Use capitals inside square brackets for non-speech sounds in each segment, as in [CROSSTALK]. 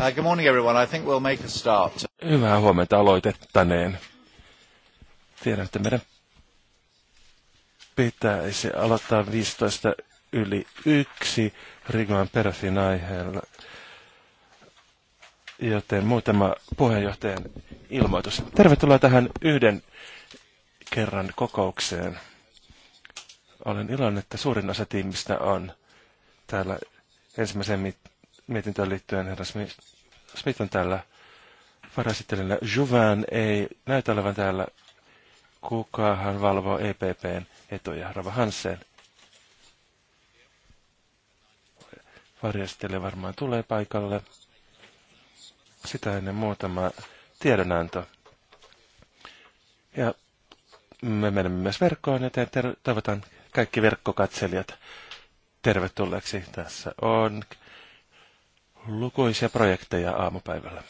Uh, good morning everyone. I think we'll make a start. Hyvää huomenta aloitettaneen. Tiedän, että meidän pitäisi aloittaa 15 yli yksi Rigoan Perfin aiheella. Joten muutama puheenjohtajan ilmoitus. Tervetuloa tähän yhden kerran kokoukseen. Olen iloinen, että suurin osa tiimistä on täällä ensimmäisen mietintöön liittyen herra Smith, Smith on täällä varasittelijänä. Juvan ei näytä olevan täällä. Kuka hän valvoo EPPn etuja? Rava Hansen. Varjastelija varmaan tulee paikalle. Sitä ennen muutama tiedonanto. Ja me menemme myös verkkoon, joten toivotan kaikki verkkokatselijat tervetulleeksi. Tässä on lukuisia projekteja aamupäivällä.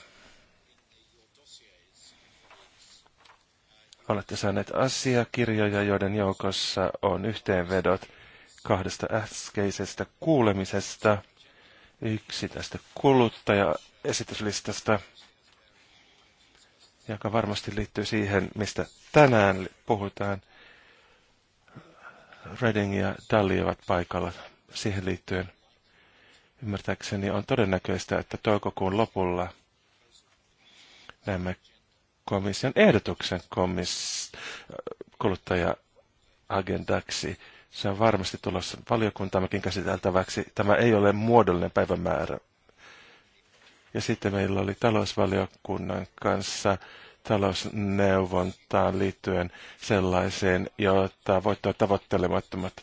Olette saaneet asiakirjoja, joiden joukossa on yhteenvedot kahdesta äskeisestä kuulemisesta, yksi tästä kuluttaja-esityslistasta, joka varmasti liittyy siihen, mistä tänään puhutaan. Redding ja Dalli ovat paikalla siihen liittyen. Ymmärtääkseni on todennäköistä, että toukokuun lopulla näemme komission ehdotuksen kuluttaja-agendaksi. Se on varmasti tulossa valiokuntammekin käsiteltäväksi. Tämä ei ole muodollinen päivämäärä. Ja sitten meillä oli talousvaliokunnan kanssa talousneuvontaan liittyen sellaiseen, jota voittoa tavoittelemattomat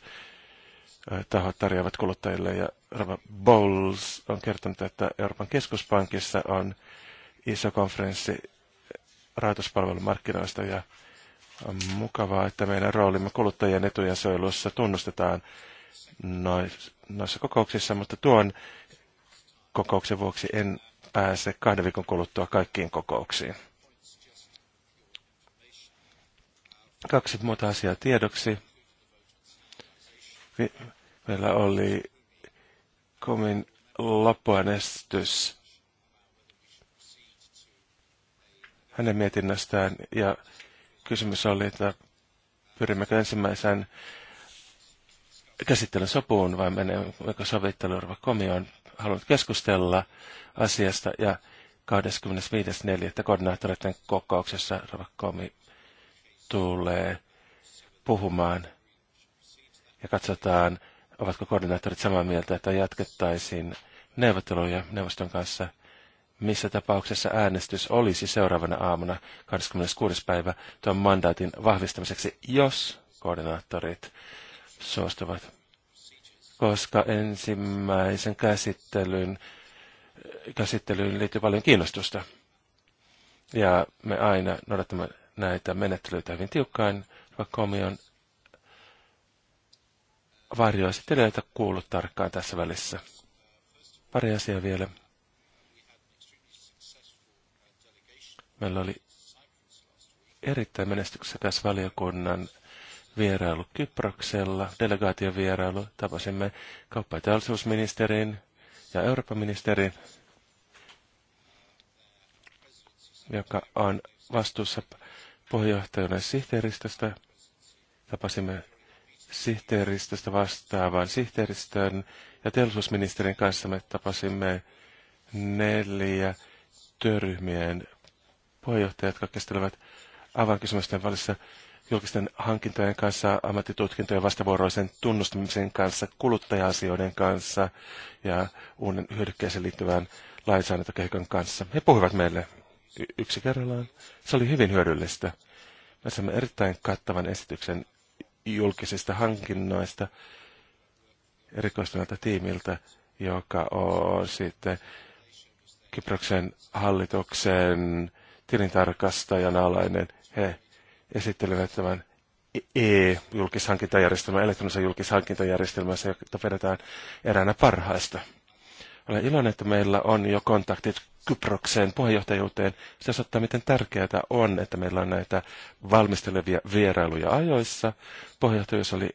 tahot tarjoavat kuluttajille ja Rava Bowles on kertonut, että Euroopan keskuspankissa on iso konferenssi rahoituspalvelumarkkinoista ja on mukavaa, että meidän roolimme kuluttajien etujen suojelussa tunnustetaan noissa kokouksissa, mutta tuon kokouksen vuoksi en pääse kahden viikon kuluttua kaikkiin kokouksiin. Kaksi muuta asiaa tiedoksi. Meillä oli Komin loppuäänestys hänen mietinnästään ja kysymys oli, että pyrimmekö ensimmäisen käsittelyn sopuun vai menemmekö komioon. Haluan keskustella asiasta ja 25.4. koordinaattoreiden kokouksessa Komi tulee puhumaan ja katsotaan, Ovatko koordinaattorit samaa mieltä, että jatkettaisiin neuvotteluja neuvoston kanssa, missä tapauksessa äänestys olisi seuraavana aamuna 26. päivä tuon mandaatin vahvistamiseksi, jos koordinaattorit suostuvat? Koska ensimmäisen käsittelyn, käsittelyyn liittyy paljon kiinnostusta. Ja me aina noudatamme näitä menettelyitä hyvin tiukkaan, vaikka komion varjoesittelijöitä kuullut tarkkaan tässä välissä. Pari asiaa vielä. Meillä oli erittäin menestyksekäs valiokunnan vierailu Kyproksella, delegaation vierailu. Tapasimme kauppa- ja teollisuusministerin ja Euroopan ministerin, joka on vastuussa puheenjohtajana sihteeristöstä. Tapasimme sihteeristöstä vastaavan sihteeristön ja teollisuusministerin kanssa me tapasimme neljä työryhmien puheenjohtajat, jotka käsittelevät avainkysymysten välissä julkisten hankintojen kanssa, ammattitutkintojen vastavuoroisen tunnustamisen kanssa, kuluttaja-asioiden kanssa ja uuden hyödykkeeseen liittyvän lainsäädäntökehikon kanssa. He puhuivat meille yksi kerrallaan. Se oli hyvin hyödyllistä. Me saimme erittäin kattavan esityksen julkisista hankinnoista erikoistuneelta tiimiltä, joka on sitten Kyproksen hallituksen tilintarkastajan alainen. He esittelevät tämän e-julkishankintajärjestelmän, elektronisen julkishankintajärjestelmän, jota vedetään eräänä parhaista. Olen iloinen, että meillä on jo kontaktit Kyprokseen puheenjohtajuuteen. Se osoittaa, miten tärkeää on, että meillä on näitä valmistelevia vierailuja ajoissa. Puheenjohtajuus oli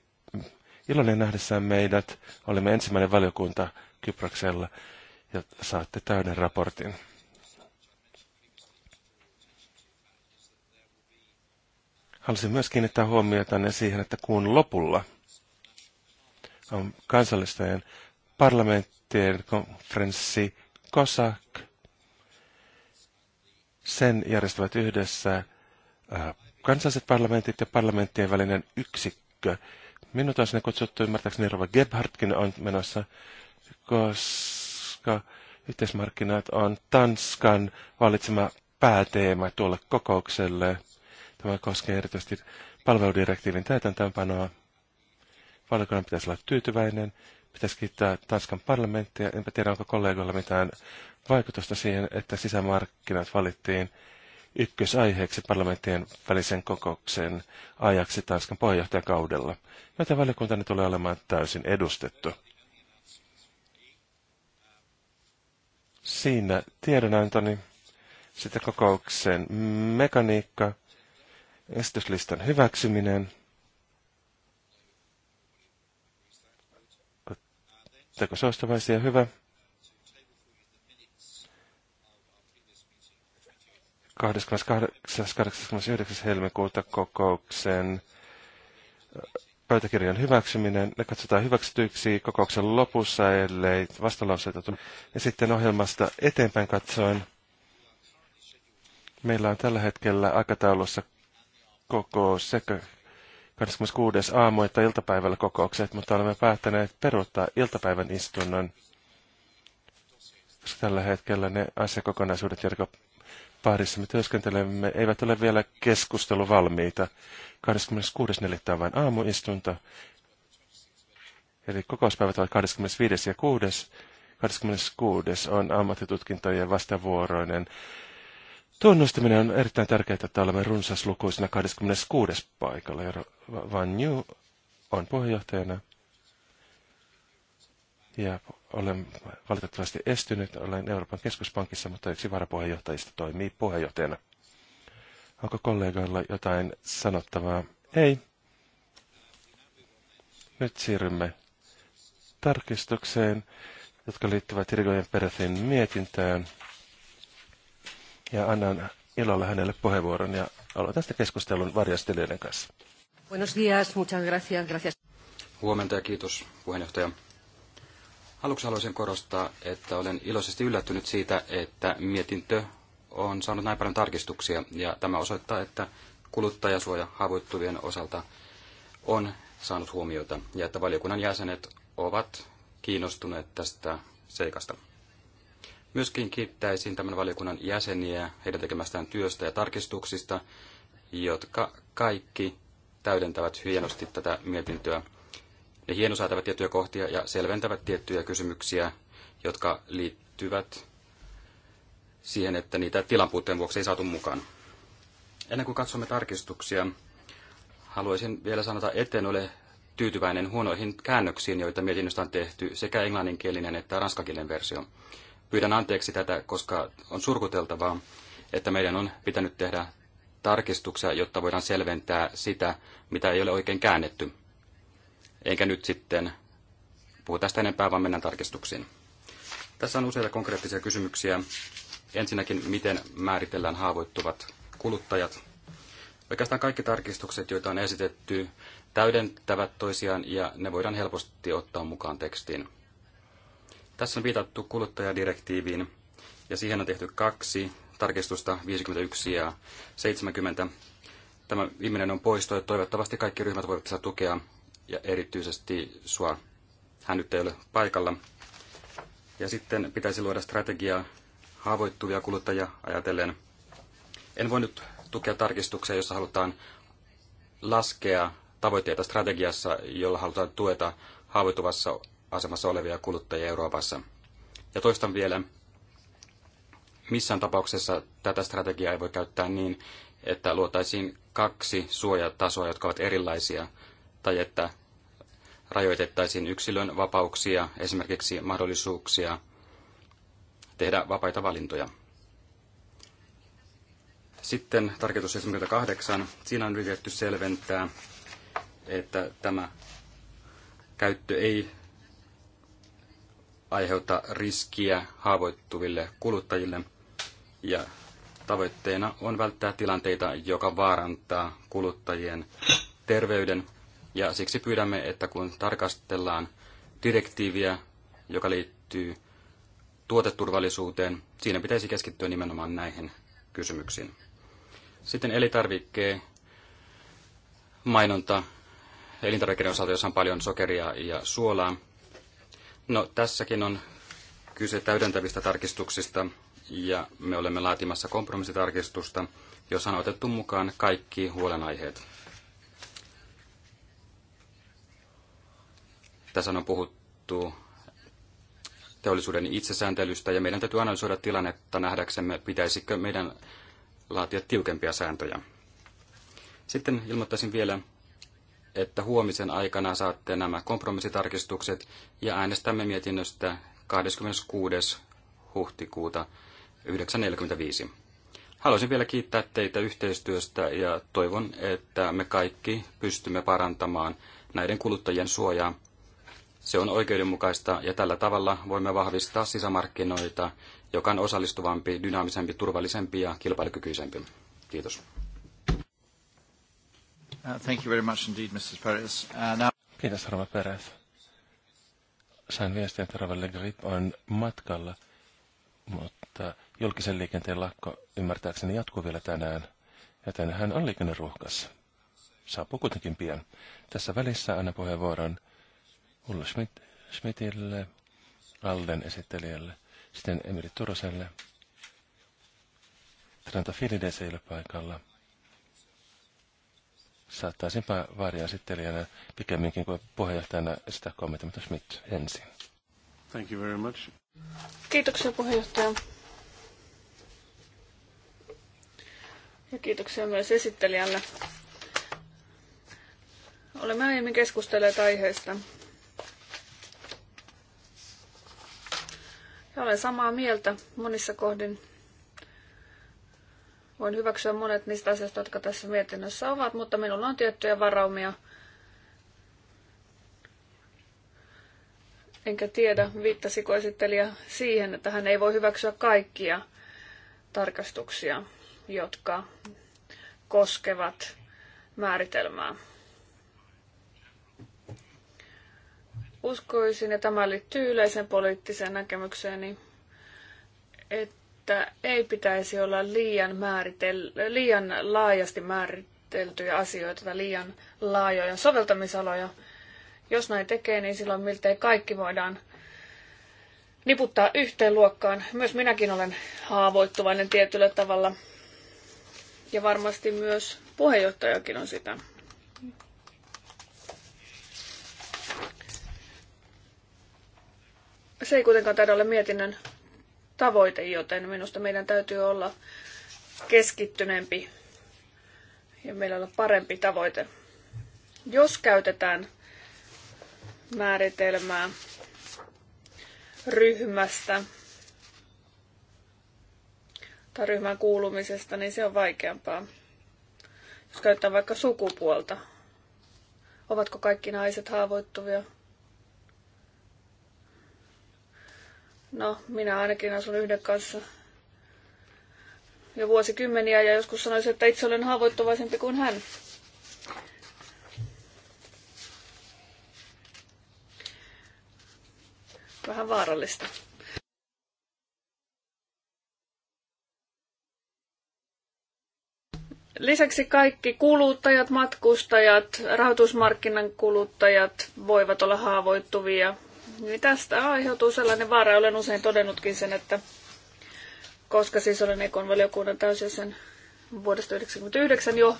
iloinen nähdessään meidät. Olimme ensimmäinen valiokunta Kyproksella ja saatte täyden raportin. Haluaisin myös kiinnittää huomiota siihen, että kuun lopulla on kansallisten parlamenttien konferenssi COSAC. Sen järjestävät yhdessä äh, kansalliset parlamentit ja parlamenttien välinen yksikkö. Minut on sinne kutsuttu, ymmärtääkseni Rova Gebhardkin on menossa, koska yhteismarkkinat on Tanskan valitsema pääteema tuolle kokoukselle. Tämä koskee erityisesti palveludirektiivin täytäntöönpanoa. Valiokunnan pitäisi olla tyytyväinen Pitäisi kiittää Tanskan parlamenttia. Enpä tiedä, onko kollegoilla mitään vaikutusta siihen, että sisämarkkinat valittiin ykkösaiheeksi parlamenttien välisen kokouksen ajaksi Tanskan puheenjohtajakaudella. valiokunta valiokuntani tulee olemaan täysin edustettu. Siinä tiedonantoni, sitten kokouksen mekaniikka, esityslistan hyväksyminen – Oletteko saastavaisia, Hyvä. 28.89. helmikuuta kokouksen pöytäkirjan hyväksyminen. Ne katsotaan hyväksytyiksi kokouksen lopussa, ellei vastalauseita tule. Ja sitten ohjelmasta eteenpäin katsoen. Meillä on tällä hetkellä aikataulussa kokous sekä 26. aamu- että iltapäivällä kokoukset, mutta olemme päättäneet peruuttaa iltapäivän istunnon. Koska tällä hetkellä ne asiakokonaisuudet, jotka parissa me työskentelemme, eivät ole vielä keskusteluvalmiita. 26.4. on vain aamuistunto. Eli kokouspäivät ovat 25. ja 6. 26. on ammattitutkintojen vastavuoroinen Tunnustaminen on erittäin tärkeää, että olemme runsaslukuisena 26. paikalla. Van Nju on puheenjohtajana. Ja olen valitettavasti estynyt. Olen Euroopan keskuspankissa, mutta yksi varapuheenjohtajista toimii puheenjohtajana. Onko kollegoilla jotain sanottavaa? Ei. Nyt siirrymme tarkistukseen, jotka liittyvät Irgojen Perethin mietintään ja annan ilolla hänelle puheenvuoron ja aloitan sitten keskustelun varjastelijoiden kanssa. Buenos días, muchas gracias, gracias. Huomenta ja kiitos puheenjohtaja. Aluksi haluaisin korostaa, että olen iloisesti yllättynyt siitä, että mietintö on saanut näin paljon tarkistuksia ja tämä osoittaa, että kuluttajasuoja haavoittuvien osalta on saanut huomiota ja että valiokunnan jäsenet ovat kiinnostuneet tästä seikasta. Myöskin kiittäisin tämän valiokunnan jäseniä heidän tekemästään työstä ja tarkistuksista, jotka kaikki täydentävät hienosti tätä mietintöä. Ne hienosäätävät tiettyjä kohtia ja selventävät tiettyjä kysymyksiä, jotka liittyvät siihen, että niitä tilanpuutteen vuoksi ei saatu mukaan. Ennen kuin katsomme tarkistuksia, haluaisin vielä sanota, etten ole tyytyväinen huonoihin käännöksiin, joita mietinnöstä on tehty, sekä englanninkielinen että ranskakielinen versio. Pyydän anteeksi tätä, koska on surkuteltavaa, että meidän on pitänyt tehdä tarkistuksia, jotta voidaan selventää sitä, mitä ei ole oikein käännetty. Enkä nyt sitten puhu tästä enempää, vaan mennään tarkistuksiin. Tässä on useita konkreettisia kysymyksiä. Ensinnäkin, miten määritellään haavoittuvat kuluttajat. Oikeastaan kaikki tarkistukset, joita on esitetty, täydentävät toisiaan ja ne voidaan helposti ottaa mukaan tekstiin. Tässä on viitattu kuluttajadirektiiviin ja siihen on tehty kaksi tarkistusta 51 ja 70. Tämä viimeinen on poisto ja toivottavasti kaikki ryhmät voivat saada tukea ja erityisesti sua. Hän nyt ei ole paikalla. Ja sitten pitäisi luoda strategiaa haavoittuvia kuluttajia ajatellen. En voi nyt tukea tarkistuksia, jossa halutaan laskea tavoitteita strategiassa, jolla halutaan tueta haavoittuvassa asemassa olevia kuluttajia Euroopassa. Ja toistan vielä, missään tapauksessa tätä strategiaa ei voi käyttää niin, että luotaisiin kaksi suojatasoa, jotka ovat erilaisia, tai että rajoitettaisiin yksilön vapauksia, esimerkiksi mahdollisuuksia tehdä vapaita valintoja. Sitten tarkoitus 78. Siinä on yritetty selventää, että tämä käyttö ei aiheuta riskiä haavoittuville kuluttajille ja tavoitteena on välttää tilanteita, joka vaarantaa kuluttajien terveyden ja siksi pyydämme, että kun tarkastellaan direktiiviä, joka liittyy tuoteturvallisuuteen, siinä pitäisi keskittyä nimenomaan näihin kysymyksiin. Sitten elintarvikkeen mainonta elintarvikkeiden osalta, jossa on paljon sokeria ja suolaa. No, tässäkin on kyse täydentävistä tarkistuksista ja me olemme laatimassa kompromissitarkistusta, jossa on otettu mukaan kaikki huolenaiheet. Tässä on puhuttu teollisuuden itsesääntelystä ja meidän täytyy analysoida tilannetta nähdäksemme, pitäisikö meidän laatia tiukempia sääntöjä. Sitten ilmoittaisin vielä, että huomisen aikana saatte nämä kompromissitarkistukset ja äänestämme mietinnöstä 26. huhtikuuta 9.45. Haluaisin vielä kiittää teitä yhteistyöstä ja toivon, että me kaikki pystymme parantamaan näiden kuluttajien suojaa. Se on oikeudenmukaista ja tällä tavalla voimme vahvistaa sisämarkkinoita, joka on osallistuvampi, dynaamisempi, turvallisempi ja kilpailukykyisempi. Kiitos. Uh, thank you very much indeed, Mrs. Perez. Uh, now... Kiitos, Rova Perez. Sain viestiä, että Rova Legrip on matkalla, mutta julkisen liikenteen lakko ymmärtääkseni jatkuu vielä tänään, joten hän on liikenneruuhkassa. Saapuu kuitenkin pian. Tässä välissä anna puheenvuoron Ulla Schmidt, Schmidtille, Alden esittelijälle, sitten Emily Turoselle. Tranta Filides ei ole paikalla varjaa varjaesittelijänä pikemminkin kuin puheenjohtajana sitä kommentoimata Schmidt ensin. Thank you very much. Kiitoksia puheenjohtaja. Ja kiitoksia myös esittelijälle. Olemme aiemmin keskustelleet aiheesta. Ja olen samaa mieltä monissa kohdin Voin hyväksyä monet niistä asioista, jotka tässä mietinnössä ovat, mutta minulla on tiettyjä varaumia. Enkä tiedä, viittasiko esittelijä siihen, että hän ei voi hyväksyä kaikkia tarkastuksia, jotka koskevat määritelmää. Uskoisin, ja tämä liittyy yleisen poliittiseen näkemykseeni, että että ei pitäisi olla liian, määritel- liian laajasti määriteltyjä asioita tai liian laajoja soveltamisaloja. Jos näin tekee, niin silloin miltei kaikki voidaan niputtaa yhteen luokkaan. Myös minäkin olen haavoittuvainen tietyllä tavalla. Ja varmasti myös puheenjohtajakin on sitä. Se ei kuitenkaan taida ole mietinnön tavoite, joten minusta meidän täytyy olla keskittyneempi ja meillä on parempi tavoite. Jos käytetään määritelmää ryhmästä tai ryhmän kuulumisesta, niin se on vaikeampaa. Jos käytetään vaikka sukupuolta, ovatko kaikki naiset haavoittuvia? No, minä ainakin asun yhden kanssa jo vuosikymmeniä ja joskus sanoisin, että itse olen haavoittuvaisempi kuin hän. Vähän vaarallista. Lisäksi kaikki kuluttajat, matkustajat, rahoitusmarkkinan kuluttajat voivat olla haavoittuvia niin tästä aiheutuu sellainen vaara. Olen usein todennutkin sen, että koska siis olen Ekon valiokunnan täysjäsen vuodesta 1999 jo,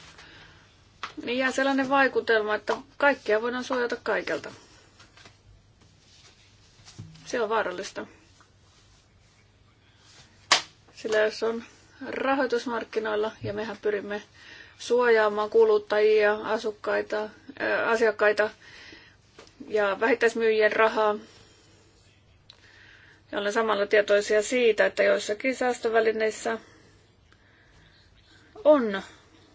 niin jää sellainen vaikutelma, että kaikkia voidaan suojata kaikelta. Se on vaarallista. Sillä jos on rahoitusmarkkinoilla, ja mehän pyrimme suojaamaan kuluttajia, asukkaita, ää, asiakkaita ja vähittäismyyjien rahaa. Ja olen samalla tietoisia siitä, että joissakin säästövälineissä on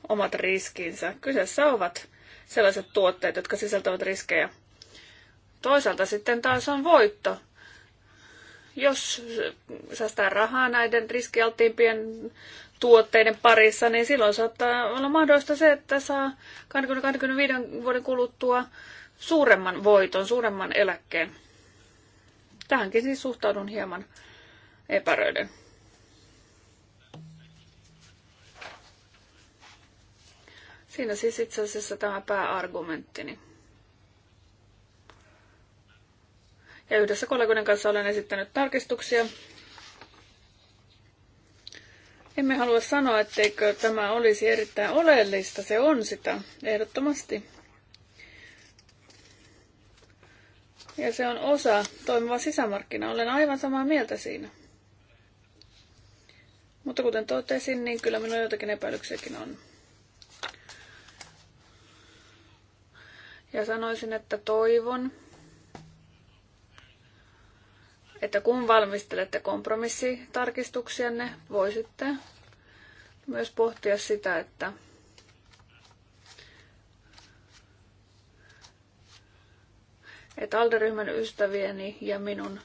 omat riskinsä. Kyseessä ovat sellaiset tuotteet, jotka sisältävät riskejä. Toisaalta sitten taas on voitto. Jos säästää rahaa näiden riskialtiimpien tuotteiden parissa, niin silloin saattaa olla mahdollista se, että saa 20-25 vuoden kuluttua suuremman voiton, suuremman eläkkeen. Tähänkin siis suhtaudun hieman epäröiden. Siinä siis itse asiassa tämä pääargumenttini. Ja yhdessä kollegoiden kanssa olen esittänyt tarkistuksia. Emme halua sanoa, etteikö tämä olisi erittäin oleellista. Se on sitä, ehdottomasti. ja se on osa toimivaa sisämarkkinaa. Olen aivan samaa mieltä siinä. Mutta kuten totesin, niin kyllä minulla jotakin epäilyksiäkin on. Ja sanoisin, että toivon, että kun valmistelette kompromissitarkistuksianne, voisitte myös pohtia sitä, että että alderyhmän ystävieni ja minun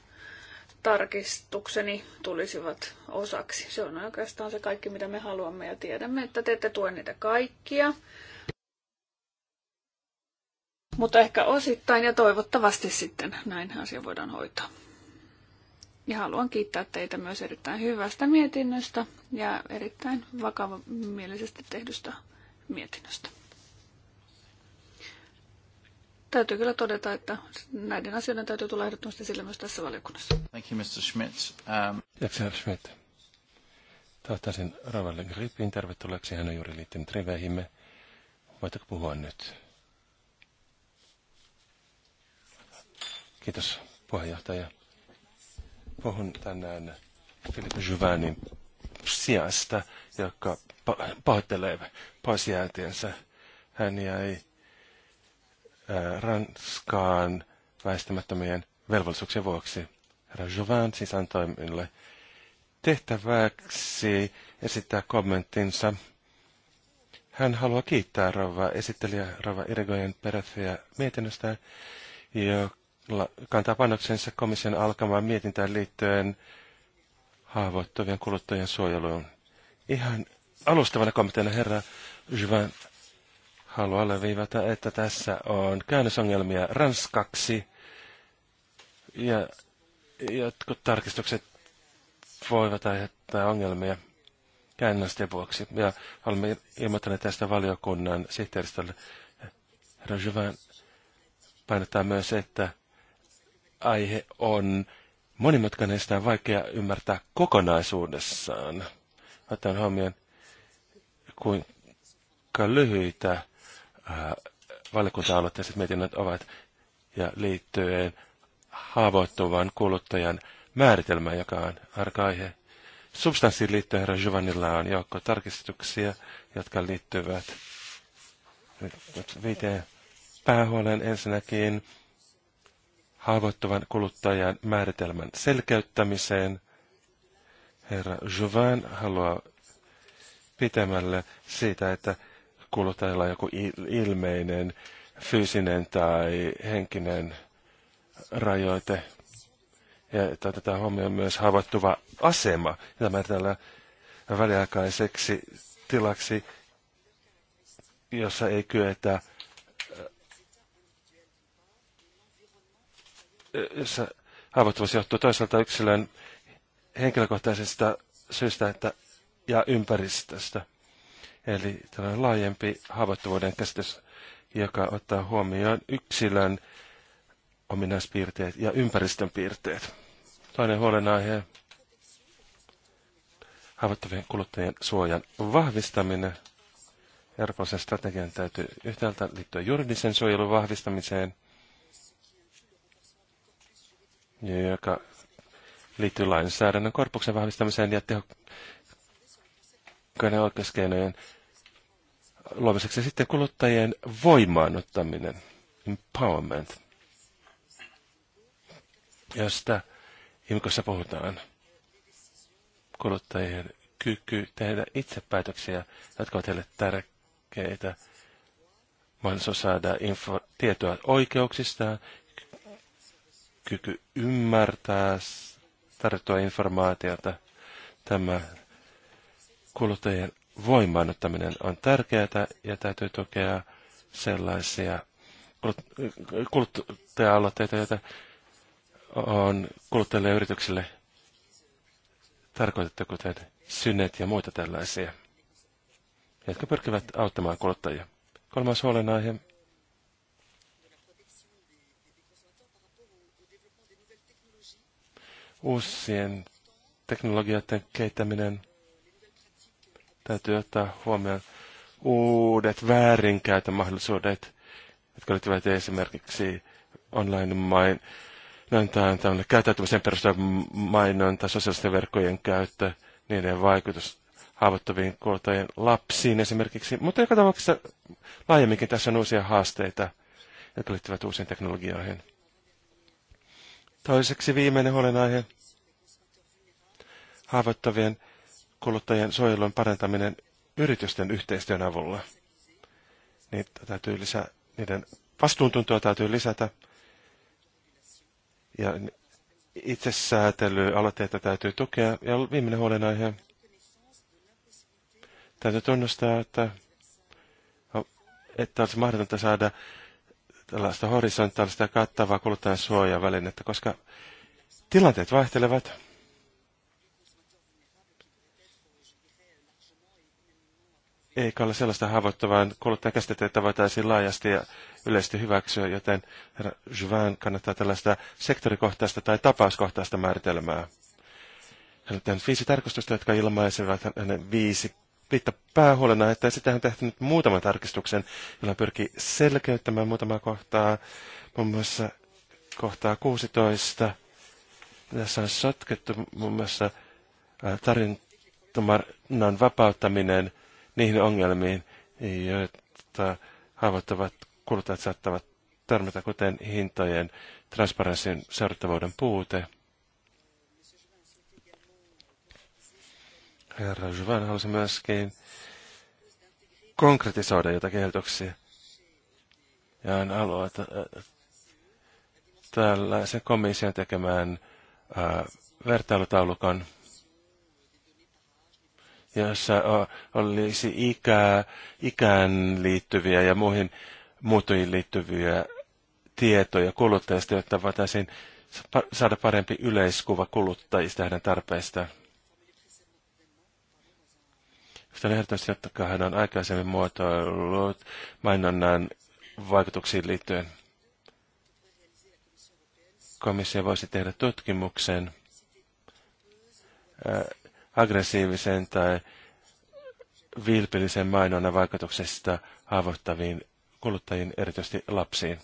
tarkistukseni tulisivat osaksi. Se on oikeastaan se kaikki, mitä me haluamme ja tiedämme, että te ette tue niitä kaikkia. Mutta ehkä osittain ja toivottavasti sitten näin asia voidaan hoitaa. Ja haluan kiittää teitä myös erittäin hyvästä mietinnöstä ja erittäin vakavamielisesti tehdystä mietinnöstä. Täytyy kyllä todeta, että näiden asioiden täytyy tulla ehdottomasti sille myös tässä valiokunnassa. Thank you, Mr. Schmidt. Um... Kiitoksia, Schmidt. Tahtaisin Ravalle Grippiin tervetulleeksi. Hän on juuri liittynyt riveihimme. Voitko puhua nyt? Kiitos, puheenjohtaja. Puhun tänään Filippo Juvanin sijasta, joka pahoittelee pois jäätiensä. Hän jäi Ranskaan väistämättömien velvollisuuksien vuoksi. Herra siis antoi minulle tehtäväksi esittää kommenttinsa. Hän haluaa kiittää rouva esittelijä rouva Irigoyen peräthyä mietinnöstä jolla kantaa panoksensa komission alkamaan mietintään liittyen haavoittuvien kuluttajien suojeluun. Ihan alustavana kommenttina herra Jovan Haluan alleviivata, että tässä on käännösongelmia ranskaksi ja jotkut tarkistukset voivat aiheuttaa ongelmia käännösten vuoksi. Ja olemme ilmoittaneet tästä valiokunnan sihteeristölle. Rajuvan painottaa myös, että aihe on monimutkainen ja vaikea ymmärtää kokonaisuudessaan. Otan huomioon, kuinka lyhyitä valiokunta-aloitteiset mietinnöt ovat ja liittyen haavoittuvan kuluttajan määritelmään, joka on arka aihe. Substanssiin liittyen herra Giovannilla on joukko tarkistuksia, jotka liittyvät viiteen päähuoleen ensinnäkin haavoittuvan kuluttajan määritelmän selkeyttämiseen. Herra Jovan haluaa pitämällä siitä, että kuluttajilla on joku ilmeinen fyysinen tai henkinen rajoite. Ja että otetaan huomioon myös haavoittuva asema. Tämä määritellään väliaikaiseksi tilaksi, jossa ei kyetä äh, jossa haavoittuvuus johtuu toisaalta yksilön henkilökohtaisesta syystä että, ja ympäristöstä. Eli tällainen laajempi haavoittuvuuden käsitys, joka ottaa huomioon yksilön ominaispiirteet ja ympäristön piirteet. Toinen huolenaihe, haavoittuvien kuluttajien suojan vahvistaminen. Euroopan strategian täytyy yhtäältä liittyä juridisen suojelun vahvistamiseen, joka liittyy lainsäädännön korpuksen vahvistamiseen ja tehokkaiden oikeuskeinojen luomiseksi. Sitten kuluttajien voimaanottaminen, empowerment, josta IMKossa puhutaan. Kuluttajien kyky tehdä itse päätöksiä, jotka ovat heille tärkeitä. Mahdollisuus saada info, tietoa oikeuksistaan, kyky ymmärtää tarjottua informaatiota. Tämä kuluttajien voimaanottaminen on tärkeää ja täytyy tukea sellaisia kuluttaja-aloitteita, joita on kuluttajille ja yrityksille tarkoitettu, kuten synet ja muita tällaisia, jotka pyrkivät auttamaan kuluttajia. Kolmas huolenaihe uusien teknologioiden kehittäminen – täytyy ottaa huomioon uudet väärinkäytön mahdollisuudet, jotka liittyvät esimerkiksi online tämä tämmöinen käyttäytymiseen perustuva mainonta, sosiaalisten verkkojen käyttö, niiden vaikutus haavoittuviin kuluttajien lapsiin esimerkiksi. Mutta joka tapauksessa laajemminkin tässä on uusia haasteita, jotka liittyvät uusiin teknologioihin. Toiseksi viimeinen huolenaihe. Haavoittavien kuluttajien suojelun parantaminen yritysten yhteistyön avulla. Niitä täytyy lisää, niiden vastuuntuntoa täytyy lisätä ja itsesäätelyaloitteita täytyy tukea. Ja viimeinen huolenaihe. Täytyy tunnustaa, että, että olisi mahdotonta saada tällaista horisontaalista ja kattavaa kuluttajan suojavälinettä, koska tilanteet vaihtelevat. eikä ole sellaista haavoittavaa kuluttajakäsitettä, että voitaisiin laajasti ja yleisesti hyväksyä, joten herra Juvain kannattaa tällaista sektorikohtaista tai tapauskohtaista määritelmää. Hän on tehnyt viisi tarkastusta, jotka ilmaisivat hänen viisi viittä päähuolena, että sitä on tehty nyt muutaman tarkistuksen, jolla pyrkii selkeyttämään muutamaa kohtaa, muun muassa kohtaa 16. Tässä on sotkettu muun muassa äh, tarjontamarkkinan vapauttaminen – niihin ongelmiin, joita haavoittavat kuluttajat saattavat törmätä, kuten hintojen transparenssin seurattavuuden puute. Herra Juvan halusi myöskin konkretisoida jotakin ehdotuksia. Ja on aloa tällaisen komission tekemään ää, vertailutaulukon jossa olisi ikää, ikään liittyviä ja muihin muutoihin liittyviä tietoja kuluttajista, jotta voitaisiin saada parempi yleiskuva kuluttajista hänen tarpeistaan. Sitä ehdottomasti, että hän on aikaisemmin muotoillut mainonnan vaikutuksiin liittyen. Komissio voisi tehdä tutkimuksen aggressiivisen tai vilpillisen mainonnan vaikutuksesta haavoittaviin kuluttajiin, erityisesti lapsiin.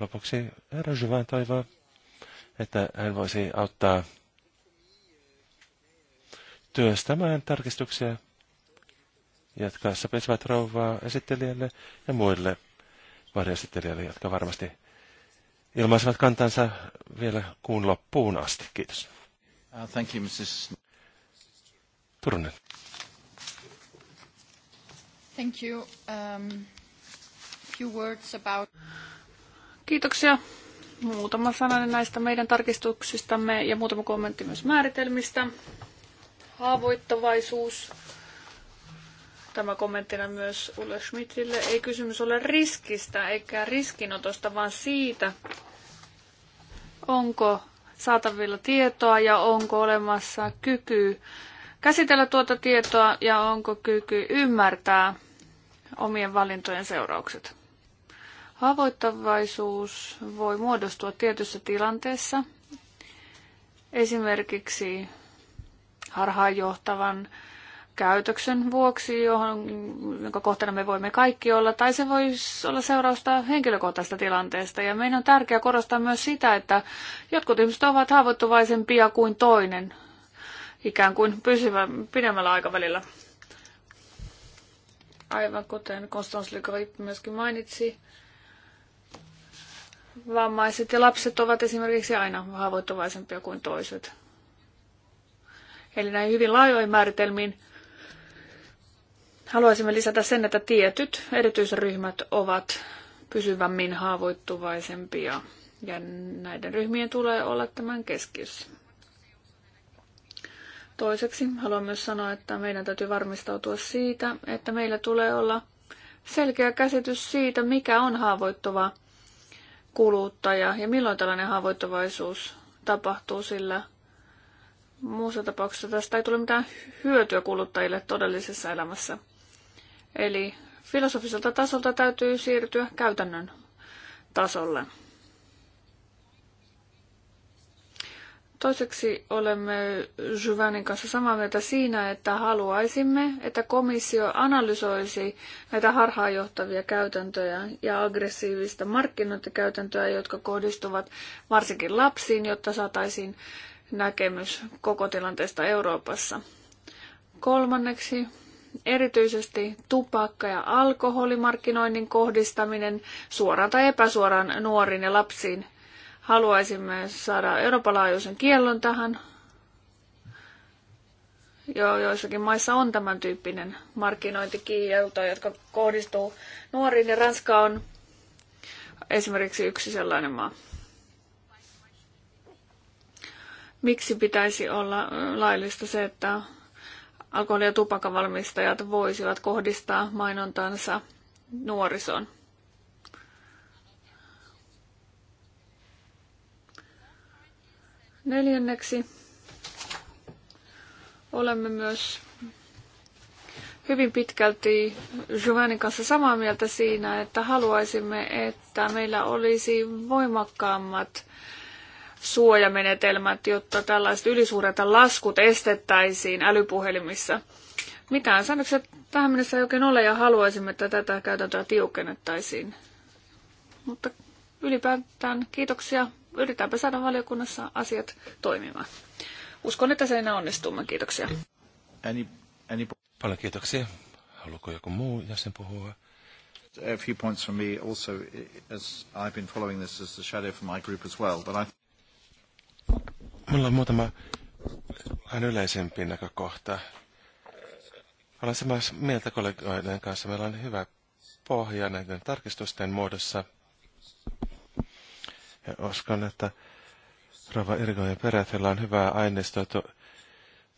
Lopuksi herra Juvan toivoo, että hän voisi auttaa työstämään tarkistuksia, jotka sopisivat rouvaa esittelijälle ja muille varjoesittelijälle, jotka varmasti ilmaisivat kantansa vielä kuun loppuun asti. Kiitos. Uh, thank you, Mrs. Turunen. Thank you. Um, few words about... Kiitoksia. Muutama sananen näistä meidän tarkistuksistamme ja muutama kommentti myös määritelmistä. Haavoittavaisuus. Tämä kommenttina myös Ulle Schmidtille. Ei kysymys ole riskistä eikä riskinotosta, vaan siitä, onko saatavilla tietoa ja onko olemassa kyky käsitellä tuota tietoa ja onko kyky ymmärtää omien valintojen seuraukset. Haavoittavaisuus voi muodostua tietyssä tilanteessa, esimerkiksi harhaanjohtavan käytöksen vuoksi, johon, jonka kohtana me voimme kaikki olla, tai se voisi olla seurausta henkilökohtaisesta tilanteesta. Ja meidän on tärkeää korostaa myös sitä, että jotkut ihmiset ovat haavoittuvaisempia kuin toinen ikään kuin pysyvä, pidemmällä aikavälillä. Aivan kuten Konstans Lykovic myöskin mainitsi, vammaiset ja lapset ovat esimerkiksi aina haavoittuvaisempia kuin toiset. Eli näin hyvin laajoihin määritelmiin haluaisimme lisätä sen, että tietyt erityisryhmät ovat pysyvämmin haavoittuvaisempia ja näiden ryhmien tulee olla tämän keskiössä. Toiseksi haluan myös sanoa, että meidän täytyy varmistautua siitä, että meillä tulee olla selkeä käsitys siitä, mikä on haavoittuva kuluttaja ja milloin tällainen haavoittuvaisuus tapahtuu, sillä muussa tapauksessa tästä ei tule mitään hyötyä kuluttajille todellisessa elämässä. Eli filosofiselta tasolta täytyy siirtyä käytännön tasolle. Toiseksi olemme Juvanin kanssa samaa mieltä siinä, että haluaisimme, että komissio analysoisi näitä harhaanjohtavia käytäntöjä ja aggressiivista markkinointikäytäntöä, jotka kohdistuvat varsinkin lapsiin, jotta saataisiin näkemys koko tilanteesta Euroopassa. Kolmanneksi erityisesti tupakka- ja alkoholimarkkinoinnin kohdistaminen suoraan tai epäsuoraan nuoriin ja lapsiin Haluaisimme saada Euroopan laajuisen kiellon tähän. Jo, joissakin maissa on tämän tyyppinen markkinointikielto, jotka kohdistuu nuoriin ja Ranska on esimerkiksi yksi sellainen maa. Miksi pitäisi olla laillista se, että alkoholi- ja tupakan valmistajat voisivat kohdistaa mainontansa nuorisoon? Neljänneksi olemme myös hyvin pitkälti Juvanin kanssa samaa mieltä siinä, että haluaisimme, että meillä olisi voimakkaammat suojamenetelmät, jotta tällaiset ylisuuret laskut estettäisiin älypuhelimissa. Mitään säännöksiä tähän mennessä ei oikein ole ja haluaisimme, että tätä käytäntöä tiukennettaisiin. Mutta ylipäätään kiitoksia yritämme saada valiokunnassa asiat toimimaan. Uskon, että se siinä onnistumme. Kiitoksia. Any, any... Paljon kiitoksia. Haluaako joku muu jäsen puhua? A few points from me also, as I've been following this as the shadow for my group as well, but I... Mulla on muutama vähän yleisempi näkökohta. Olen samaa mieltä kollegoiden kanssa. Meillä on hyvä pohja näiden tarkistusten muodossa. Ja uskon, että Rova Irgo ja Perätellä on hyvää aineistoa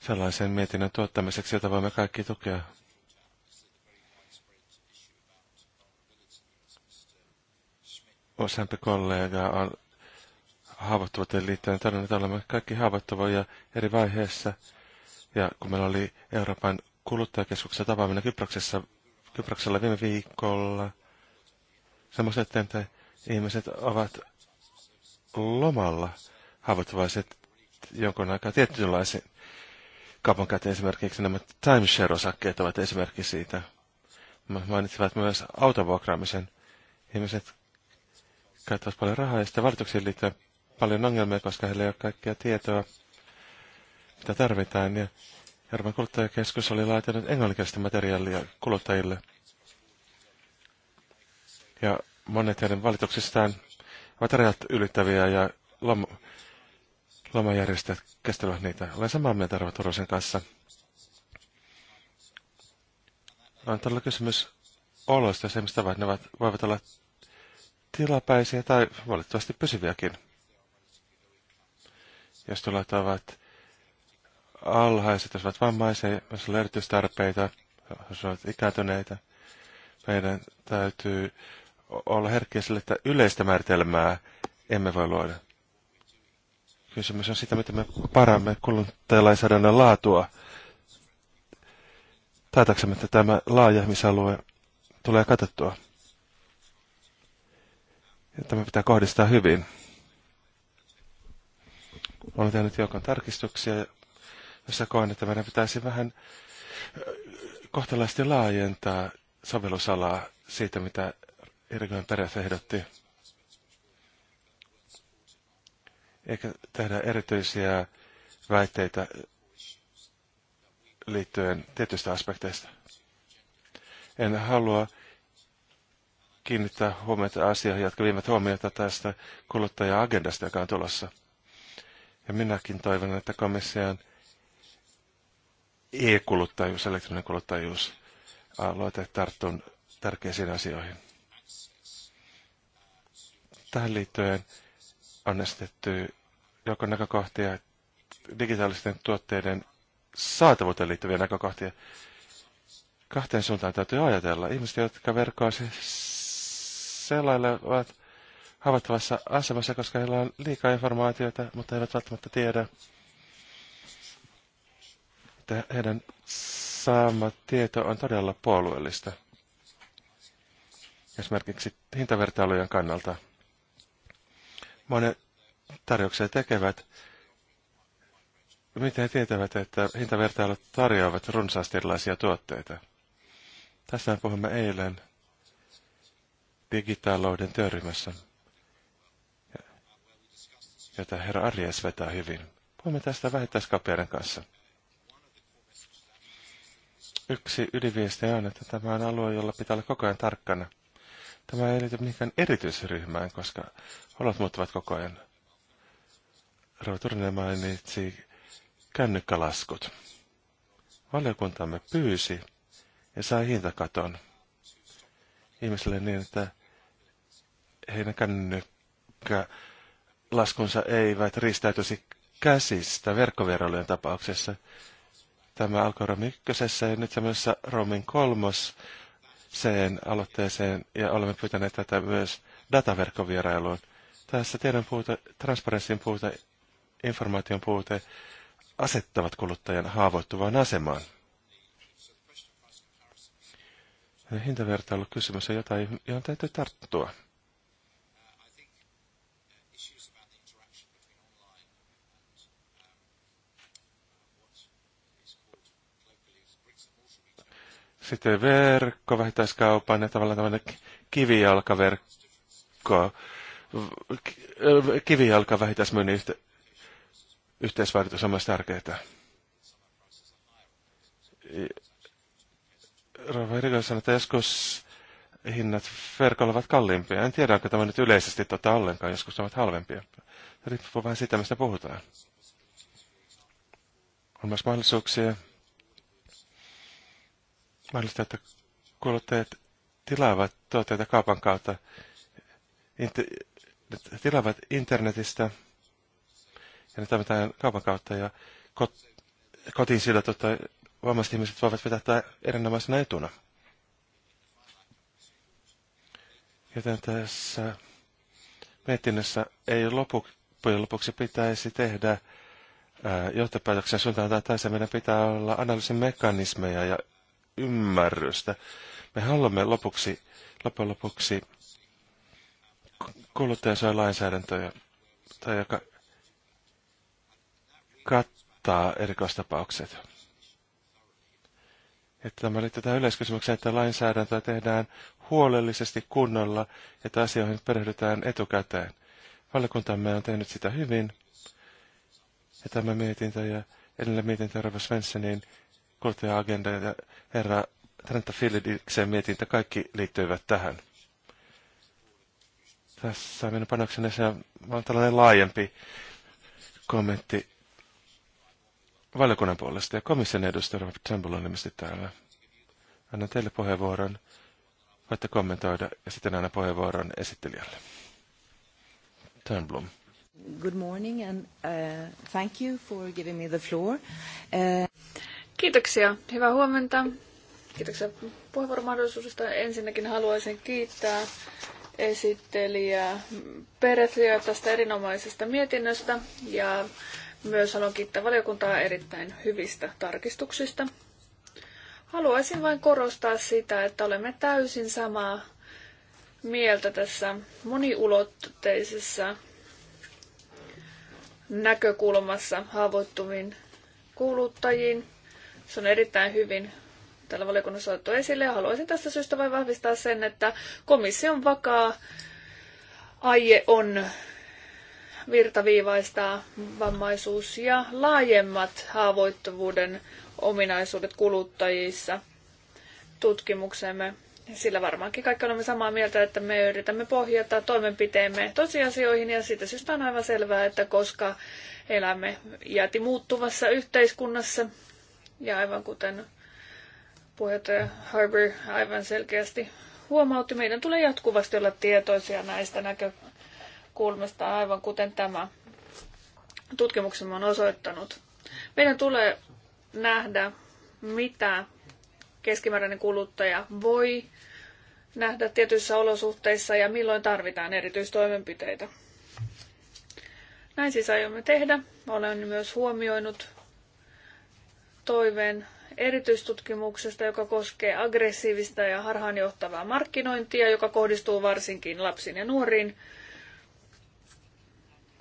sellaisen mietinnön tuottamiseksi, jota voimme kaikki tukea. Useampi kollega on haavoittuvuuteen liittyen todennut, että olemme kaikki haavoittuvia eri vaiheessa. Ja kun meillä oli Euroopan kuluttajakeskuksessa tapaaminen Kyproksessa, Kyproksella viime viikolla, semmoiset, että ihmiset ovat lomalla haavoittuvaiset jonkun aikaa tietynlaisen kaupankäyttäjä esimerkiksi nämä timeshare-osakkeet ovat esimerkki siitä. Mainitsivat myös autovuokraamisen. Ihmiset käyttävät paljon rahaa ja sitten valituksiin liittyy paljon ongelmia, koska heillä ei ole kaikkea tietoa, mitä tarvitaan. Ja Järven kuluttajakeskus oli laitanut englanninkielistä materiaalia kuluttajille. Ja monet heidän valituksistaan ovat rajat ylittäviä ja lom- lomajärjestäjät kestävät niitä. Olen samaa mieltä Arvo Torosen kanssa. On todella kysymys oloista ja se, mistä ne voivat olla tilapäisiä tai valitettavasti pysyviäkin. Jos tulot ovat alhaiset, jos ovat vammaisia, jos on erityistarpeita, jos ovat ikääntyneitä, meidän täytyy olla herkkiä sille, että yleistä määritelmää emme voi luoda. Kysymys on sitä, miten me paramme kuluttajalainsäädännön laatua. Taitaksemme, että tämä laaja ihmisalue tulee katettua. tämä pitää kohdistaa hyvin. Olen tehnyt joukon tarkistuksia, jossa koen, että meidän pitäisi vähän kohtalaisesti laajentaa sovellusalaa siitä, mitä Ergan Pärjäs ehdotti. Eikä tehdä erityisiä väitteitä liittyen tietyistä aspekteista. En halua kiinnittää huomiota asiaan, jotka viimeiset huomiota tästä kuluttaja-agendasta, joka on tulossa. Ja minäkin toivon, että komission e-kuluttajuus, elektroninen kuluttajuus, aloite tarttuu tärkeisiin asioihin. Tähän liittyen on esitetty joko näkökohtia digitaalisten tuotteiden saatavuuteen liittyviä näkökohtia. Kahteen suuntaan täytyy ajatella. Ihmiset, jotka verkkoa selailevat havaittavassa asemassa, koska heillä on liikaa informaatiota, mutta eivät välttämättä tiedä, että heidän saama tieto on todella puolueellista. Esimerkiksi hintavertailujen kannalta monet tarjouksia tekevät, miten he tietävät, että hintavertailut tarjoavat runsaasti erilaisia tuotteita? Tästä puhumme eilen digitalouden työryhmässä, jota herra Arjes vetää hyvin. Puhumme tästä vähittäiskauppiaiden kanssa. Yksi ydinviesti on, että tämä on alue, jolla pitää olla koko ajan tarkkana – Tämä ei liity mihinkään erityisryhmään, koska olot muuttuvat koko ajan. Rauha Turunen mainitsi kännykkälaskut. Valiokuntamme pyysi ja sai hintakaton ihmisille niin, että heidän kännykkälaskunsa eivät ristäytyisi käsistä verkkoveroilujen tapauksessa. Tämä alkoi Romin ykkösessä ja nyt semmoisessa Romin kolmos sen aloitteeseen ja olemme pyytäneet tätä myös dataverkkovierailuun. Tässä tiedon puute, transparenssin puute, informaation puute asettavat kuluttajan haavoittuvaan asemaan. Hintavertailu kysymys on jotain, johon täytyy tarttua. Sitten verkko, vähittäiskaupan ja tavallaan tämmöinen kivijalkaverkko, kivijalka vähittäismyynnin yhte, yhteisvaikutus on myös tärkeää. Rova Erikoinen sanoi, että joskus hinnat verkolla ovat kalliimpia. En tiedä, onko tämä nyt yleisesti tota ollenkaan. Joskus ne ovat halvempia. Riippuu vähän siitä, mistä puhutaan. On myös mahdollisuuksia mahdollista, että kuluttajat tilaavat tuotteita kaupan kautta, inter, tilaavat internetistä ja ne toimitaan kaupan kautta ja kot, kotiin sillä tota, vammaiset ihmiset voivat vetää tätä erinomaisena etuna. Joten tässä mietinnössä ei loppujen lopuksi pitäisi tehdä johtopäätöksen suuntaan tai tässä meidän pitää olla analyysin mekanismeja ja ymmärrystä. Me haluamme lopuksi, loppujen lopuksi kuluttaja saa lainsäädäntöä, tai joka kattaa erikoistapaukset. Että tämä oli tätä yleiskysymykseen, että lainsäädäntöä tehdään huolellisesti kunnolla, että asioihin perehdytään etukäteen. Valiokuntamme on tehnyt sitä hyvin. Ja tämä mietintö ja edellä mietintö Rava Svenssonin kuluttaja-agenda ja herra Trenta Filidiksen mietintä, kaikki liittyivät tähän. Tässä minun panokseni se on tällainen laajempi kommentti valiokunnan puolesta ja komission edustaja Chamberlain nimesti täällä. Annan teille puheenvuoron. Voitte kommentoida ja sitten aina puheenvuoron esittelijälle. Turnblom. Good morning and uh, thank you for giving me the floor. Uh... Kiitoksia. Hyvää huomenta. Kiitoksia puheenvuoromahdollisuudesta. Ensinnäkin haluaisin kiittää esittelijä Peretliä tästä erinomaisesta mietinnöstä ja myös haluan kiittää valiokuntaa erittäin hyvistä tarkistuksista. Haluaisin vain korostaa sitä, että olemme täysin samaa mieltä tässä moniulotteisessa näkökulmassa haavoittuviin kuluttajiin, se on erittäin hyvin tällä valiokunnassa otettu esille ja haluaisin tästä syystä vain vahvistaa sen, että komission vakaa aie on virtaviivaistaa vammaisuus ja laajemmat haavoittuvuuden ominaisuudet kuluttajissa tutkimuksemme. Sillä varmaankin kaikki olemme samaa mieltä, että me yritämme pohjata toimenpiteemme tosiasioihin ja siitä syystä on aivan selvää, että koska elämme jäti muuttuvassa yhteiskunnassa, ja aivan kuten puheenjohtaja Harbour aivan selkeästi huomautti, meidän tulee jatkuvasti olla tietoisia näistä näkökulmista, aivan kuten tämä tutkimuksemme on osoittanut. Meidän tulee nähdä, mitä keskimääräinen kuluttaja voi nähdä tietyissä olosuhteissa ja milloin tarvitaan erityistoimenpiteitä. Näin siis aiomme tehdä. Olen myös huomioinut toiveen erityistutkimuksesta, joka koskee aggressiivista ja harhaanjohtavaa markkinointia, joka kohdistuu varsinkin lapsiin ja nuoriin.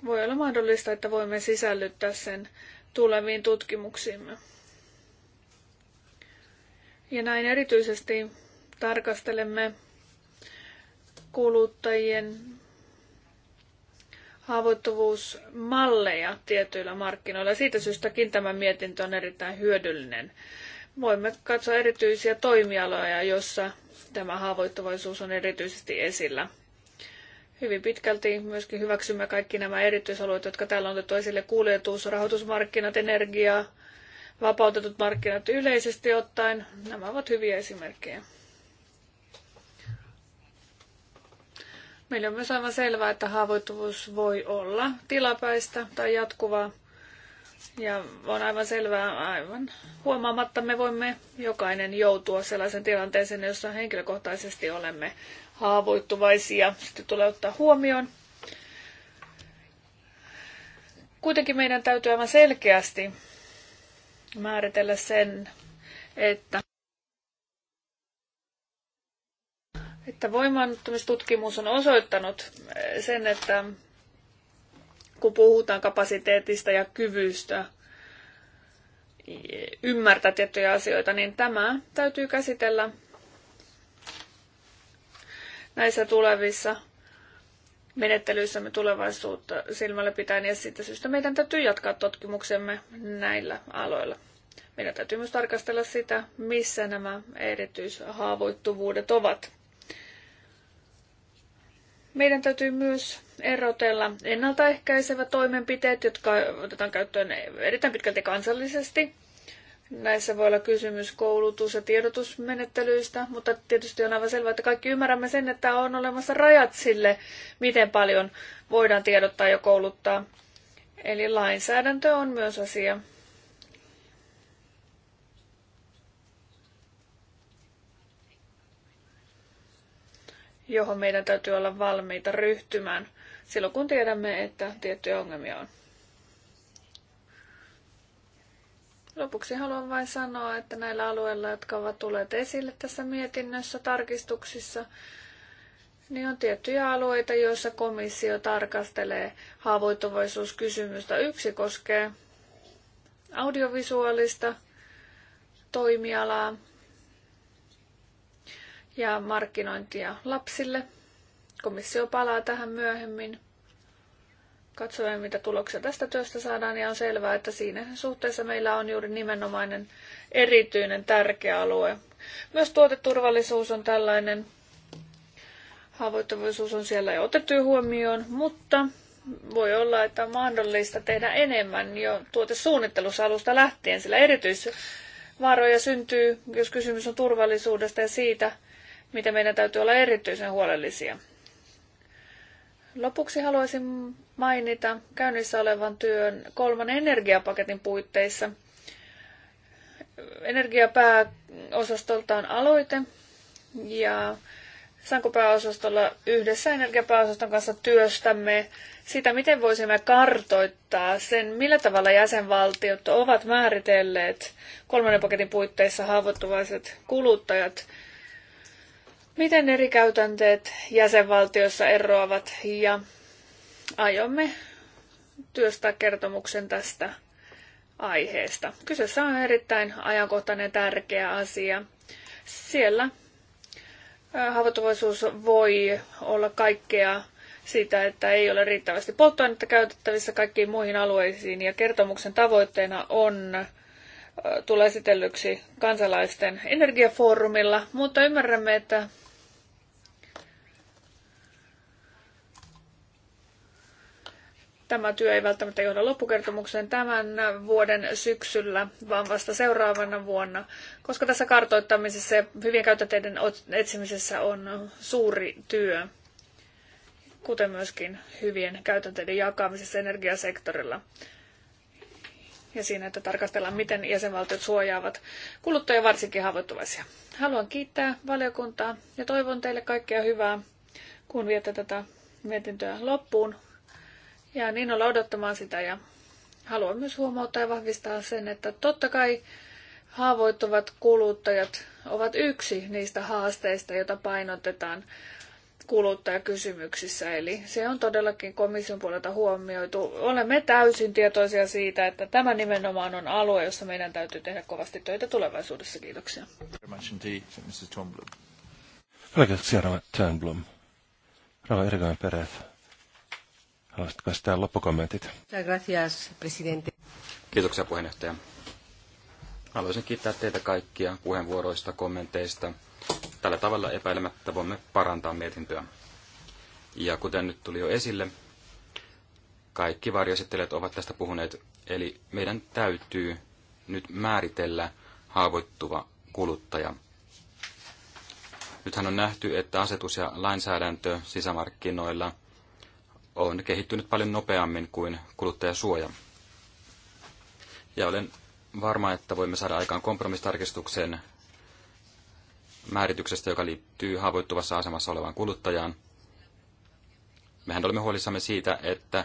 Voi olla mahdollista, että voimme sisällyttää sen tuleviin tutkimuksiimme. Ja näin erityisesti tarkastelemme kuluttajien haavoittuvuusmalleja tietyillä markkinoilla. Siitä syystäkin tämä mietintö on erittäin hyödyllinen. Voimme katsoa erityisiä toimialoja, joissa tämä haavoittuvaisuus on erityisesti esillä. Hyvin pitkälti myöskin hyväksymme kaikki nämä erityisalueet, jotka täällä on otettu esille, kuljetus, rahoitusmarkkinat, energia, vapautetut markkinat yleisesti ottaen. Nämä ovat hyviä esimerkkejä. Meillä on myös aivan selvää, että haavoittuvuus voi olla tilapäistä tai jatkuvaa. Ja on aivan selvää, aivan huomaamatta me voimme jokainen joutua sellaisen tilanteeseen, jossa henkilökohtaisesti olemme haavoittuvaisia. Sitten tulee ottaa huomioon. Kuitenkin meidän täytyy aivan selkeästi määritellä sen, että että voimaannuttamistutkimus on osoittanut eh, sen, että kun puhutaan kapasiteetista ja kyvystä eh, ymmärtää tiettyjä asioita, niin tämä täytyy käsitellä näissä tulevissa menettelyissämme tulevaisuutta silmällä pitäen, ja siitä syystä meidän täytyy jatkaa tutkimuksemme näillä aloilla. Meidän täytyy myös tarkastella sitä, missä nämä erityishaavoittuvuudet ovat. Meidän täytyy myös erotella ennaltaehkäisevät toimenpiteet, jotka otetaan käyttöön erittäin pitkälti kansallisesti. Näissä voi olla kysymys koulutus- ja tiedotusmenettelyistä, mutta tietysti on aivan selvää, että kaikki ymmärrämme sen, että on olemassa rajat sille, miten paljon voidaan tiedottaa ja kouluttaa. Eli lainsäädäntö on myös asia, johon meidän täytyy olla valmiita ryhtymään silloin, kun tiedämme, että tiettyjä ongelmia on. Lopuksi haluan vain sanoa, että näillä alueilla, jotka ovat tulleet esille tässä mietinnössä tarkistuksissa, niin on tiettyjä alueita, joissa komissio tarkastelee haavoittuvaisuuskysymystä. Yksi koskee audiovisuaalista toimialaa, ja markkinointia lapsille. Komissio palaa tähän myöhemmin. Katsomme, mitä tuloksia tästä työstä saadaan ja on selvää, että siinä suhteessa meillä on juuri nimenomainen erityinen tärkeä alue. Myös tuoteturvallisuus on tällainen. Haavoittuvuus on siellä jo otettu huomioon, mutta voi olla, että on mahdollista tehdä enemmän jo tuotesuunnittelussa alusta lähtien, sillä erityisvaaroja syntyy, jos kysymys on turvallisuudesta ja siitä, mitä meidän täytyy olla erityisen huolellisia. Lopuksi haluaisin mainita käynnissä olevan työn kolman energiapaketin puitteissa. Energiapääosastolta on aloite ja Sankopääosastolla yhdessä energiapääosaston kanssa työstämme sitä, miten voisimme kartoittaa sen, millä tavalla jäsenvaltiot ovat määritelleet kolmannen paketin puitteissa haavoittuvaiset kuluttajat – miten eri käytänteet jäsenvaltioissa eroavat ja aiomme työstää kertomuksen tästä aiheesta. Kyseessä on erittäin ajankohtainen tärkeä asia. Siellä haavoittuvaisuus voi olla kaikkea sitä, että ei ole riittävästi polttoainetta käytettävissä kaikkiin muihin alueisiin ja kertomuksen tavoitteena on tulla esitellyksi kansalaisten energiafoorumilla, mutta ymmärrämme, että Tämä työ ei välttämättä johda loppukertomukseen tämän vuoden syksyllä, vaan vasta seuraavana vuonna, koska tässä kartoittamisessa ja hyvien käytänteiden etsimisessä on suuri työ, kuten myöskin hyvien käytänteiden jakamisessa energiasektorilla ja siinä, että tarkastellaan, miten jäsenvaltiot suojaavat kuluttajia varsinkin haavoittuvaisia. Haluan kiittää valiokuntaa ja toivon teille kaikkea hyvää, kun viette tätä mietintöä loppuun ja niin olla odottamaan sitä ja haluan myös huomauttaa ja vahvistaa sen, että totta kai haavoittuvat kuluttajat ovat yksi niistä haasteista, joita painotetaan kuluttajakysymyksissä. Eli se on todellakin komission puolelta huomioitu. Olemme täysin tietoisia siitä, että tämä nimenomaan on alue, jossa meidän täytyy tehdä kovasti töitä tulevaisuudessa. Kiitoksia. Kiitoksia, Rava Tönblom. Rava Ergoin Perez. Haluaisitko sitä loppukommentit? Gracias, presidente. Kiitoksia puheenjohtaja. Haluaisin kiittää teitä kaikkia puheenvuoroista, kommenteista. Tällä tavalla epäilemättä voimme parantaa mietintöä. Ja kuten nyt tuli jo esille, kaikki varjoesittelijät ovat tästä puhuneet, eli meidän täytyy nyt määritellä haavoittuva kuluttaja. Nythän on nähty, että asetus ja lainsäädäntö sisämarkkinoilla – on kehittynyt paljon nopeammin kuin kuluttajasuoja. Ja olen varma, että voimme saada aikaan kompromistarkistuksen määrityksestä, joka liittyy haavoittuvassa asemassa olevaan kuluttajaan. Mehän olemme huolissamme siitä, että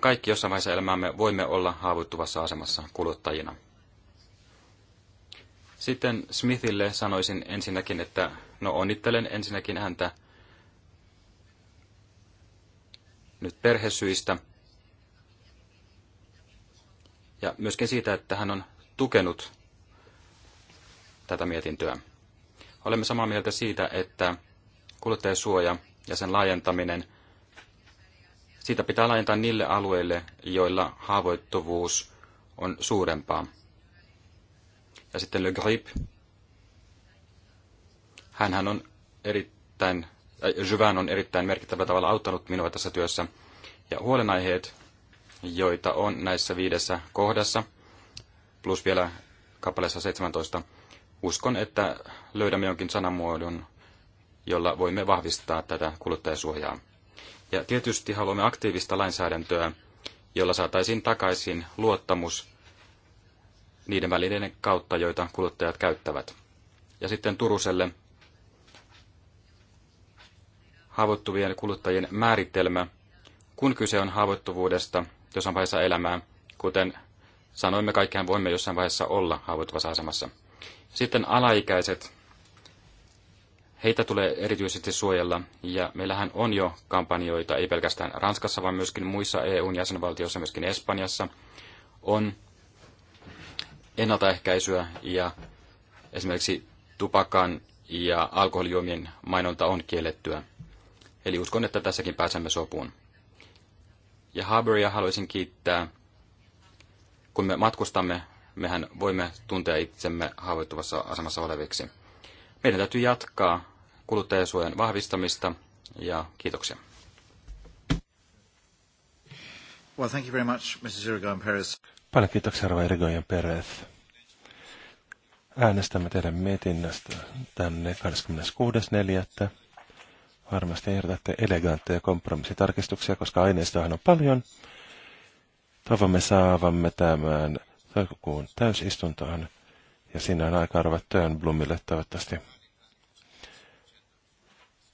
kaikki jossain vaiheessa elämäämme voimme olla haavoittuvassa asemassa kuluttajina. Sitten Smithille sanoisin ensinnäkin, että no onnittelen ensinnäkin häntä nyt perhesyistä ja myöskin siitä, että hän on tukenut tätä mietintöä. Olemme samaa mieltä siitä, että kuluttajasuoja ja sen laajentaminen, siitä pitää laajentaa niille alueille, joilla haavoittuvuus on suurempaa. Ja sitten Le Grip, hän on erittäin Äh, Jyvän on erittäin merkittävällä tavalla auttanut minua tässä työssä. Ja huolenaiheet, joita on näissä viidessä kohdassa, plus vielä kappaleessa 17, uskon, että löydämme jonkin sanamuodon, jolla voimme vahvistaa tätä kuluttajasuojaa. Ja tietysti haluamme aktiivista lainsäädäntöä, jolla saataisiin takaisin luottamus niiden välineiden kautta, joita kuluttajat käyttävät. Ja sitten Turuselle haavoittuvien kuluttajien määritelmä, kun kyse on haavoittuvuudesta jossain vaiheessa elämää, kuten sanoimme kaikkihan voimme jossain vaiheessa olla haavoittuvassa asemassa. Sitten alaikäiset, heitä tulee erityisesti suojella, ja meillähän on jo kampanjoita, ei pelkästään Ranskassa, vaan myöskin muissa EUn jäsenvaltioissa, myöskin Espanjassa, on ennaltaehkäisyä ja esimerkiksi tupakan ja alkoholijuomien mainonta on kiellettyä. Eli uskon, että tässäkin pääsemme sopuun. Ja Harbouria haluaisin kiittää. Kun me matkustamme, mehän voimme tuntea itsemme haavoittuvassa asemassa oleviksi. Meidän täytyy jatkaa kuluttajasuojan vahvistamista ja kiitoksia. Well, thank you very much, Mrs. Perez. Paljon kiitoksia, Rova Irigoyen Perez. Äänestämme teidän mietinnästä tänne 26.4. Varmasti ehdotatte elegantteja kompromissitarkistuksia, koska aineistoahan on paljon. Toivomme saavamme tämän toukokuun täysistuntoon ja siinä on aika arvat Tönblumille toivottavasti.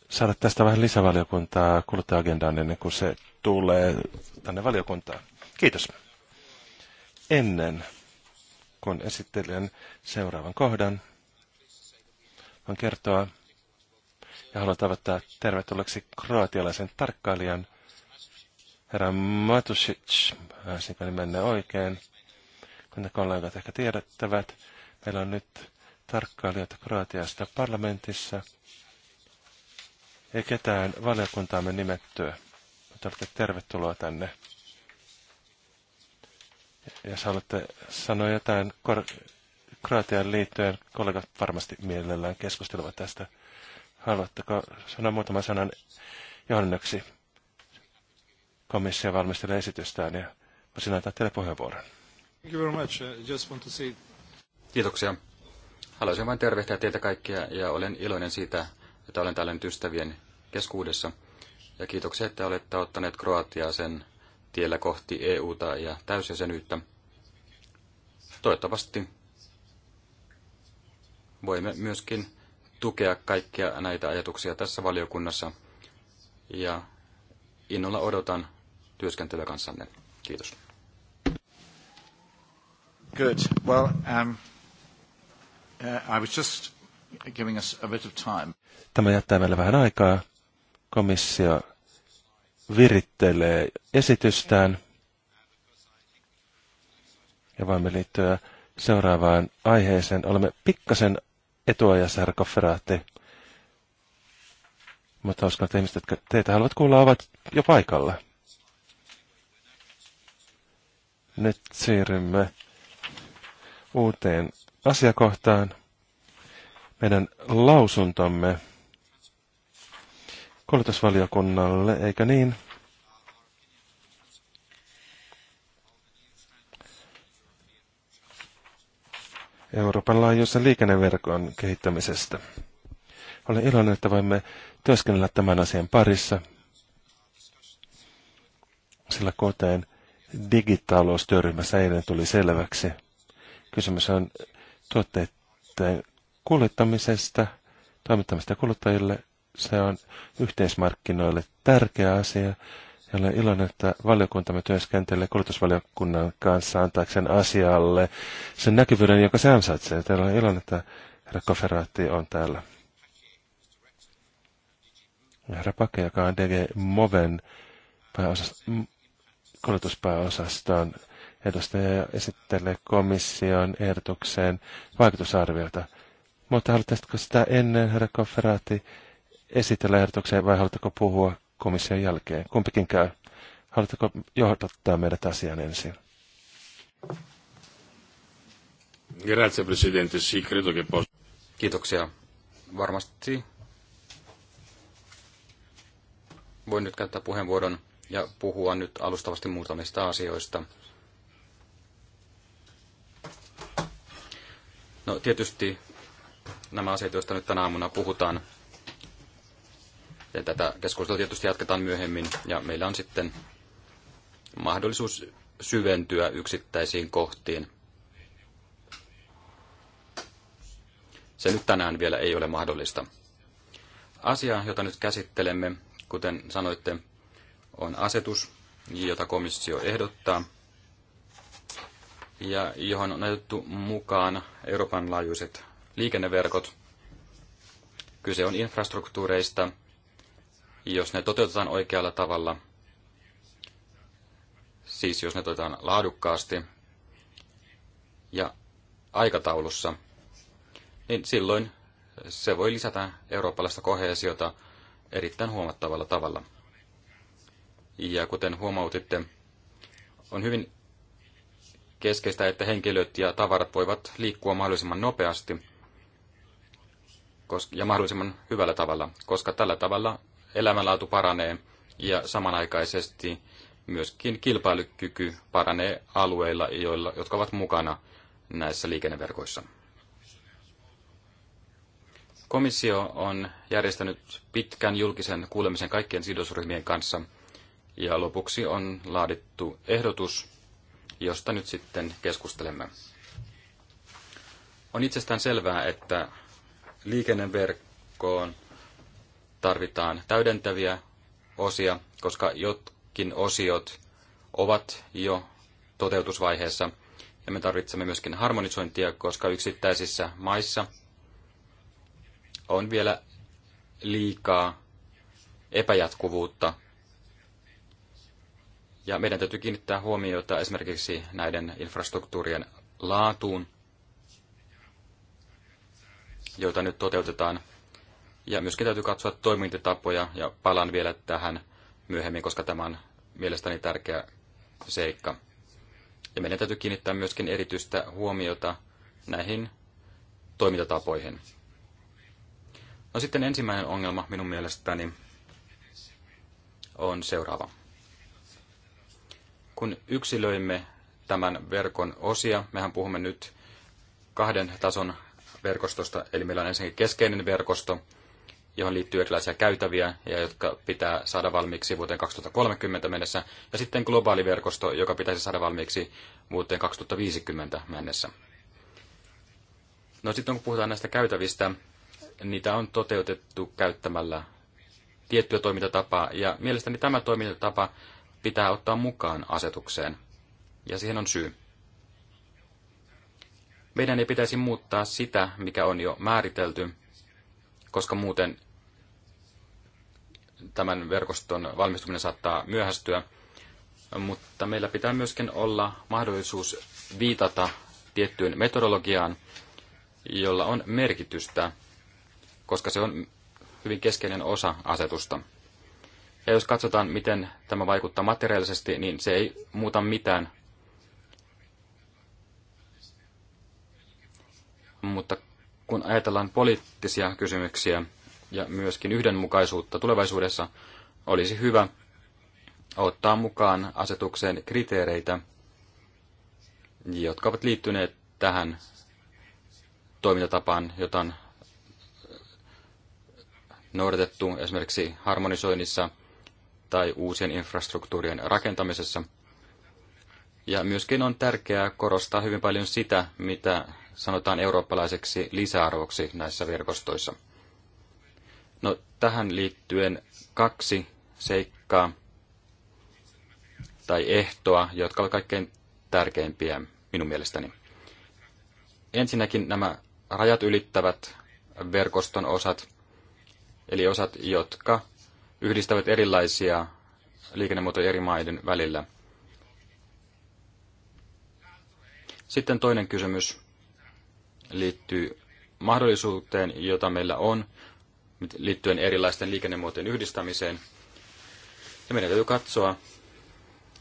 Saada tästä vähän lisävaliokuntaa kuluttaja-agendaan ennen kuin se tulee tänne valiokuntaan. Kiitos. Ennen kun esittelen seuraavan kohdan, voin kertoa, ja haluan tavoittaa tervetulleeksi kroatialaisen tarkkailijan herra Matusic, äänsinkö nimenne oikein, ne kollegat ehkä tiedettävät. Meillä on nyt tarkkailijoita Kroatiasta parlamentissa. Ei ketään valiokuntaamme nimettyä, mutta olette tervetuloa tänne. Ja jos haluatte sanoa jotain Kroatian liittyen, kollegat varmasti mielellään keskustelevat tästä. Haluatteko sanoa muutaman sanan johdannoksi? Komissio valmistelee esitystään ja voisin antaa teille puheenvuoron. Thank you very much. Just want to Kiitoksia. Haluaisin vain tervehtiä teitä kaikkia ja olen iloinen siitä, että olen täällä nyt ystävien keskuudessa. Ja kiitoksia, että olette ottaneet Kroatiaa sen tiellä kohti EUta ja täysjäsenyyttä. Toivottavasti voimme myöskin tukea kaikkia näitä ajatuksia tässä valiokunnassa ja innolla odotan työskentelyä kanssanne. Kiitos. Good. Well, um, uh, I was just giving us a bit of time. Tämä jättää meille vähän aikaa. Komissio virittelee esitystään. Ja voimme liittyä seuraavaan aiheeseen. Olemme pikkasen etuajasarkoferaatti. Mutta uskon, että ihmiset, jotka teitä haluavat kuulla, ovat jo paikalla. Nyt siirrymme uuteen asiakohtaan. Meidän lausuntomme koulutusvaliokunnalle, eikö niin? Euroopan laajuisen liikenneverkon kehittämisestä. Olen iloinen, että voimme työskennellä tämän asian parissa, sillä koteen digitaloustyöryhmässä eilen tuli selväksi, kysymys on tuotteiden kuljettamisesta, toimittamista kuluttajille. Se on yhteismarkkinoille tärkeä asia, ja olen iloinen, että valiokuntamme työskentelee kulutusvaliokunnan kanssa antaakseen asialle sen näkyvyyden, joka se ansaitsee. Täällä on iloinen, että herra Koferaatti on täällä. Ja herra Pake, joka on DG Moven pääosast- edustaja ja esittelee komission ehdotukseen vaikutusarviota. Mutta haluatteko sitä ennen, herra Koferaatti, esitellä ehdotukseen vai haluatteko puhua komission jälkeen. Kumpikin käy. Haluatteko johdattaa meidät asian ensin? Grazie Presidente, sì, credo che posso. Kiitoksia. Varmasti voin nyt käyttää puheenvuoron ja puhua nyt alustavasti muutamista asioista. No tietysti nämä asiat, joista nyt tänä aamuna puhutaan, ja tätä keskustelua tietysti jatketaan myöhemmin ja meillä on sitten mahdollisuus syventyä yksittäisiin kohtiin. Se nyt tänään vielä ei ole mahdollista. Asia, jota nyt käsittelemme, kuten sanoitte, on asetus, jota komissio ehdottaa ja johon on otettu mukaan Euroopan laajuiset liikenneverkot. Kyse on infrastruktuureista, jos ne toteutetaan oikealla tavalla, siis jos ne toteutetaan laadukkaasti ja aikataulussa, niin silloin se voi lisätä eurooppalaista kohesiota erittäin huomattavalla tavalla. Ja kuten huomautitte, on hyvin keskeistä, että henkilöt ja tavarat voivat liikkua mahdollisimman nopeasti ja mahdollisimman hyvällä tavalla, koska tällä tavalla elämänlaatu paranee ja samanaikaisesti myöskin kilpailukyky paranee alueilla, joilla, jotka ovat mukana näissä liikenneverkoissa. Komissio on järjestänyt pitkän julkisen kuulemisen kaikkien sidosryhmien kanssa ja lopuksi on laadittu ehdotus, josta nyt sitten keskustelemme. On itsestään selvää, että liikenneverkkoon – tarvitaan täydentäviä osia, koska jotkin osiot ovat jo toteutusvaiheessa. Ja me tarvitsemme myöskin harmonisointia, koska yksittäisissä maissa on vielä liikaa epäjatkuvuutta. Ja meidän täytyy kiinnittää huomiota esimerkiksi näiden infrastruktuurien laatuun, joita nyt toteutetaan ja myöskin täytyy katsoa toimintatapoja, ja palaan vielä tähän myöhemmin, koska tämä on mielestäni tärkeä seikka. Ja meidän täytyy kiinnittää myöskin erityistä huomiota näihin toimintatapoihin. No sitten ensimmäinen ongelma minun mielestäni on seuraava. Kun yksilöimme tämän verkon osia, mehän puhumme nyt kahden tason verkostosta, eli meillä on ensinnäkin keskeinen verkosto, johon liittyy erilaisia käytäviä ja jotka pitää saada valmiiksi vuoteen 2030 mennessä, ja sitten globaali verkosto, joka pitäisi saada valmiiksi vuoteen 2050 mennessä. No sitten kun puhutaan näistä käytävistä, niitä on toteutettu käyttämällä tiettyä toimintatapaa, ja mielestäni tämä toimintatapa pitää ottaa mukaan asetukseen, ja siihen on syy. Meidän ei pitäisi muuttaa sitä, mikä on jo määritelty, koska muuten tämän verkoston valmistuminen saattaa myöhästyä, mutta meillä pitää myöskin olla mahdollisuus viitata tiettyyn metodologiaan, jolla on merkitystä, koska se on hyvin keskeinen osa asetusta. Ja jos katsotaan, miten tämä vaikuttaa materiaalisesti, niin se ei muuta mitään. Mutta kun ajatellaan poliittisia kysymyksiä, ja myöskin yhdenmukaisuutta tulevaisuudessa, olisi hyvä ottaa mukaan asetuksen kriteereitä, jotka ovat liittyneet tähän toimintatapaan, jota on noudatettu esimerkiksi harmonisoinnissa tai uusien infrastruktuurien rakentamisessa. Ja myöskin on tärkeää korostaa hyvin paljon sitä, mitä sanotaan eurooppalaiseksi lisäarvoksi näissä verkostoissa. No, tähän liittyen kaksi seikkaa tai ehtoa, jotka ovat kaikkein tärkeimpiä minun mielestäni. Ensinnäkin nämä rajat ylittävät verkoston osat, eli osat, jotka yhdistävät erilaisia liikennemuotoja eri maiden välillä. Sitten toinen kysymys liittyy mahdollisuuteen, jota meillä on liittyen erilaisten liikennemuotojen yhdistämiseen. Ja meidän täytyy katsoa,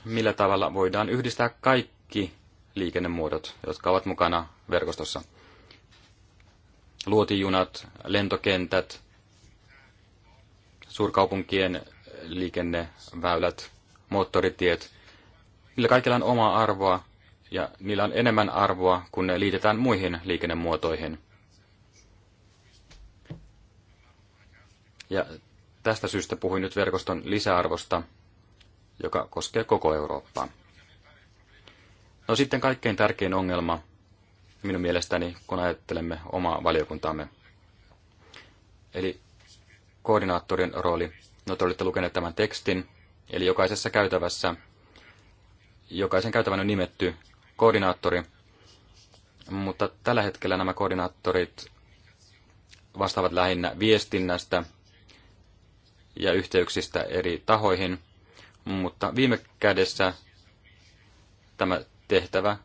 millä tavalla voidaan yhdistää kaikki liikennemuodot, jotka ovat mukana verkostossa. Luotijunat, lentokentät, suurkaupunkien liikenneväylät, moottoritiet. Niillä kaikilla on omaa arvoa ja niillä on enemmän arvoa, kun ne liitetään muihin liikennemuotoihin. Ja tästä syystä puhuin nyt verkoston lisäarvosta, joka koskee koko Eurooppaa. No sitten kaikkein tärkein ongelma minun mielestäni, kun ajattelemme omaa valiokuntaamme. Eli koordinaattorin rooli. No te olette lukeneet tämän tekstin, eli jokaisessa käytävässä, jokaisen käytävän on nimetty koordinaattori, mutta tällä hetkellä nämä koordinaattorit vastaavat lähinnä viestinnästä ja yhteyksistä eri tahoihin, mutta viime kädessä tämä tehtävä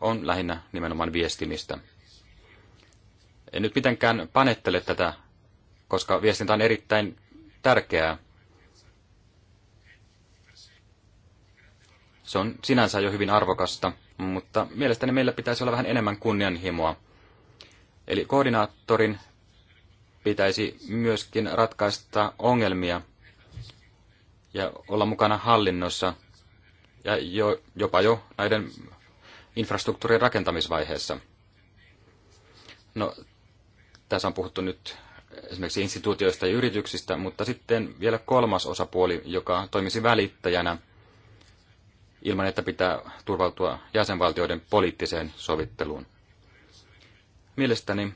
on lähinnä nimenomaan viestimistä. En nyt mitenkään panettele tätä, koska viestintä on erittäin tärkeää. Se on sinänsä jo hyvin arvokasta, mutta mielestäni meillä pitäisi olla vähän enemmän kunnianhimoa. Eli koordinaattorin pitäisi myöskin ratkaista ongelmia ja olla mukana hallinnossa ja jo, jopa jo näiden infrastruktuurin rakentamisvaiheessa. No, tässä on puhuttu nyt esimerkiksi instituutioista ja yrityksistä, mutta sitten vielä kolmas osapuoli, joka toimisi välittäjänä ilman, että pitää turvautua jäsenvaltioiden poliittiseen sovitteluun. Mielestäni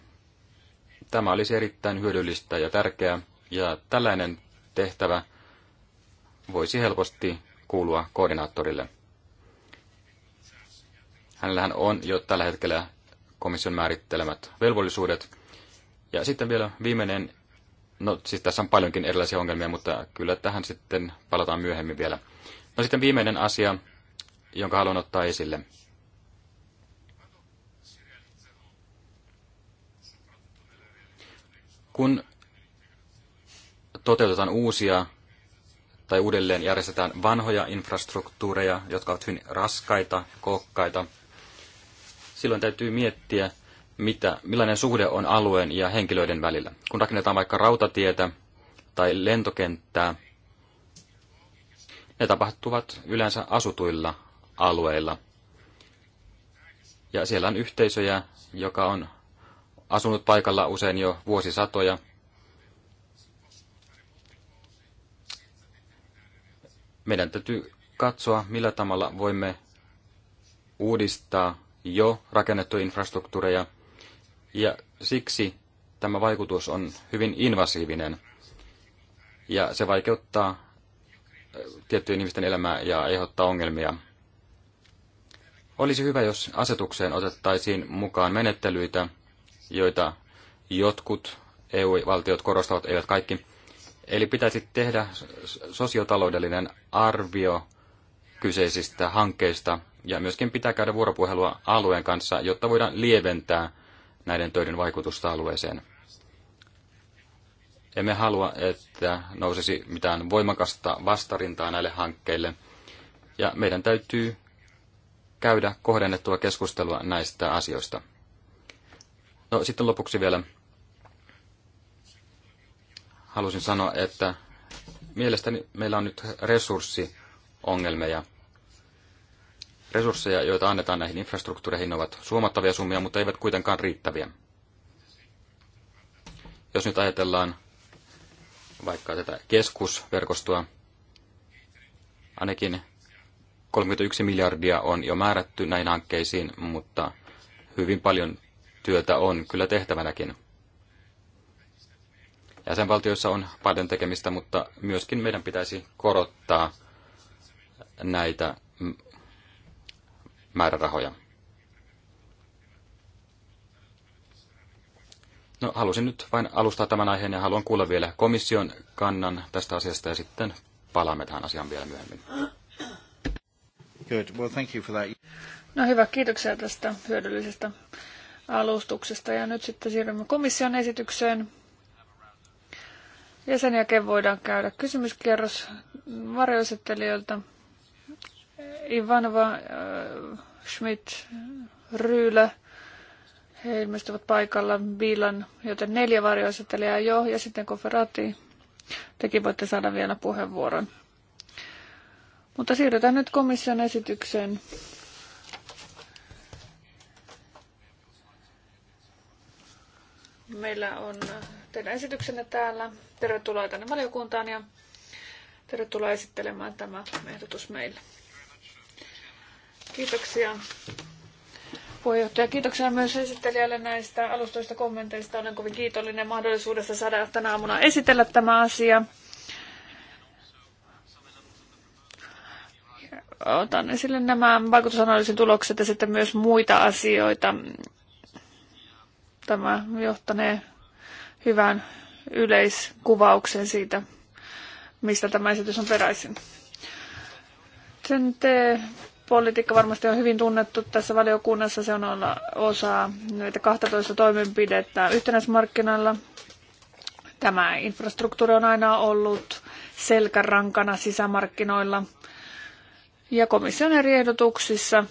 Tämä olisi erittäin hyödyllistä ja tärkeää, ja tällainen tehtävä voisi helposti kuulua koordinaattorille. Hänellähän on jo tällä hetkellä komission määrittelemät velvollisuudet. Ja sitten vielä viimeinen, no siis tässä on paljonkin erilaisia ongelmia, mutta kyllä tähän sitten palataan myöhemmin vielä. No sitten viimeinen asia, jonka haluan ottaa esille – Kun toteutetaan uusia tai uudelleen järjestetään vanhoja infrastruktuureja, jotka ovat hyvin raskaita, kookkaita, silloin täytyy miettiä, mitä, millainen suhde on alueen ja henkilöiden välillä. Kun rakennetaan vaikka rautatietä tai lentokenttää, ne tapahtuvat yleensä asutuilla alueilla. Ja siellä on yhteisöjä, joka on asunut paikalla usein jo vuosisatoja. Meidän täytyy katsoa, millä tavalla voimme uudistaa jo rakennettuja infrastruktuureja, ja siksi tämä vaikutus on hyvin invasiivinen, ja se vaikeuttaa äh, tiettyjen ihmisten elämää ja aiheuttaa ongelmia. Olisi hyvä, jos asetukseen otettaisiin mukaan menettelyitä, joita jotkut EU-valtiot korostavat, eivät kaikki. Eli pitäisi tehdä sosiotaloudellinen arvio kyseisistä hankkeista ja myöskin pitää käydä vuoropuhelua alueen kanssa, jotta voidaan lieventää näiden töiden vaikutusta alueeseen. Emme halua, että nousisi mitään voimakasta vastarintaa näille hankkeille, ja meidän täytyy käydä kohdennettua keskustelua näistä asioista. No sitten lopuksi vielä halusin sanoa, että mielestäni meillä on nyt resurssiongelmia. Resursseja, joita annetaan näihin infrastruktuureihin, ovat suomattavia summia, mutta eivät kuitenkaan riittäviä. Jos nyt ajatellaan vaikka tätä keskusverkostoa, ainakin 31 miljardia on jo määrätty näihin hankkeisiin, mutta hyvin paljon työtä on kyllä tehtävänäkin. Jäsenvaltioissa on paljon tekemistä, mutta myöskin meidän pitäisi korottaa näitä määrärahoja. No, halusin nyt vain alustaa tämän aiheen ja haluan kuulla vielä komission kannan tästä asiasta ja sitten palaamme tähän asiaan vielä myöhemmin. Good. Well, thank you for that. No hyvä, kiitoksia tästä hyödyllisestä alustuksesta. Ja nyt sitten siirrymme komission esitykseen. Ja sen jälkeen voidaan käydä kysymyskierros varjoesittelijöiltä. Ivanova, äh, Schmidt, Ryylä, he ilmestyvät paikalla Bilan, joten neljä varjoesittelijää jo, ja sitten Koferati, tekin voitte saada vielä puheenvuoron. Mutta siirrytään nyt komission esitykseen. Meillä on teidän esityksenne täällä. Tervetuloa tänne valiokuntaan ja tervetuloa esittelemään tämä ehdotus meille. Kiitoksia puheenjohtaja. Kiitoksia myös esittelijälle näistä alustoista kommenteista. Olen kovin kiitollinen mahdollisuudesta saada tänä aamuna esitellä tämä asia. Otan esille nämä vaikutusanalyysin tulokset ja sitten myös muita asioita, tämä johtanee hyvään yleiskuvaukseen siitä, mistä tämä esitys on peräisin. Sen politiikka varmasti on hyvin tunnettu tässä valiokunnassa. Se on osa näitä 12 toimenpidettä yhtenäismarkkinoilla. Tämä infrastruktuuri on aina ollut selkärankana sisämarkkinoilla. Ja komission eri ehdotuksissa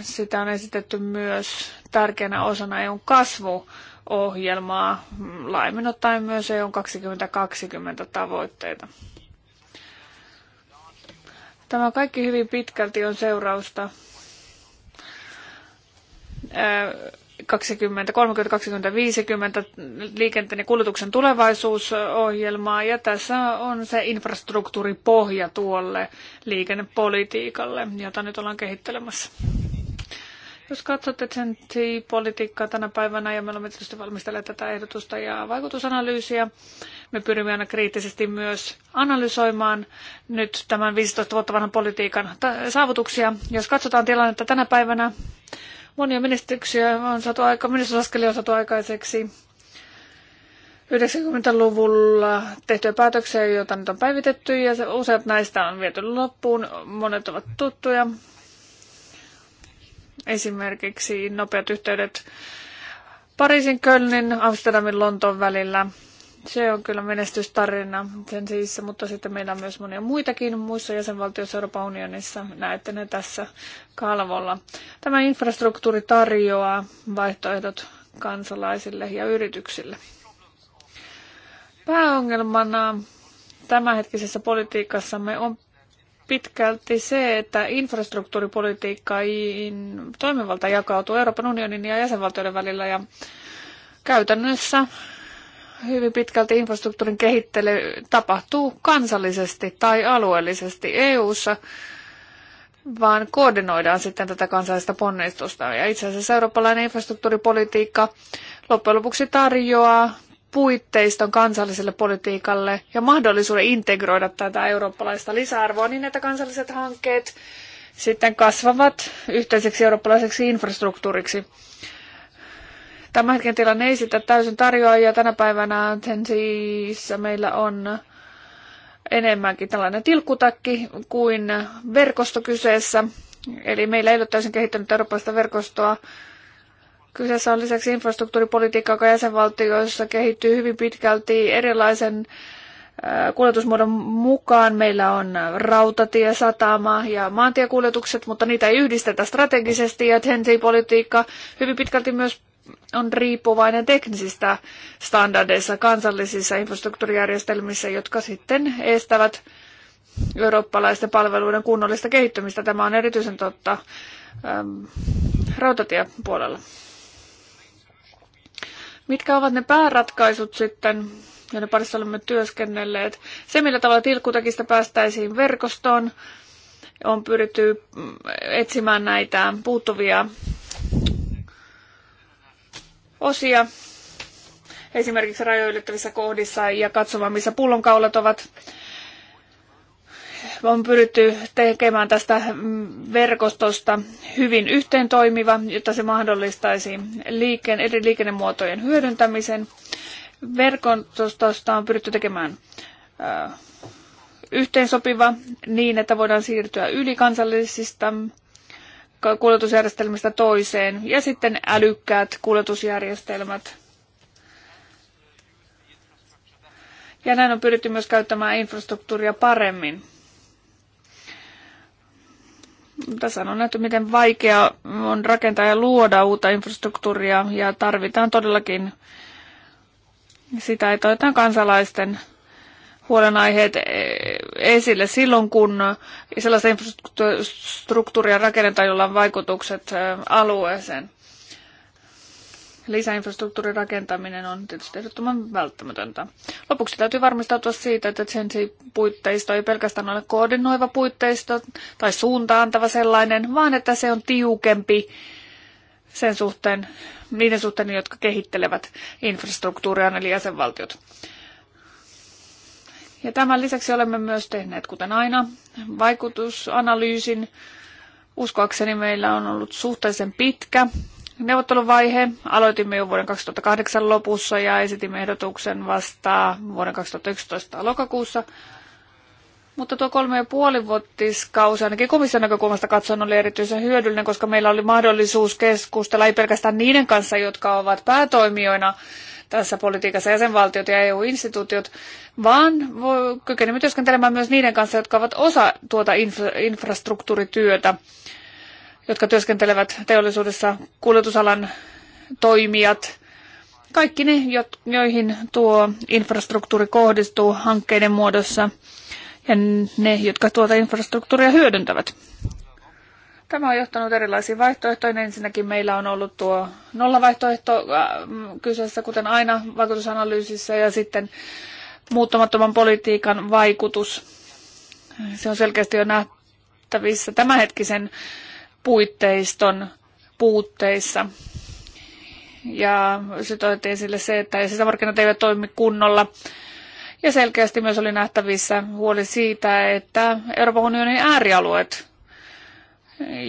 sitä on esitetty myös tärkeänä osana EUn kasvuohjelmaa, laimin ottaen myös EUn 2020 tavoitteita. Tämä kaikki hyvin pitkälti on seurausta 20, 30, 20, viisikymmentä liikenteen ja kulutuksen tulevaisuusohjelmaa ja tässä on se infrastruktuuripohja tuolle liikennepolitiikalle, jota nyt ollaan kehittelemässä. Jos katsotte politiikkaa tänä päivänä, ja me olemme tietysti valmistelleet tätä ehdotusta ja vaikutusanalyysiä, me pyrimme aina kriittisesti myös analysoimaan nyt tämän 15 vuotta vanhan politiikan saavutuksia. Jos katsotaan tilannetta tänä päivänä, monia menestyksiä on saatu aika, menestysaskelia on saatu aikaiseksi. 90-luvulla tehtyjä päätöksiä, joita nyt on päivitetty, ja useat näistä on viety loppuun. Monet ovat tuttuja. Esimerkiksi nopeat yhteydet Pariisin, Kölnin, Amsterdamin, Lontoon välillä. Se on kyllä menestystarina sen siis, mutta sitten meillä on myös monia muitakin muissa jäsenvaltioissa Euroopan unionissa. Näette ne tässä kalvolla. Tämä infrastruktuuri tarjoaa vaihtoehdot kansalaisille ja yrityksille. Pääongelmana tämänhetkisessä politiikassamme on pitkälti se, että infrastruktuuripolitiikkain toimivalta jakautuu Euroopan unionin ja jäsenvaltioiden välillä ja käytännössä hyvin pitkälti infrastruktuurin kehittely tapahtuu kansallisesti tai alueellisesti EU-ssa, vaan koordinoidaan sitten tätä kansallista ponnistusta. Ja itse asiassa eurooppalainen infrastruktuuripolitiikka loppujen lopuksi tarjoaa puitteiston kansalliselle politiikalle ja mahdollisuuden integroida tätä eurooppalaista lisäarvoa niin, että kansalliset hankkeet sitten kasvavat yhteiseksi eurooppalaiseksi infrastruktuuriksi. Tämän hetken tilanne ei sitä täysin tarjoa ja tänä päivänä tensiissä meillä on enemmänkin tällainen tilkkutakki kuin verkosto kyseessä. Eli meillä ei ole täysin kehittynyt eurooppalaista verkostoa, Kyseessä on lisäksi infrastruktuuripolitiikka, joka jäsenvaltioissa kehittyy hyvin pitkälti erilaisen kuljetusmuodon mukaan. Meillä on rautatie, satama ja maantiekuljetukset, mutta niitä ei yhdistetä strategisesti ja TEN-T-politiikka hyvin pitkälti myös on riippuvainen teknisistä standardeissa kansallisissa infrastruktuurijärjestelmissä, jotka sitten estävät eurooppalaisten palveluiden kunnollista kehittymistä. Tämä on erityisen totta ähm, rautatiepuolella. Mitkä ovat ne pääratkaisut sitten, joiden parissa olemme työskennelleet? Se, millä tavalla tilkkutakista päästäisiin verkostoon, on pyritty mm, etsimään näitä puuttuvia osia esimerkiksi rajoilettavissa kohdissa ja katsomaan, missä pullonkaulat ovat on pyritty tekemään tästä verkostosta hyvin yhteen toimiva, jotta se mahdollistaisi eri liikennemuotojen hyödyntämisen. Verkostosta on pyritty tekemään yhteensopiva niin, että voidaan siirtyä ylikansallisista kuljetusjärjestelmistä toiseen ja sitten älykkäät kuljetusjärjestelmät – ja näin on pyritty myös käyttämään infrastruktuuria paremmin tässä on että miten vaikea on rakentaa ja luoda uutta infrastruktuuria ja tarvitaan todellakin sitä, että otetaan kansalaisten huolenaiheet e, esille silloin, kun sellaista infrastruktuuria rakennetaan, jolla on vaikutukset e, alueeseen. Lisäinfrastruktuurin rakentaminen on tietysti ehdottoman välttämätöntä. Lopuksi täytyy varmistautua siitä, että sensi puitteisto ei pelkästään ole koordinoiva puitteisto tai suuntaantava sellainen, vaan että se on tiukempi sen suhteen, niiden suhteen, jotka kehittelevät infrastruktuuria, eli jäsenvaltiot. Ja tämän lisäksi olemme myös tehneet, kuten aina, vaikutusanalyysin. Uskoakseni meillä on ollut suhteellisen pitkä neuvotteluvaihe. Aloitimme jo vuoden 2008 lopussa ja esitimme ehdotuksen vasta vuoden 2011 lokakuussa. Mutta tuo kolme ja puoli vuotiskausi ainakin komission näkökulmasta katsoen oli erityisen hyödyllinen, koska meillä oli mahdollisuus keskustella ei pelkästään niiden kanssa, jotka ovat päätoimijoina tässä politiikassa jäsenvaltiot ja EU-instituutiot, vaan kykenemme työskentelemään myös niiden kanssa, jotka ovat osa tuota infra- infrastruktuurityötä jotka työskentelevät teollisuudessa, kuljetusalan toimijat, kaikki ne, joihin tuo infrastruktuuri kohdistuu hankkeiden muodossa ja ne, jotka tuota infrastruktuuria hyödyntävät. Tämä on johtanut erilaisiin vaihtoehtoihin. Ensinnäkin meillä on ollut tuo nollavaihtoehto äh, kyseessä, kuten aina vaikutusanalyysissä, ja sitten muuttamattoman politiikan vaikutus. Se on selkeästi jo nähtävissä tämänhetkisen puitteiston puutteissa. Ja se toitiin esille se, että sisämarkkinat eivät toimi kunnolla. Ja selkeästi myös oli nähtävissä huoli siitä, että Euroopan unionin äärialueet,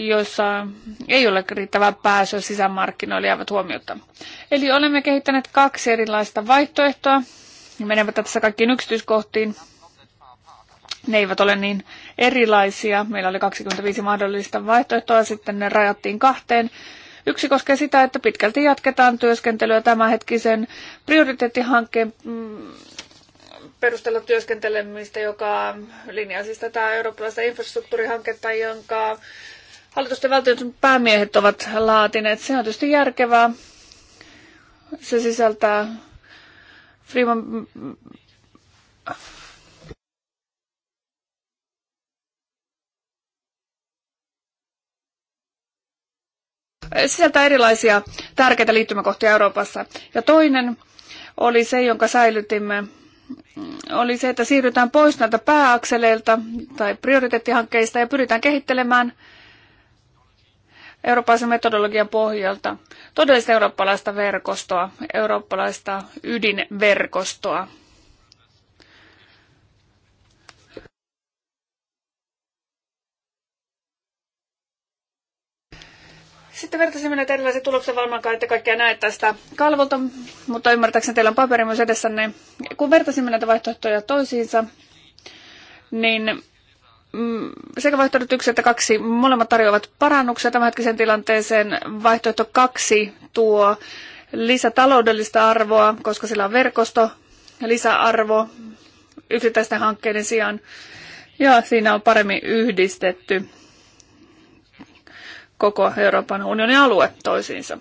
joissa ei ole riittävää pääsyä sisämarkkinoille, jäävät huomiota. Eli olemme kehittäneet kaksi erilaista vaihtoehtoa. Menevät tässä kaikkiin yksityiskohtiin. Ne eivät ole niin erilaisia. Meillä oli 25 mahdollista vaihtoehtoa, sitten ne rajattiin kahteen. Yksi koskee sitä, että pitkälti jatketaan työskentelyä tämänhetkisen prioriteettihankkeen mm, perusteella työskentelemistä, joka linjaa siis tätä eurooppalaista infrastruktuurihanketta, jonka hallitusten valtion päämiehet ovat laatineet. Se on tietysti järkevää. Se sisältää Freeman sisältää erilaisia tärkeitä liittymäkohtia Euroopassa. Ja toinen oli se, jonka säilytimme, oli se, että siirrytään pois näiltä pääakseleilta tai prioriteettihankkeista ja pyritään kehittelemään eurooppalaisen metodologian pohjalta todellista eurooppalaista verkostoa, eurooppalaista ydinverkostoa. Sitten vertaisin näitä erilaisia tuloksia varmaan että kaikkea näet tästä kalvolta, mutta ymmärtääkseni teillä on paperi myös edessänne. Kun vertaisimme näitä vaihtoehtoja toisiinsa, niin mm, sekä vaihtoehdot yksi että kaksi, molemmat tarjoavat parannuksia tämänhetkiseen tilanteeseen. Vaihtoehto kaksi tuo lisätaloudellista arvoa, koska sillä on verkosto, lisäarvo yksittäisten hankkeiden sijaan. Ja siinä on paremmin yhdistetty koko Euroopan unionin alue toisiinsa.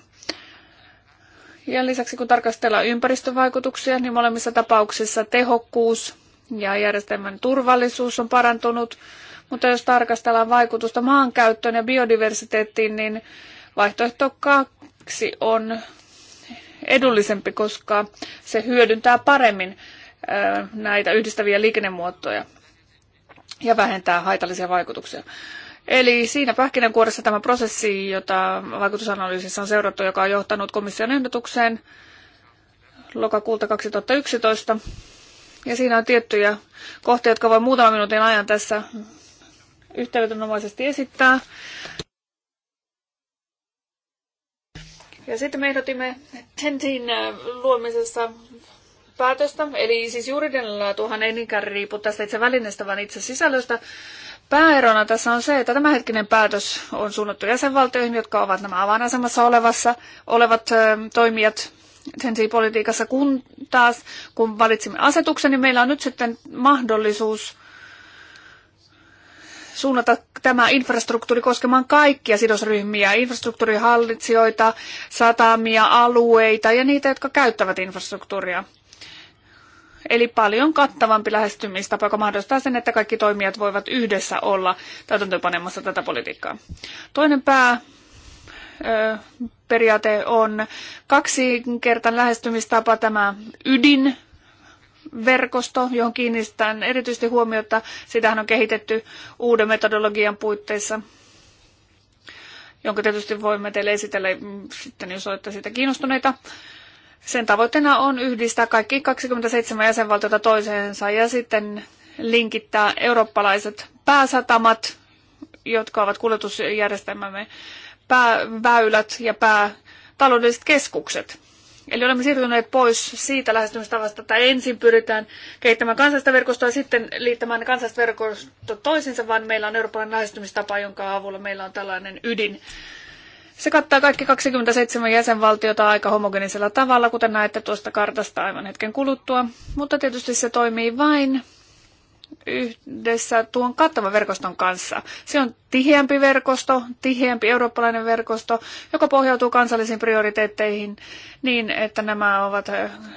Ja lisäksi kun tarkastellaan ympäristövaikutuksia, niin molemmissa tapauksissa tehokkuus ja järjestelmän turvallisuus on parantunut, mutta jos tarkastellaan vaikutusta maankäyttöön ja biodiversiteettiin, niin vaihtoehto kaksi on edullisempi, koska se hyödyntää paremmin näitä yhdistäviä liikennemuotoja ja vähentää haitallisia vaikutuksia. Eli siinä pähkinänkuoressa tämä prosessi, jota vaikutusanalyysissä on seurattu, joka on johtanut komission ehdotukseen lokakuulta 2011. Ja siinä on tiettyjä kohtia, jotka voi muutaman minuutin ajan tässä yhteydenomaisesti esittää. Ja sitten me ehdotimme Tentin äh, luomisessa päätöstä, eli siis juridinen laatuhan ei niinkään riipu tästä itse välineestä, vaan itse sisällöstä. Pääerona tässä on se, että tämänhetkinen päätös on suunnattu jäsenvaltioihin, jotka ovat nämä avainasemassa olevassa, olevat toimijat politiikassa, kun taas kun valitsimme asetuksen, niin meillä on nyt sitten mahdollisuus suunnata tämä infrastruktuuri koskemaan kaikkia sidosryhmiä, infrastruktuurihallitsijoita, satamia, alueita ja niitä, jotka käyttävät infrastruktuuria. Eli paljon kattavampi lähestymistapa, joka mahdollistaa sen, että kaikki toimijat voivat yhdessä olla täytäntöönpanemassa tätä politiikkaa. Toinen pää periaate on kaksinkertainen lähestymistapa, tämä ydin verkosto, johon kiinnistän erityisesti huomiota. Sitähän on kehitetty uuden metodologian puitteissa, jonka tietysti voimme teille esitellä mm, sitten, jos olette siitä kiinnostuneita. Sen tavoitteena on yhdistää kaikki 27 jäsenvaltiota toiseensa ja sitten linkittää eurooppalaiset pääsatamat, jotka ovat kuljetusjärjestelmämme pääväylät ja päätaloudelliset keskukset. Eli olemme siirtyneet pois siitä lähestymistavasta, että ensin pyritään kehittämään kansallista verkostoa ja sitten liittämään kansallista verkostoa toisiinsa, vaan meillä on eurooppalainen lähestymistapa, jonka avulla meillä on tällainen ydin se kattaa kaikki 27 jäsenvaltiota aika homogenisella tavalla, kuten näette tuosta kartasta aivan hetken kuluttua, mutta tietysti se toimii vain yhdessä tuon kattavan verkoston kanssa. Se on tiheämpi verkosto, tiheämpi eurooppalainen verkosto, joka pohjautuu kansallisiin prioriteetteihin niin, että nämä ovat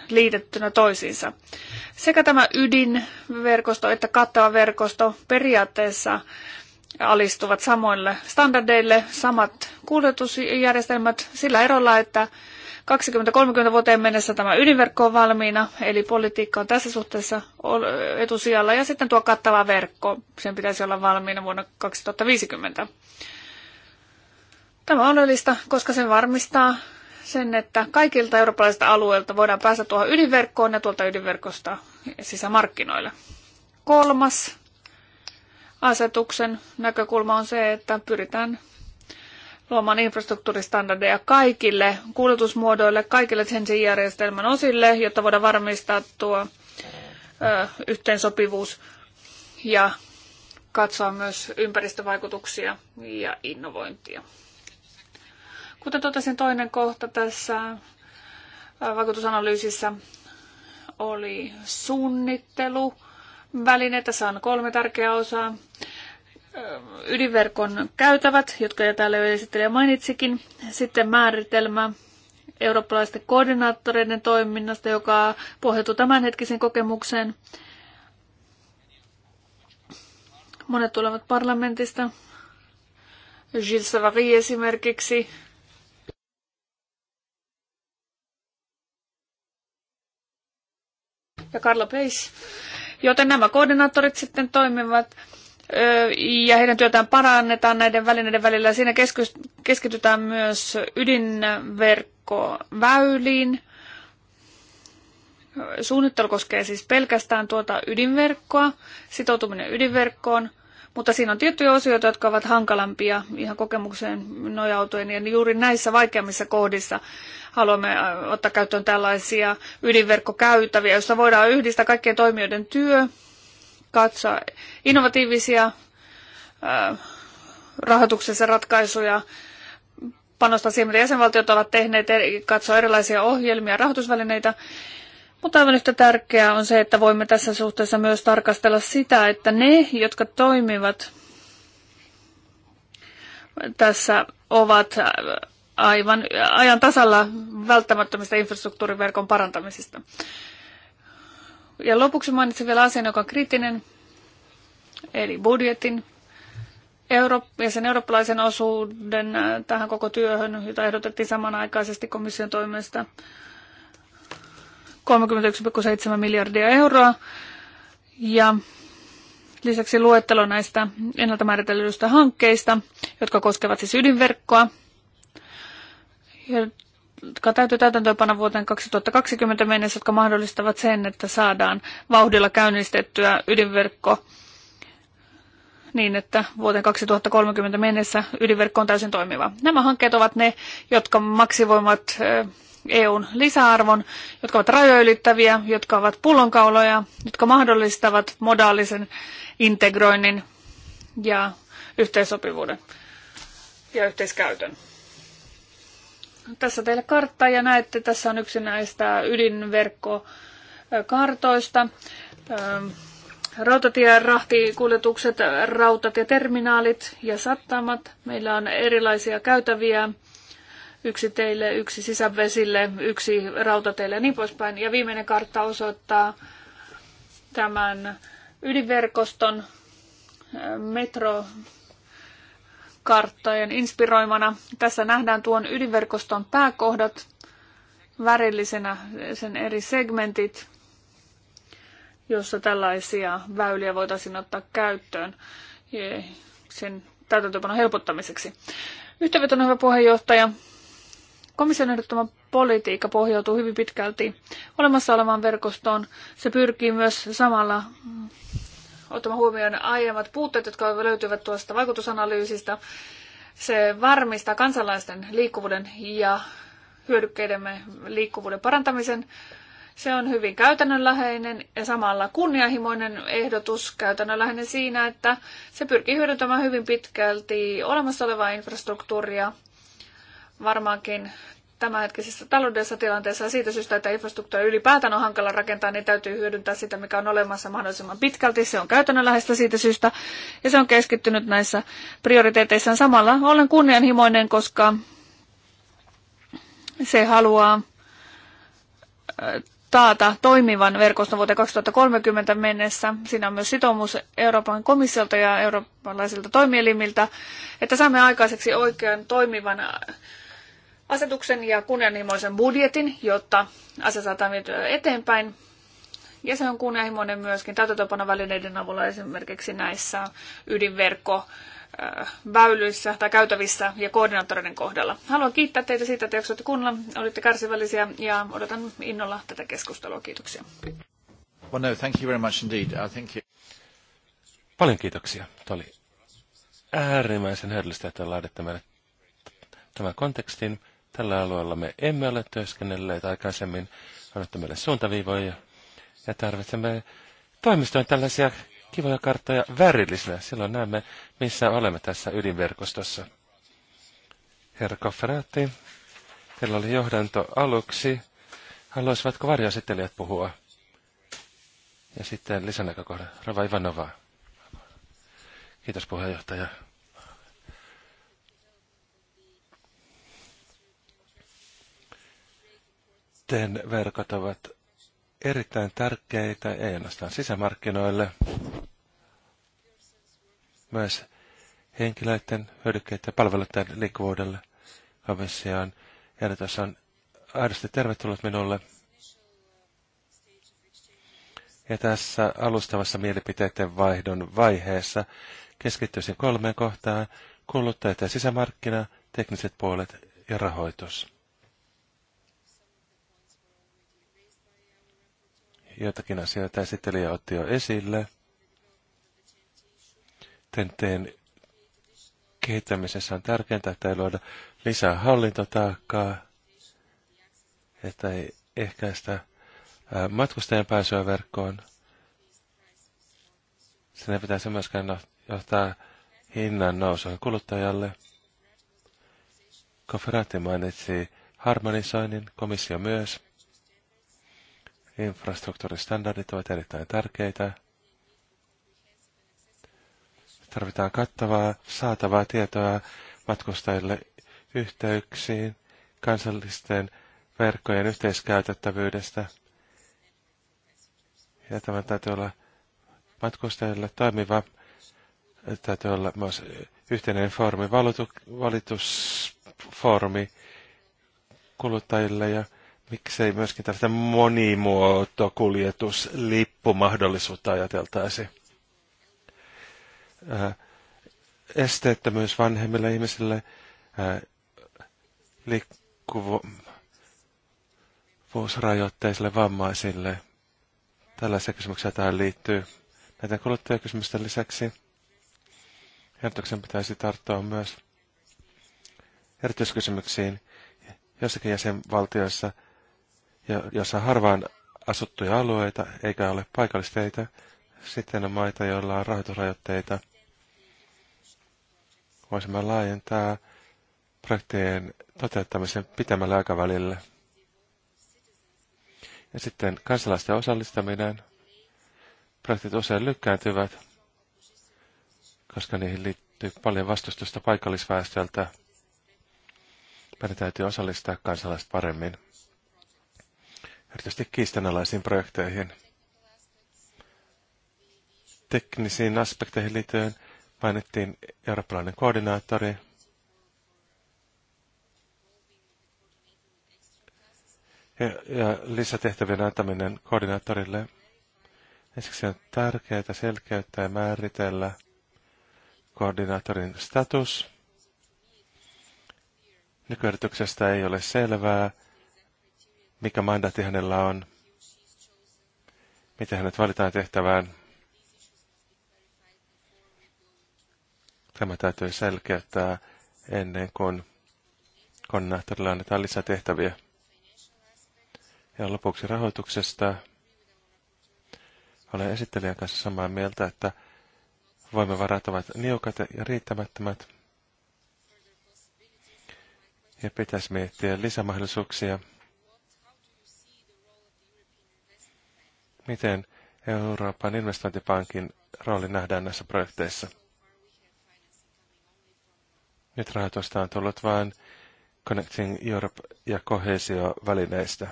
liitettynä toisiinsa. Sekä tämä ydinverkosto että kattava verkosto periaatteessa alistuvat samoille standardeille, samat kuljetusjärjestelmät sillä erolla, että 20-30 vuoteen mennessä tämä ydinverkko on valmiina, eli politiikka on tässä suhteessa etusijalla, ja sitten tuo kattava verkko, sen pitäisi olla valmiina vuonna 2050. Tämä on oleellista, koska se varmistaa sen, että kaikilta eurooppalaisilta alueilta voidaan päästä tuohon ydinverkkoon ja tuolta ydinverkosta sisämarkkinoille. Kolmas asetuksen näkökulma on se, että pyritään luomaan infrastruktuuristandardeja kaikille kuljetusmuodoille, kaikille sen järjestelmän osille, jotta voidaan varmistaa tuo ö, yhteensopivuus ja katsoa myös ympäristövaikutuksia ja innovointia. Kuten totesin, toinen kohta tässä vaikutusanalyysissä oli suunnittelu välineitä. Saan kolme tärkeää osaa. Ydinverkon käytävät, jotka jo täällä jo esittelijä mainitsikin. Sitten määritelmä eurooppalaisten koordinaattoreiden toiminnasta, joka pohjautuu tämänhetkisen kokemukseen. Monet tulevat parlamentista. Gilles Savary esimerkiksi. Ja Carla Pace. Joten nämä koordinaattorit sitten toimivat ja heidän työtään parannetaan näiden välineiden välillä. Siinä keskitytään myös ydinverkkoväyliin. Suunnittelu koskee siis pelkästään tuota ydinverkkoa, sitoutuminen ydinverkkoon – mutta siinä on tiettyjä osioita, jotka ovat hankalampia ihan kokemukseen nojautuen. Ja juuri näissä vaikeammissa kohdissa haluamme äh, ottaa käyttöön tällaisia ydinverkkokäytäviä, joissa voidaan yhdistää kaikkien toimijoiden työ, katsoa innovatiivisia äh, rahoituksessa ratkaisuja, panostaa siihen, mitä jäsenvaltiot ovat tehneet, katsoa erilaisia ohjelmia, rahoitusvälineitä mutta aivan yhtä tärkeää on se, että voimme tässä suhteessa myös tarkastella sitä, että ne, jotka toimivat tässä, ovat aivan ajan tasalla välttämättömistä infrastruktuuriverkon parantamisista. Ja lopuksi mainitsin vielä asian, joka on kriittinen, eli budjetin Euro- ja sen eurooppalaisen osuuden äh, tähän koko työhön, jota ehdotettiin samanaikaisesti komission toimesta. 31,7 miljardia euroa. Ja lisäksi luettelo näistä ennalta määritellyistä hankkeista, jotka koskevat siis ydinverkkoa, jotka täytyy täytäntöönpana vuoteen 2020 mennessä, jotka mahdollistavat sen, että saadaan vauhdilla käynnistettyä ydinverkko niin, että vuoteen 2030 mennessä ydinverkko on täysin toimiva. Nämä hankkeet ovat ne, jotka maksivoivat EUn lisäarvon, jotka ovat rajoja ylittäviä, jotka ovat pullonkauloja, jotka mahdollistavat modaalisen integroinnin ja yhteensopivuuden ja yhteiskäytön. Tässä teille kartta ja näette, tässä on yksi näistä ydinverkkokartoista. Rautatie, rautatieterminaalit ja terminaalit ja sattamat. Meillä on erilaisia käytäviä yksi teille, yksi sisävesille, yksi rautateille ja niin poispäin. Ja viimeinen kartta osoittaa tämän ydinverkoston äh, metrokarttojen inspiroimana. Tässä nähdään tuon ydinverkoston pääkohdat värillisenä, sen eri segmentit, jossa tällaisia väyliä voitaisiin ottaa käyttöön sen täytäntöpanon helpottamiseksi. Yhteenvetona hyvä puheenjohtaja. Komission ehdottama politiikka pohjautuu hyvin pitkälti olemassa olevaan verkostoon. Se pyrkii myös samalla ottamaan huomioon aiemmat puutteet, jotka löytyvät tuosta vaikutusanalyysistä. Se varmistaa kansalaisten liikkuvuuden ja hyödykkeidemme liikkuvuuden parantamisen. Se on hyvin käytännönläheinen ja samalla kunnianhimoinen ehdotus käytännönläheinen siinä, että se pyrkii hyödyntämään hyvin pitkälti olemassa olevaa infrastruktuuria – varmaankin tämänhetkisessä taloudellisessa tilanteessa ja siitä syystä, että infrastruktuuri ylipäätään on hankala rakentaa, niin täytyy hyödyntää sitä, mikä on olemassa mahdollisimman pitkälti. Se on käytännönläheistä siitä syystä ja se on keskittynyt näissä prioriteeteissaan samalla. Olen kunnianhimoinen, koska se haluaa äh, taata toimivan verkoston vuoteen 2030 mennessä. Siinä on myös sitoumus Euroopan komissiolta ja eurooppalaisilta toimielimiltä, että saamme aikaiseksi oikean toimivan asetuksen ja kunnianhimoisen budjetin, jotta asia saadaan vietyä eteenpäin. Ja se on kunnianhimoinen myöskin täytäntöpanovälineiden avulla esimerkiksi näissä ydinverkko äh, väylissä tai käytävissä ja koordinaattoreiden kohdalla. Haluan kiittää teitä siitä, että jaksoitte kuunnella, olitte kärsivällisiä ja odotan innolla tätä keskustelua. Kiitoksia. Well, no, thank you very much indeed. I think you... Paljon kiitoksia. Tämä oli äärimmäisen hyödyllistä, että laaditte meille tämän kontekstin. Tällä alueella me emme ole työskennelleet aikaisemmin, annettu meille suuntaviivoja ja tarvitsemme toimistoon tällaisia kivoja karttoja värillisinä. Silloin näemme, missä olemme tässä ydinverkostossa. Herra Kofferaatti, teillä oli johdanto aluksi. Haluaisivatko varjoesittelijät puhua? Ja sitten lisänäkökohda. Rava Ivanova, Kiitos puheenjohtaja. sitten verkot ovat erittäin tärkeitä, ei ainoastaan sisämarkkinoille, myös henkilöiden, hyödykkeiden ja palveluiden liikkuvuudelle. Komissioon ehdotus on aidosti tervetullut minulle. Ja tässä alustavassa mielipiteiden vaihdon vaiheessa keskittyisin kolmeen kohtaan, kuluttajat ja sisämarkkina, tekniset puolet ja rahoitus. joitakin asioita esittelijä otti jo esille. Tenteen kehittämisessä on tärkeintä, että ei luoda lisää hallintotaakkaa, että ei ehkäistä matkustajan pääsyä verkkoon. Sen ei pitäisi myöskään no-, johtaa hinnan nousuun kuluttajalle. Konferentti mainitsi harmonisoinnin, komissio myös. Infrastruktuuristandardit ovat erittäin tärkeitä. Tarvitaan kattavaa, saatavaa tietoa matkustajille yhteyksiin, kansallisten verkkojen yhteiskäytettävyydestä. Ja tämä täytyy olla matkustajille toimiva, täytyy olla myös yhteinen foorumi, valitusfoorumi kuluttajille ja miksei myöskin tällaista monimuotokuljetuslippumahdollisuutta ajateltaisi. Esteettömyys vanhemmille ihmisille, liikkuvuusrajoitteisille vammaisille. Tällaisia kysymyksiä tähän liittyy. Näiden kuluttajakysymysten lisäksi Hertoksen pitäisi tarttua myös erityiskysymyksiin jossakin jäsenvaltioissa – ja jossa harvaan asuttuja alueita eikä ole paikallisteitä. Sitten on maita, joilla on rahoitusrajoitteita. Voisimme laajentaa projektien toteuttamisen pitämällä aikavälillä. Ja sitten kansalaisten osallistaminen. Projektit usein lykkääntyvät, koska niihin liittyy paljon vastustusta paikallisväestöltä. Meidän täytyy osallistaa kansalaiset paremmin erityisesti kiistanalaisiin projekteihin. Teknisiin aspekteihin liittyen mainittiin eurooppalainen koordinaattori. Ja, ja lisätehtävien antaminen koordinaattorille. Ensiksi on tärkeää selkeyttää ja määritellä koordinaattorin status. Nykyehdotuksesta ei ole selvää, mikä mandaatti hänellä on, miten hänet valitaan tehtävään. Tämä täytyy selkeyttää ennen kuin konnaattorille annetaan tehtäviä. Ja lopuksi rahoituksesta. Olen esittelijän kanssa samaa mieltä, että voimme varat ovat niukat ja riittämättömät. Ja pitäisi miettiä lisämahdollisuuksia. Miten Euroopan investointipankin rooli nähdään näissä projekteissa? Nyt rahoitusta on tullut vain Connecting Europe ja Kohesio-välineistä.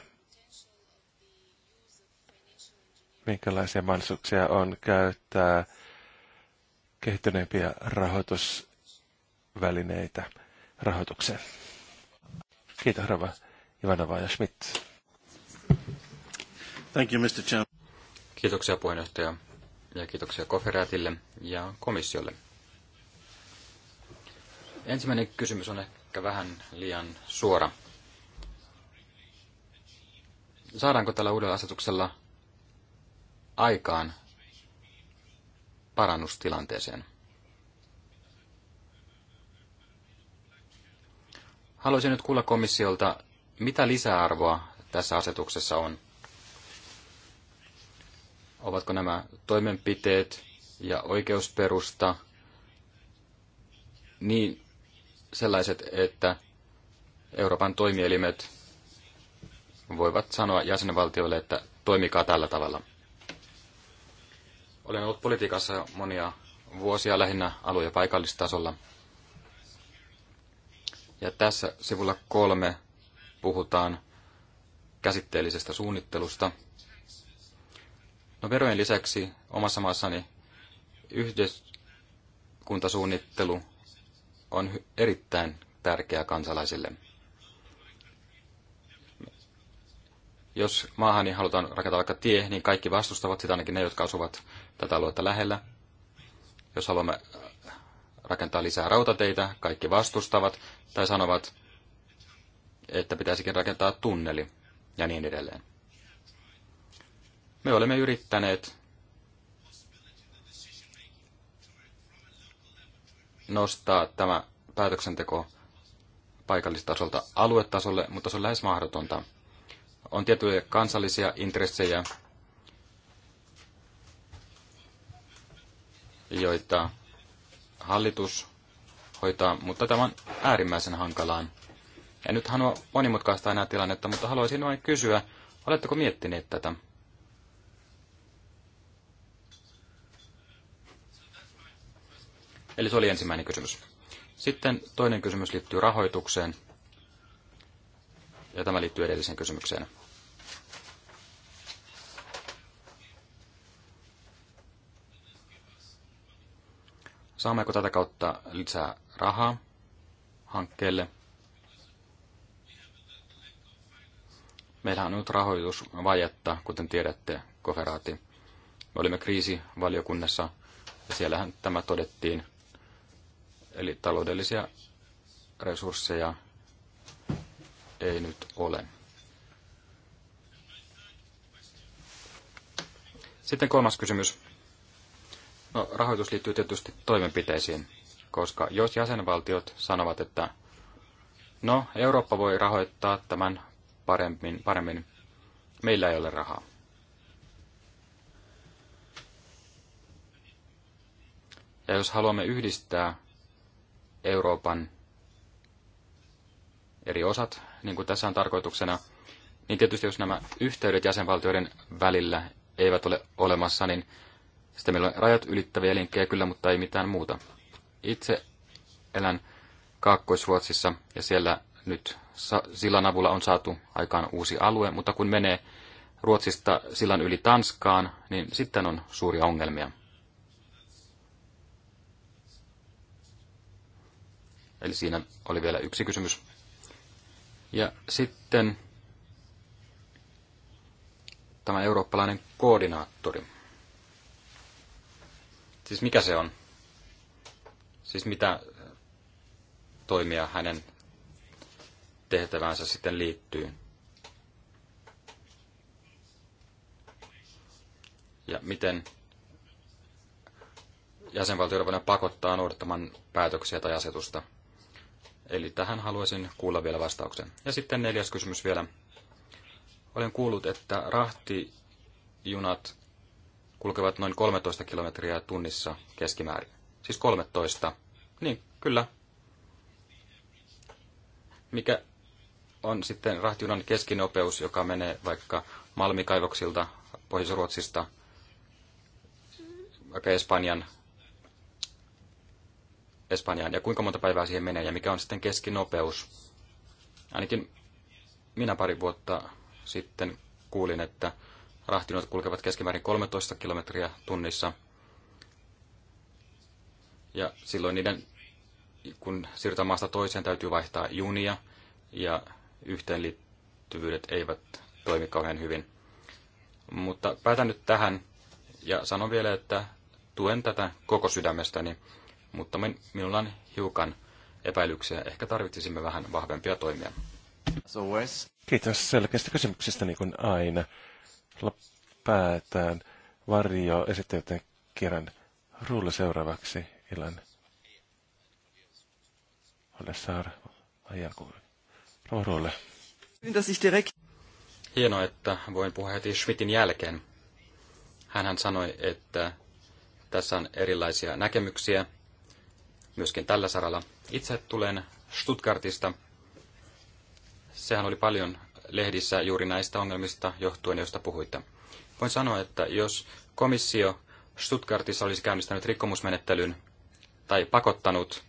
Minkälaisia mahdollisuuksia on käyttää kehittyneempiä rahoitusvälineitä rahoitukseen? Kiitos, Rova Ivanova ja Schmidt. Thank you, Mr. Chairman. Kiitoksia puheenjohtaja ja kiitoksia Koferaatille ja komissiolle. Ensimmäinen kysymys on ehkä vähän liian suora. Saadaanko tällä uudella asetuksella aikaan parannustilanteeseen? Haluaisin nyt kuulla komissiolta, mitä lisäarvoa tässä asetuksessa on – ovatko nämä toimenpiteet ja oikeusperusta niin sellaiset, että Euroopan toimielimet voivat sanoa jäsenvaltioille, että toimikaa tällä tavalla. Olen ollut politiikassa monia vuosia lähinnä alue- ja paikallistasolla. Ja tässä sivulla kolme puhutaan käsitteellisestä suunnittelusta – No verojen lisäksi omassa maassani yhteiskuntasuunnittelu on erittäin tärkeää kansalaisille. Jos maahan niin halutaan rakentaa vaikka tie, niin kaikki vastustavat sitä, ainakin ne, jotka asuvat tätä aluetta lähellä. Jos haluamme äh, rakentaa lisää rautateitä, kaikki vastustavat tai sanovat, että pitäisikin rakentaa tunneli ja niin edelleen. Me olemme yrittäneet nostaa tämä päätöksenteko paikallistasolta aluetasolle, mutta se on lähes mahdotonta. On tiettyjä kansallisia intressejä, joita hallitus hoitaa, mutta tämä on äärimmäisen hankalaan. En nyt halua monimutkaista enää tilannetta, mutta haluaisin vain kysyä, oletteko miettineet tätä? Eli se oli ensimmäinen kysymys. Sitten toinen kysymys liittyy rahoitukseen. Ja tämä liittyy edelliseen kysymykseen. Saammeko tätä kautta lisää rahaa hankkeelle? Meillähän on nyt rahoitusvajetta, kuten tiedätte, koferaati. Me olimme kriisivaliokunnassa ja siellähän tämä todettiin – Eli taloudellisia resursseja ei nyt ole. Sitten kolmas kysymys. No, rahoitus liittyy tietysti toimenpiteisiin, koska jos jäsenvaltiot sanovat, että no, Eurooppa voi rahoittaa tämän paremmin, paremmin meillä ei ole rahaa. Ja jos haluamme yhdistää Euroopan eri osat, niin kuin tässä on tarkoituksena, niin tietysti jos nämä yhteydet jäsenvaltioiden välillä eivät ole olemassa, niin sitten meillä on rajat ylittäviä linkkejä kyllä, mutta ei mitään muuta. Itse elän Kaakkois-Ruotsissa ja siellä nyt sillan avulla on saatu aikaan uusi alue, mutta kun menee Ruotsista sillan yli Tanskaan, niin sitten on suuria ongelmia. Eli siinä oli vielä yksi kysymys. Ja sitten tämä eurooppalainen koordinaattori. Siis mikä se on? Siis mitä äh, toimia hänen tehtävänsä sitten liittyy? Ja miten jäsenvaltioiden voidaan pakottaa noudattamaan päätöksiä tai asetusta? Eli tähän haluaisin kuulla vielä vastauksen. Ja sitten neljäs kysymys vielä. Olen kuullut, että rahtijunat kulkevat noin 13 kilometriä tunnissa keskimäärin. Siis 13. Niin, kyllä. Mikä on sitten rahtijunan keskinopeus, joka menee vaikka Malmikaivoksilta, Pohjois-Ruotsista, vaikka Espanjan Espanjaan ja kuinka monta päivää siihen menee ja mikä on sitten keskinopeus. Ainakin minä pari vuotta sitten kuulin, että rahtinuot kulkevat keskimäärin 13 kilometriä tunnissa. Ja silloin niiden, kun siirrytään maasta toiseen, täytyy vaihtaa junia ja yhteenliittyvyydet eivät toimi kauhean hyvin. Mutta päätän nyt tähän ja sanon vielä, että tuen tätä koko sydämestäni mutta minulla on hiukan epäilyksiä. Ehkä tarvitsisimme vähän vahvempia toimia. Kiitos selkeästä kysymyksestä, niin kuin aina. Päätään varjo esittäjäten kirjan ruulle seuraavaksi illan. Ole saara, ruulle. Hienoa, että voin puhua heti Schmidtin jälkeen. Hänhän sanoi, että tässä on erilaisia näkemyksiä myöskin tällä saralla. Itse tulen Stuttgartista. Sehän oli paljon lehdissä juuri näistä ongelmista johtuen, joista puhuitte. Voin sanoa, että jos komissio Stuttgartissa olisi käynnistänyt rikkomusmenettelyn tai pakottanut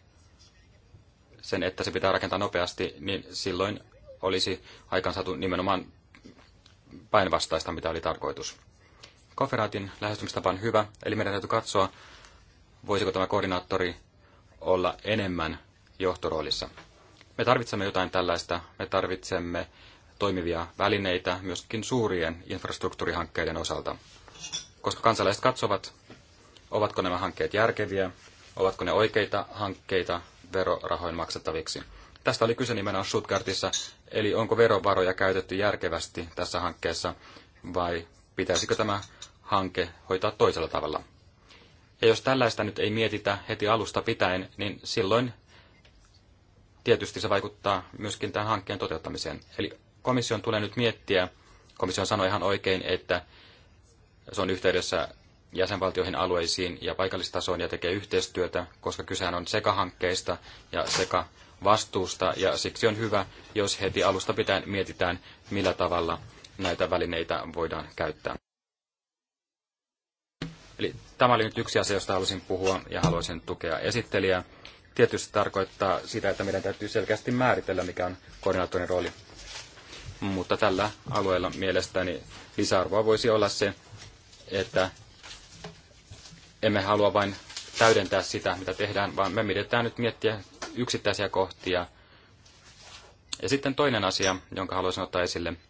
sen, että se pitää rakentaa nopeasti, niin silloin olisi aikansaatu nimenomaan päinvastaista, mitä oli tarkoitus. Koferaatin lähestymistapa on hyvä, eli meidän täytyy katsoa, voisiko tämä koordinaattori olla enemmän johtoroolissa. Me tarvitsemme jotain tällaista. Me tarvitsemme toimivia välineitä myöskin suurien infrastruktuurihankkeiden osalta. Koska kansalaiset katsovat, ovatko nämä hankkeet järkeviä, ovatko ne oikeita hankkeita verorahoin maksettaviksi. Tästä oli kyse nimenomaan Stuttgartissa, eli onko verovaroja käytetty järkevästi tässä hankkeessa vai pitäisikö tämä hanke hoitaa toisella tavalla. Ja jos tällaista nyt ei mietitä heti alusta pitäen, niin silloin tietysti se vaikuttaa myöskin tämän hankkeen toteuttamiseen. Eli komission tulee nyt miettiä, komissio sanoi ihan oikein, että se on yhteydessä jäsenvaltioihin, alueisiin ja paikallistasoon ja tekee yhteistyötä, koska kysehän on sekä hankkeista ja sekä vastuusta, ja siksi on hyvä, jos heti alusta pitäen mietitään, millä tavalla näitä välineitä voidaan käyttää. Eli tämä oli nyt yksi asia, josta halusin puhua ja haluaisin tukea esittelijää. Tietysti tarkoittaa sitä, että meidän täytyy selkeästi määritellä, mikä on koordinaattorin rooli. Mutta tällä alueella mielestäni lisäarvoa voisi olla se, että emme halua vain täydentää sitä, mitä tehdään, vaan me mietitään nyt miettiä yksittäisiä kohtia. Ja sitten toinen asia, jonka haluaisin ottaa esille –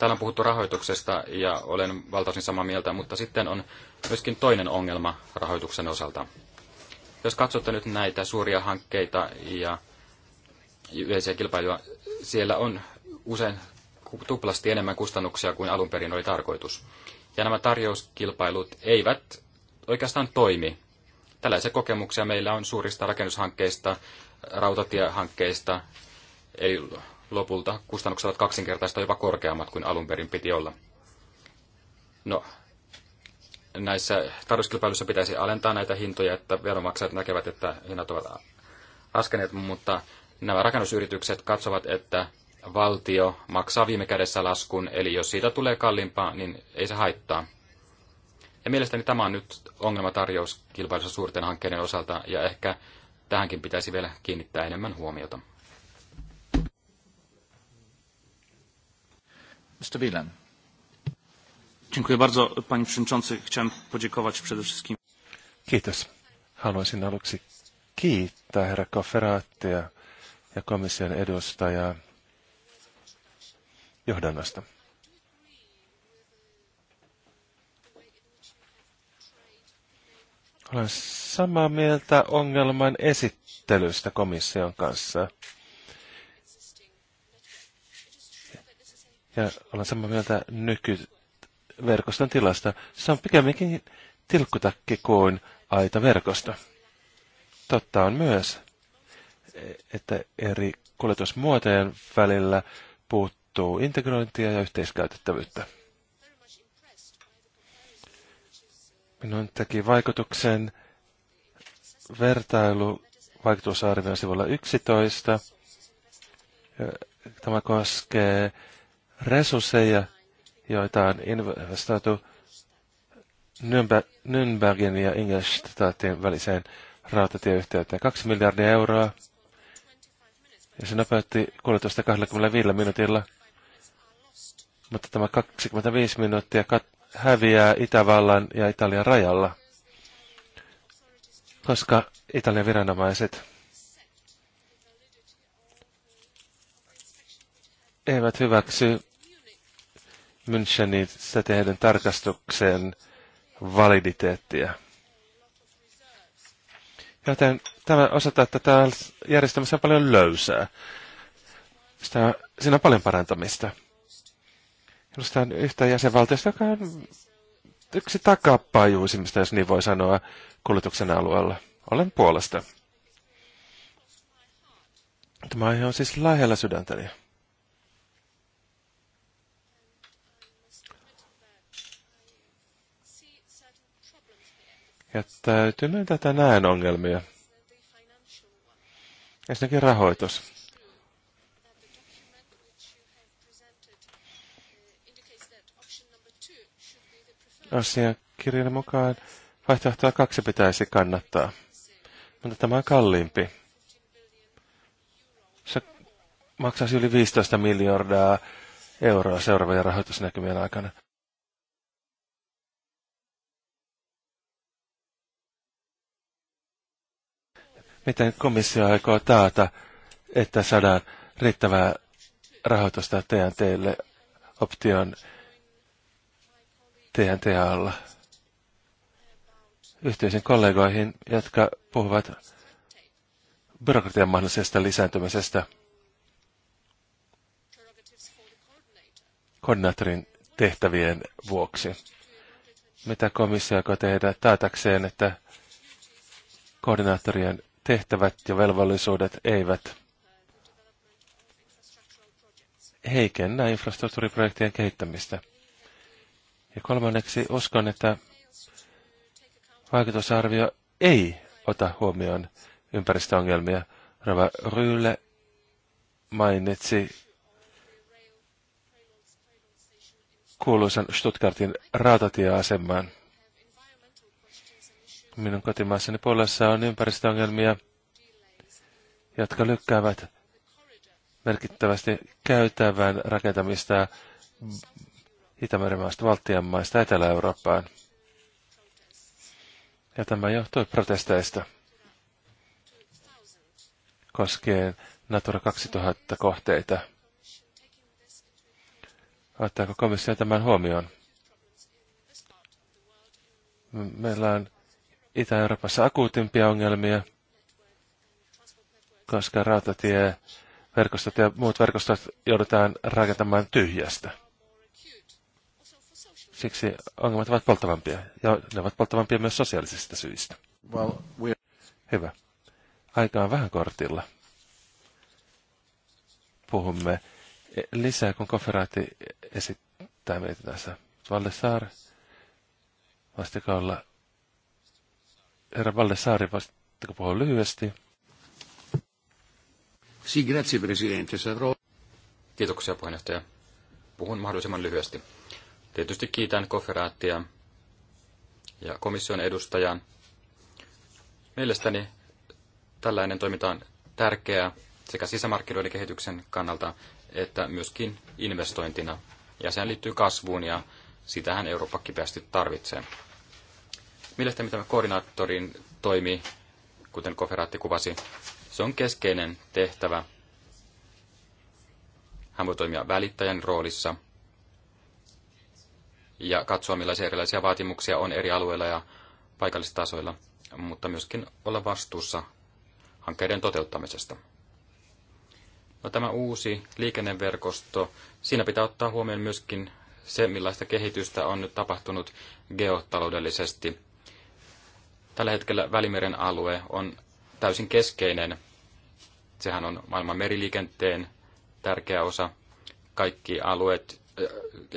Täällä on puhuttu rahoituksesta ja olen valtaosin samaa mieltä, mutta sitten on myöskin toinen ongelma rahoituksen osalta. Jos katsotte nyt näitä suuria hankkeita ja yleisiä kilpailuja, siellä on usein tuplasti enemmän kustannuksia kuin alun perin oli tarkoitus. Ja nämä tarjouskilpailut eivät oikeastaan toimi. Tällaisia kokemuksia meillä on suurista rakennushankkeista, rautatiehankkeista, eli lopulta kustannukset ovat kaksinkertaista jopa korkeammat kuin alun perin piti olla. No, näissä tarjouskilpailuissa pitäisi alentaa näitä hintoja, että veronmaksajat näkevät, että hinnat ovat askeneet, mutta nämä rakennusyritykset katsovat, että valtio maksaa viime kädessä laskun, eli jos siitä tulee kalliimpaa, niin ei se haittaa. Ja mielestäni tämä on nyt ongelma tarjouskilpailussa suurten hankkeiden osalta, ja ehkä tähänkin pitäisi vielä kiinnittää enemmän huomiota. Mr. Dziękuję bardzo, Przewodniczący. Chciałem podziękować przede wszystkim. Kiitos. Haluaisin aluksi kiittää herra Kofferaattia ja komission edustajaa johdannosta. Olen samaa mieltä ongelman esittelystä komission kanssa. Ja olen samaa mieltä nykyverkoston tilasta. Se on pikemminkin tilkkutakki kuin aita verkosto. Totta on myös, että eri kuljetusmuotojen välillä puuttuu integrointia ja yhteiskäytettävyyttä. Minun teki vaikutuksen vertailu vaikutusarvion sivulla 11. Tämä koskee resursseja, joita on investoitu Nürnbergin ja Ingolstadtin väliseen rautatieyhteyteen. 2 miljardia euroa. Ja se nopeutti kuljetusta 25 minuutilla. Mutta tämä 25 minuuttia kat- häviää Itävallan ja Italian rajalla, koska Italian viranomaiset eivät hyväksy Münchenissä tehdyn tarkastuksen validiteettiä. Joten tämä osoittaa, että täällä järjestelmässä on paljon löysää. Sitä, siinä on paljon parantamista. Minusta on yhtä jäsenvaltiosta, joka on yksi takapajuisimmista, jos niin voi sanoa, kuljetuksen alueella. Olen puolesta. Tämä aihe on siis lähellä sydäntäni. Ja täytyy myöntää, että näen ongelmia. Ensinnäkin rahoitus. Asiakirjan mukaan vaihtoehtoa kaksi pitäisi kannattaa, mutta tämä on kalliimpi. Se maksaisi yli 15 miljardia euroa seuraavien rahoitusnäkymien aikana. miten komissio aikoo taata, että saadaan riittävää rahoitusta TNTlle option TNT alla. Yhteisiin kollegoihin, jotka puhuvat byrokratian mahdollisesta lisääntymisestä. koordinaattorin tehtävien vuoksi. Mitä komissio aikoo tehdä taatakseen, että koordinaattorien tehtävät ja velvollisuudet eivät heikennä infrastruktuuriprojektien kehittämistä. Ja kolmanneksi uskon, että vaikutusarvio ei ota huomioon ympäristöongelmia. Rava Ryyle mainitsi kuuluisan Stuttgartin rautatieaseman. Minun kotimaassani Puolassa on ympäristöongelmia, jotka lykkäävät merkittävästi käytävän rakentamista Itämeren maasta, Valtian maista Etelä-Eurooppaan. Ja tämä johtui protesteista koskien Natura 2000 kohteita. Ottaako komissio tämän huomioon? Meillä on Itä-Euroopassa akuutimpia ongelmia, koska rautatie, verkostot ja muut verkostot joudutaan rakentamaan tyhjästä. Siksi ongelmat ovat polttavampia, ja ne ovat polttavampia myös sosiaalisista syistä. Well, we... Hyvä. Aika on vähän kortilla. Puhumme lisää, kun konferaatti esittää tässä. Valle Saar, vastikaulla Herra Valle Saari, vastatko puhua lyhyesti? Si, grazie, presidente. Sarò... Kiitoksia, puheenjohtaja. Puhun mahdollisimman lyhyesti. Tietysti kiitän koferaattia ja komission edustajaa. Mielestäni tällainen toiminta on tärkeää sekä sisämarkkinoiden kehityksen kannalta että myöskin investointina. Ja sehän liittyy kasvuun ja sitähän Eurooppa kipeästi tarvitsee. Mielestäni tämä koordinaattorin toimi, kuten Koferaatti kuvasi, se on keskeinen tehtävä. Hän voi toimia välittäjän roolissa ja katsoa, millaisia erilaisia vaatimuksia on eri alueilla ja paikallistasoilla, mutta myöskin olla vastuussa hankkeiden toteuttamisesta. No, tämä uusi liikenneverkosto, siinä pitää ottaa huomioon myöskin se, millaista kehitystä on nyt tapahtunut geotaloudellisesti Tällä hetkellä Välimeren alue on täysin keskeinen. Sehän on maailman meriliikenteen tärkeä osa. Kaikki alueet, eh,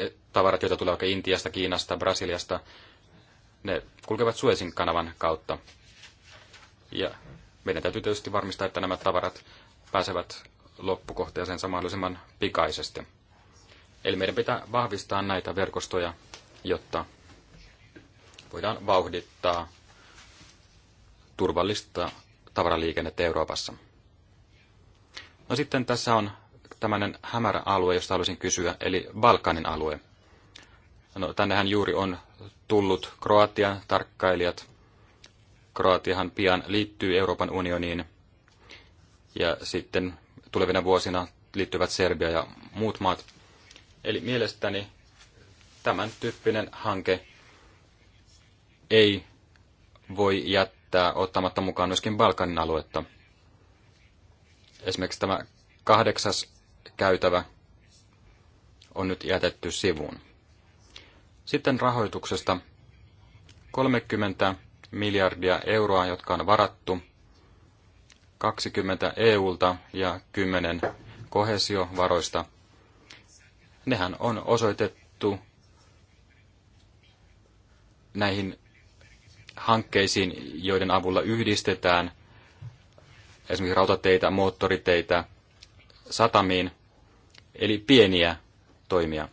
eh, tavarat, joita tulee vaikka Intiasta, Kiinasta, Brasiliasta, ne kulkevat Suesin kanavan kautta. Ja meidän täytyy tietysti varmistaa, että nämä tavarat pääsevät loppukohteeseen mahdollisimman pikaisesti. Eli meidän pitää vahvistaa näitä verkostoja, jotta voidaan vauhdittaa turvallista tavaraliikennettä Euroopassa. No sitten tässä on tämmöinen hämärä alue, josta haluaisin kysyä, eli Balkanin alue. No, tännehän juuri on tullut Kroatian tarkkailijat. Kroatiahan pian liittyy Euroopan unioniin. Ja sitten tulevina vuosina liittyvät Serbia ja muut maat. Eli mielestäni tämän tyyppinen hanke ei voi jättää että ottamatta mukaan myöskin Balkanin aluetta. Esimerkiksi tämä kahdeksas käytävä on nyt jätetty sivuun. Sitten rahoituksesta 30 miljardia euroa, jotka on varattu, 20 EUlta ja 10 kohesiovaroista. Nehän on osoitettu näihin hankkeisiin, joiden avulla yhdistetään esimerkiksi rautateitä, moottoriteitä, satamiin, eli pieniä toimia.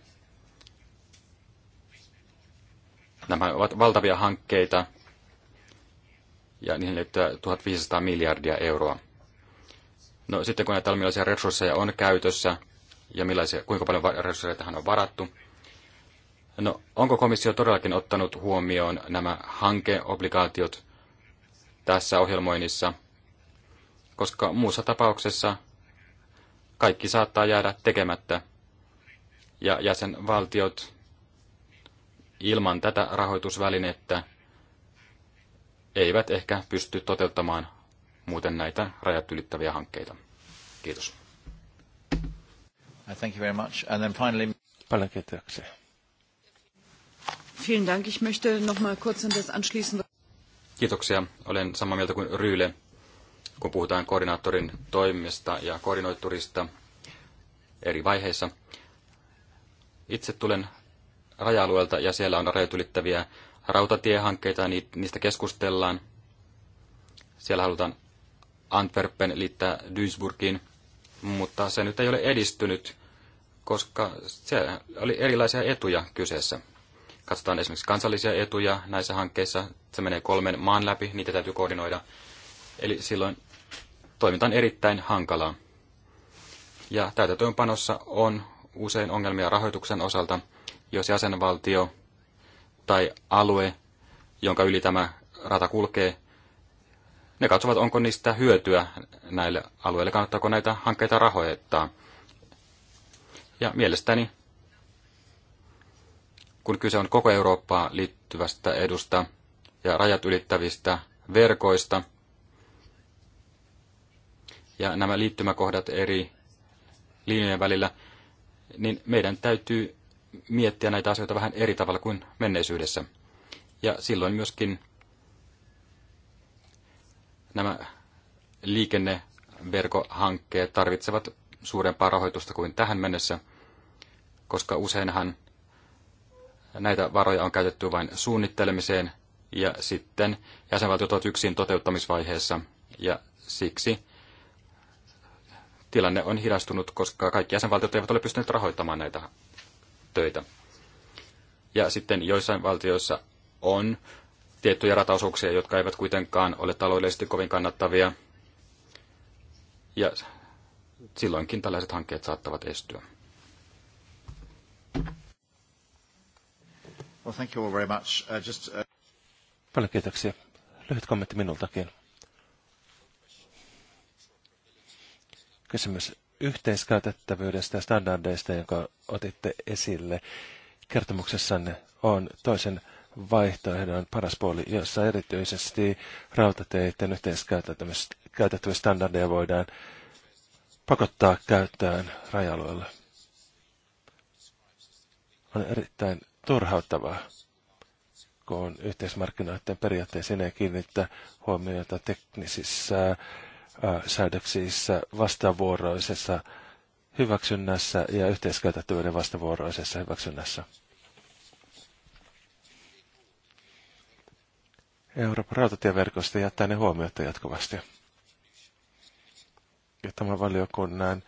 Nämä ovat valtavia hankkeita ja niihin liittyy 1500 miljardia euroa. No sitten kun näitä millaisia resursseja on käytössä ja millaisia, kuinka paljon resursseja tähän on varattu, No, onko komissio todellakin ottanut huomioon nämä hankeobligaatiot tässä ohjelmoinnissa? Koska muussa tapauksessa kaikki saattaa jäädä tekemättä ja jäsenvaltiot ilman tätä rahoitusvälinettä eivät ehkä pysty toteuttamaan muuten näitä rajat ylittäviä hankkeita. Kiitos. Thank you very much. And then finally... Paljon kiitoksia. Vielen Dank. Ich möchte noch mal kurz an das anschließen. Kiitoksia. Olen samaa mieltä kuin Ryyle, kun puhutaan koordinaattorin toimista ja koordinoitturista eri vaiheissa. Itse tulen raja-alueelta ja siellä on rajat ylittäviä rautatiehankkeita, niistä keskustellaan. Siellä halutaan Antwerpen liittää Duisburgiin, mutta se nyt ei ole edistynyt, koska se oli erilaisia etuja kyseessä katsotaan esimerkiksi kansallisia etuja näissä hankkeissa, se menee kolmen maan läpi, niitä täytyy koordinoida. Eli silloin toiminta on erittäin hankalaa. Ja täytäntöönpanossa on usein ongelmia rahoituksen osalta, jos jäsenvaltio tai alue, jonka yli tämä rata kulkee, ne katsovat, onko niistä hyötyä näille alueille, kannattaako näitä hankkeita rahoittaa. Ja mielestäni kun kyse on koko Eurooppaan liittyvästä edusta ja rajat ylittävistä verkoista. Ja nämä liittymäkohdat eri linjojen välillä, niin meidän täytyy miettiä näitä asioita vähän eri tavalla kuin menneisyydessä. Ja silloin myöskin nämä liikenneverkohankkeet tarvitsevat suurempaa rahoitusta kuin tähän mennessä, koska useinhan – Näitä varoja on käytetty vain suunnittelemiseen ja sitten jäsenvaltiot ovat yksin toteuttamisvaiheessa ja siksi tilanne on hidastunut, koska kaikki jäsenvaltiot eivät ole pystyneet rahoittamaan näitä töitä. Ja sitten joissain valtioissa on tiettyjä rataosuuksia, jotka eivät kuitenkaan ole taloudellisesti kovin kannattavia. Ja silloinkin tällaiset hankkeet saattavat estyä. Well, thank you all very much. Uh, just, uh, Paljon kiitoksia. Lyhyt kommentti minultakin. Kysymys yhteiskäytettävyydestä ja standardeista, jonka otitte esille kertomuksessanne, on toisen vaihtoehdon paras puoli, jossa erityisesti rautateiden yhteiskäytettäviä standardeja voidaan pakottaa käyttöön rajalueella. On erittäin turhauttavaa, kun yhteismarkkinoiden periaatteeseen ei kiinnittää huomiota teknisissä säädöksissä, vastavuoroisessa hyväksynnässä ja yhteiskäytettävyyden vastavuoroisessa hyväksynnässä. Euroopan rautatieverkosto jättää ne huomiota jatkuvasti. Ja tämän valiokunnan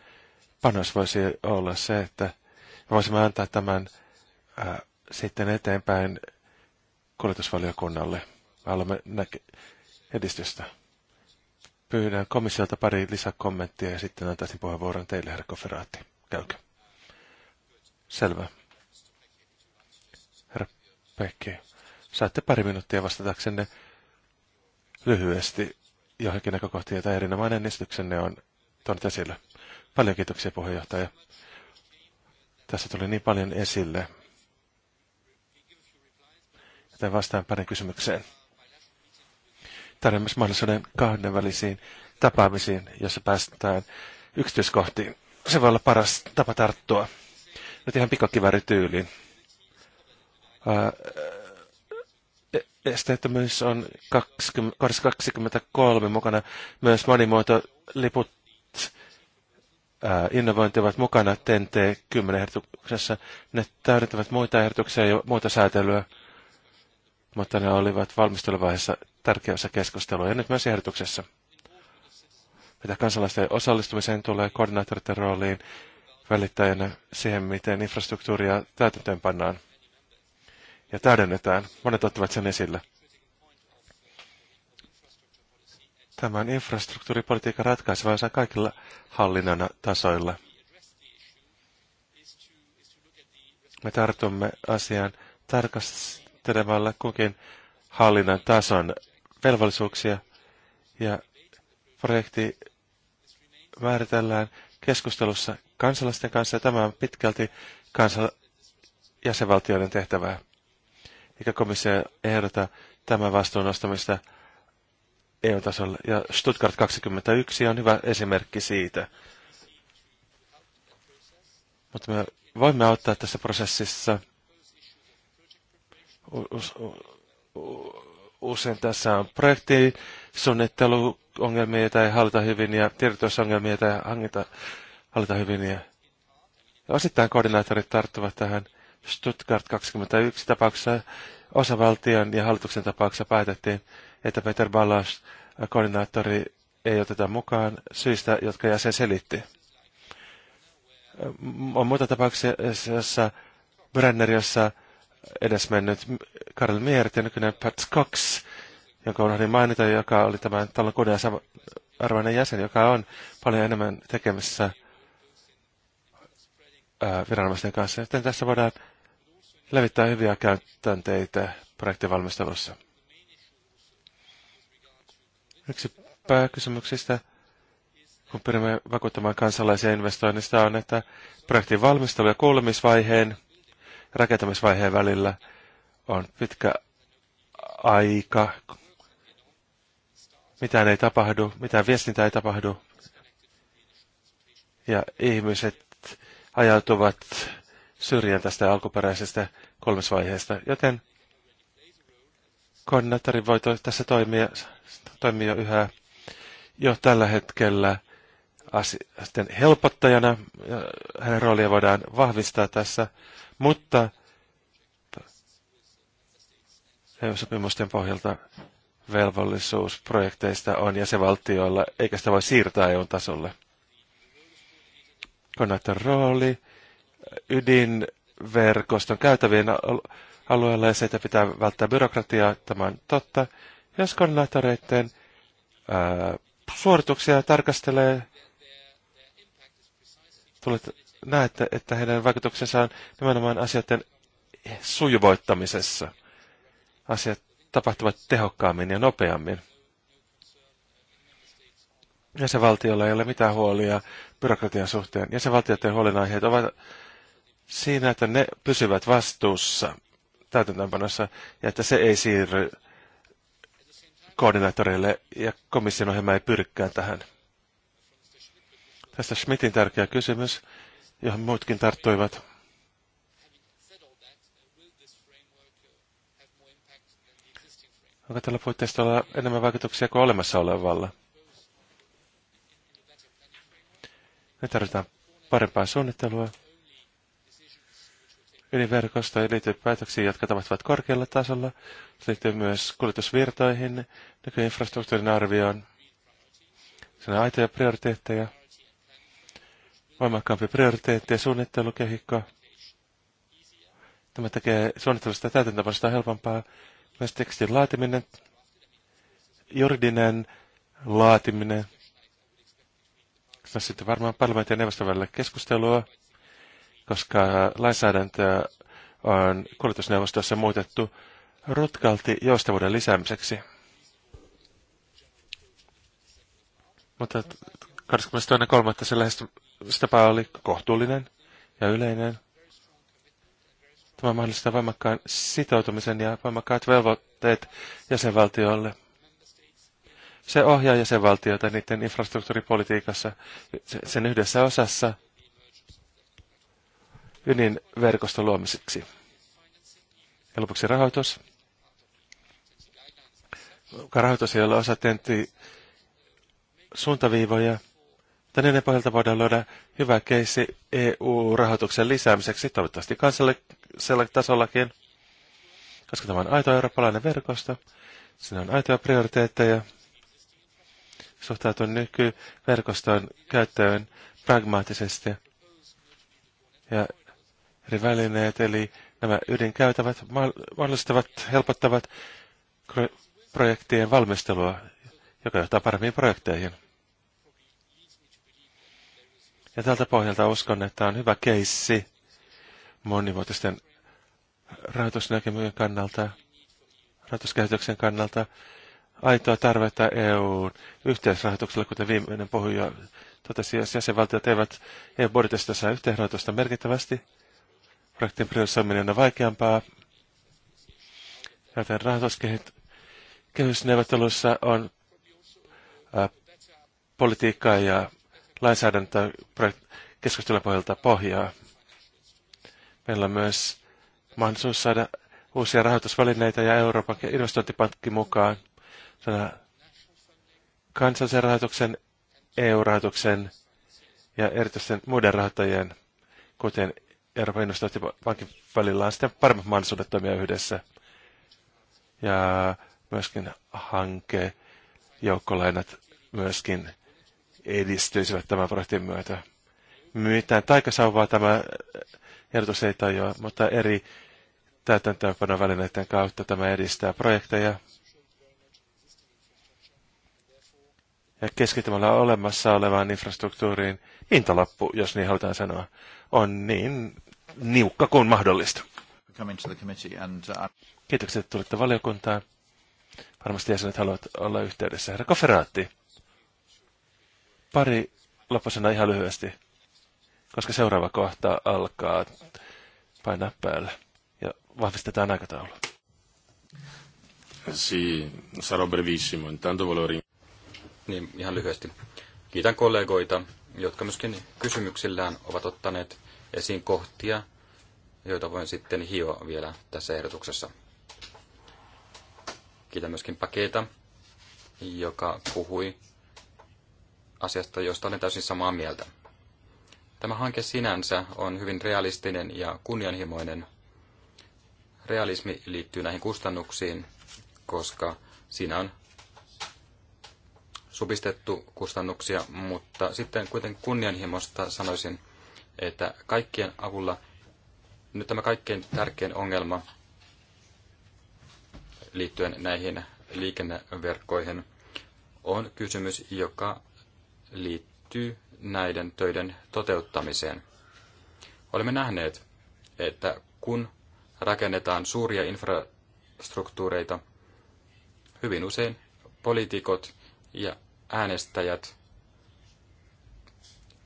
panos voisi olla se, että voisimme antaa tämän sitten eteenpäin kuljetusvaliokunnalle. Haluamme näke- edistystä. Pyydän komissiolta pari lisäkommenttia ja sitten antaisin puheenvuoron teille, herra Koferaatti. Käykö? Selvä. Herra Pekki, saatte pari minuuttia vastataksenne lyhyesti johonkin näkökohtiin, jota erinomainen esityksenne on tuonut esille. Paljon kiitoksia puheenjohtaja. Tässä tuli niin paljon esille joten vastaan parin kysymykseen. Tarjoamme myös mahdollisuuden kahdenvälisiin tapaamisiin, jossa päästään yksityiskohtiin. Se voi olla paras tapa tarttua. Nyt ihan pikakivärityyliin. E- esteettömyys on 2023 mukana. Myös monimuoto liput innovointi ovat mukana TNT 10 ehdotuksessa. Ne täydentävät muita ehdotuksia ja muuta säätelyä mutta ne olivat valmisteluvaiheessa tärkeässä keskustelua ja nyt myös ehdotuksessa. Mitä kansalaisten osallistumiseen tulee koordinaattoreiden rooliin välittäjänä siihen, miten infrastruktuuria täytäntöön pannaan ja täydennetään. Monet ottavat sen esille. Tämän infrastruktuuripolitiikan ratkaiseva osa kaikilla hallinnan tasoilla. Me tartumme asiaan tarkasti määrittelemalla kukin hallinnan tason velvollisuuksia ja projekti määritellään keskustelussa kansalaisten kanssa tämä on pitkälti kansal- jäsenvaltioiden tehtävää. Eikä komissio ehdota tämän vastuun nostamista EU-tasolle. Ja Stuttgart 21 on hyvä esimerkki siitä. Mutta me voimme auttaa tässä prosessissa – Usein tässä on projektisuunnitteluongelmia, joita ei hallita hyvin, ja tiedotusongelmia, joita ei hallita hyvin. Ja osittain koordinaattorit tarttuvat tähän Stuttgart 21 tapauksessa. Osavaltion ja hallituksen tapauksessa päätettiin, että Peter Ballas koordinaattori ei oteta mukaan syistä, jotka jäsen selitti. On muita tapauksia, jossa Brenner, jossa edesmennyt Karel Meert ja nykyinen Pats Cox, jonka unohdin mainita, joka oli tämän talon kodin arvoinen jäsen, joka on paljon enemmän tekemässä viranomaisten kanssa. Joten tässä voidaan levittää hyviä käytänteitä projektivalmistelussa. Yksi pääkysymyksistä, kun pyrimme vakuuttamaan kansalaisia investoinnista, on, että projektin valmistelu- ja kuulemisvaiheen – rakentamisvaiheen välillä on pitkä aika. Mitään ei tapahdu, mitään viestintää ei tapahdu. Ja ihmiset ajautuvat syrjään tästä alkuperäisestä kolmesvaiheesta, joten koordinaattori voi tässä toimia, toimia yhä jo tällä hetkellä sitten helpottajana. Hänen roolia voidaan vahvistaa tässä, mutta sopimusten pohjalta velvollisuus projekteista on jäsenvaltioilla, eikä sitä voi siirtää EUn tasolle Konnaton rooli ydinverkoston käytävien alueella ja se, että pitää välttää byrokratiaa, tämä on totta. Jos koordinaattoreiden suorituksia tarkastelee tulet, näette, että heidän vaikutuksensa on nimenomaan asioiden sujuvoittamisessa. Asiat tapahtuvat tehokkaammin ja nopeammin. Jäsenvaltiolla ei ole mitään huolia byrokratian suhteen. Jäsenvaltioiden huolenaiheet ovat siinä, että ne pysyvät vastuussa täytäntöönpanossa ja että se ei siirry koordinaattoreille ja komission ohjelma ei pyrkkään tähän. Tästä Schmidtin tärkeä kysymys, johon muutkin tarttuivat. Onko tällä olla enemmän vaikutuksia kuin olemassa olevalla? Me tarvitaan parempaa suunnittelua. Yliverkosto ei liity päätöksiin, jotka tapahtuvat korkealla tasolla. Se liittyy myös kuljetusvirtoihin, nykyinfrastruktuurin arvioon. Se on aitoja prioriteetteja voimakkaampi prioriteetti ja suunnittelukehikko. Tämä tekee suunnittelusta ja täytäntöpanosta helpompaa. Myös tekstin laatiminen, juridinen laatiminen. Sitten varmaan parlamentin ja neuvoston välillä keskustelua, koska lainsäädäntö on kuljetusneuvostossa muutettu rutkalti joustavuuden lisäämiseksi. Mutta 22.3. se lähestyy pää oli kohtuullinen ja yleinen. Tämä mahdollistaa voimakkaan sitoutumisen ja voimakkaat velvoitteet jäsenvaltioille. Se ohjaa jäsenvaltioita niiden infrastruktuuripolitiikassa sen yhdessä osassa ydinverkoston luomiseksi. Ja lopuksi rahoitus. Rahoitus ei ole osa tentti suuntaviivoja, Tänne niiden pohjalta voidaan löydä hyvä keissi EU-rahoituksen lisäämiseksi, toivottavasti kansallisella tasollakin, koska tämä on aito eurooppalainen verkosto, siinä on aitoja prioriteetteja, suhtautun nykyverkostoon käyttöön pragmaattisesti. Ja eri välineet, eli nämä ydinkäytävät mahdollistavat, helpottavat projektien valmistelua, joka johtaa parempiin projekteihin. Ja tältä pohjalta uskon, että on hyvä keissi monivuotisten rahoitusnäkemyjen kannalta, rahoituskehityksen kannalta, aitoa tarvetta EUn yhteisrahoitukselle, kuten viimeinen puhuja totesi, jos jäsenvaltiot eivät EU-budjetista saa yhteisrahoitusta merkittävästi. Projektin priorisoiminen on vaikeampaa, joten rahoituskehysneuvottelussa on ä, politiikkaa ja lainsäädäntökeskustelun pohjalta pohjaa. Meillä on myös mahdollisuus saada uusia rahoitusvälineitä ja Euroopan investointipankki mukaan kansallisen rahoituksen, EU-rahoituksen ja erityisesti muiden rahoittajien, kuten Euroopan investointipankin välillä on sitten paremmat mahdollisuudet toimia yhdessä. Ja myöskin hanke, joukkolainat myöskin edistyisivät tämän projektin myötä. Mitään taikasauvaa tämä ehdotus ei tajua, mutta eri täytäntöönpanon välineiden kautta tämä edistää projekteja. Ja keskittymällä olemassa olevaan infrastruktuuriin hintalappu, jos niin halutaan sanoa, on niin niukka kuin mahdollista. Kiitokset, että tulitte valiokuntaan. Varmasti jäsenet haluat olla yhteydessä. Herra Koferaatti. Pari loppusena ihan lyhyesti, koska seuraava kohta alkaa painaa päälle ja vahvistetaan aikataulu. Sì, sarò brevissimo. Intanto volevo ring... Niin, ihan lyhyesti. Kiitän kollegoita, jotka myöskin kysymyksillään ovat ottaneet esiin kohtia, joita voin sitten hioa vielä tässä ehdotuksessa. Kiitän myöskin Paketa, joka puhui asiasta, josta olen täysin samaa mieltä. Tämä hanke sinänsä on hyvin realistinen ja kunnianhimoinen. Realismi liittyy näihin kustannuksiin, koska siinä on supistettu kustannuksia, mutta sitten kuitenkin kunnianhimosta sanoisin, että kaikkien avulla, nyt tämä kaikkein tärkein ongelma liittyen näihin liikenneverkkoihin on kysymys, joka liittyy näiden töiden toteuttamiseen. Olemme nähneet, että kun rakennetaan suuria infrastruktuureita, hyvin usein poliitikot ja äänestäjät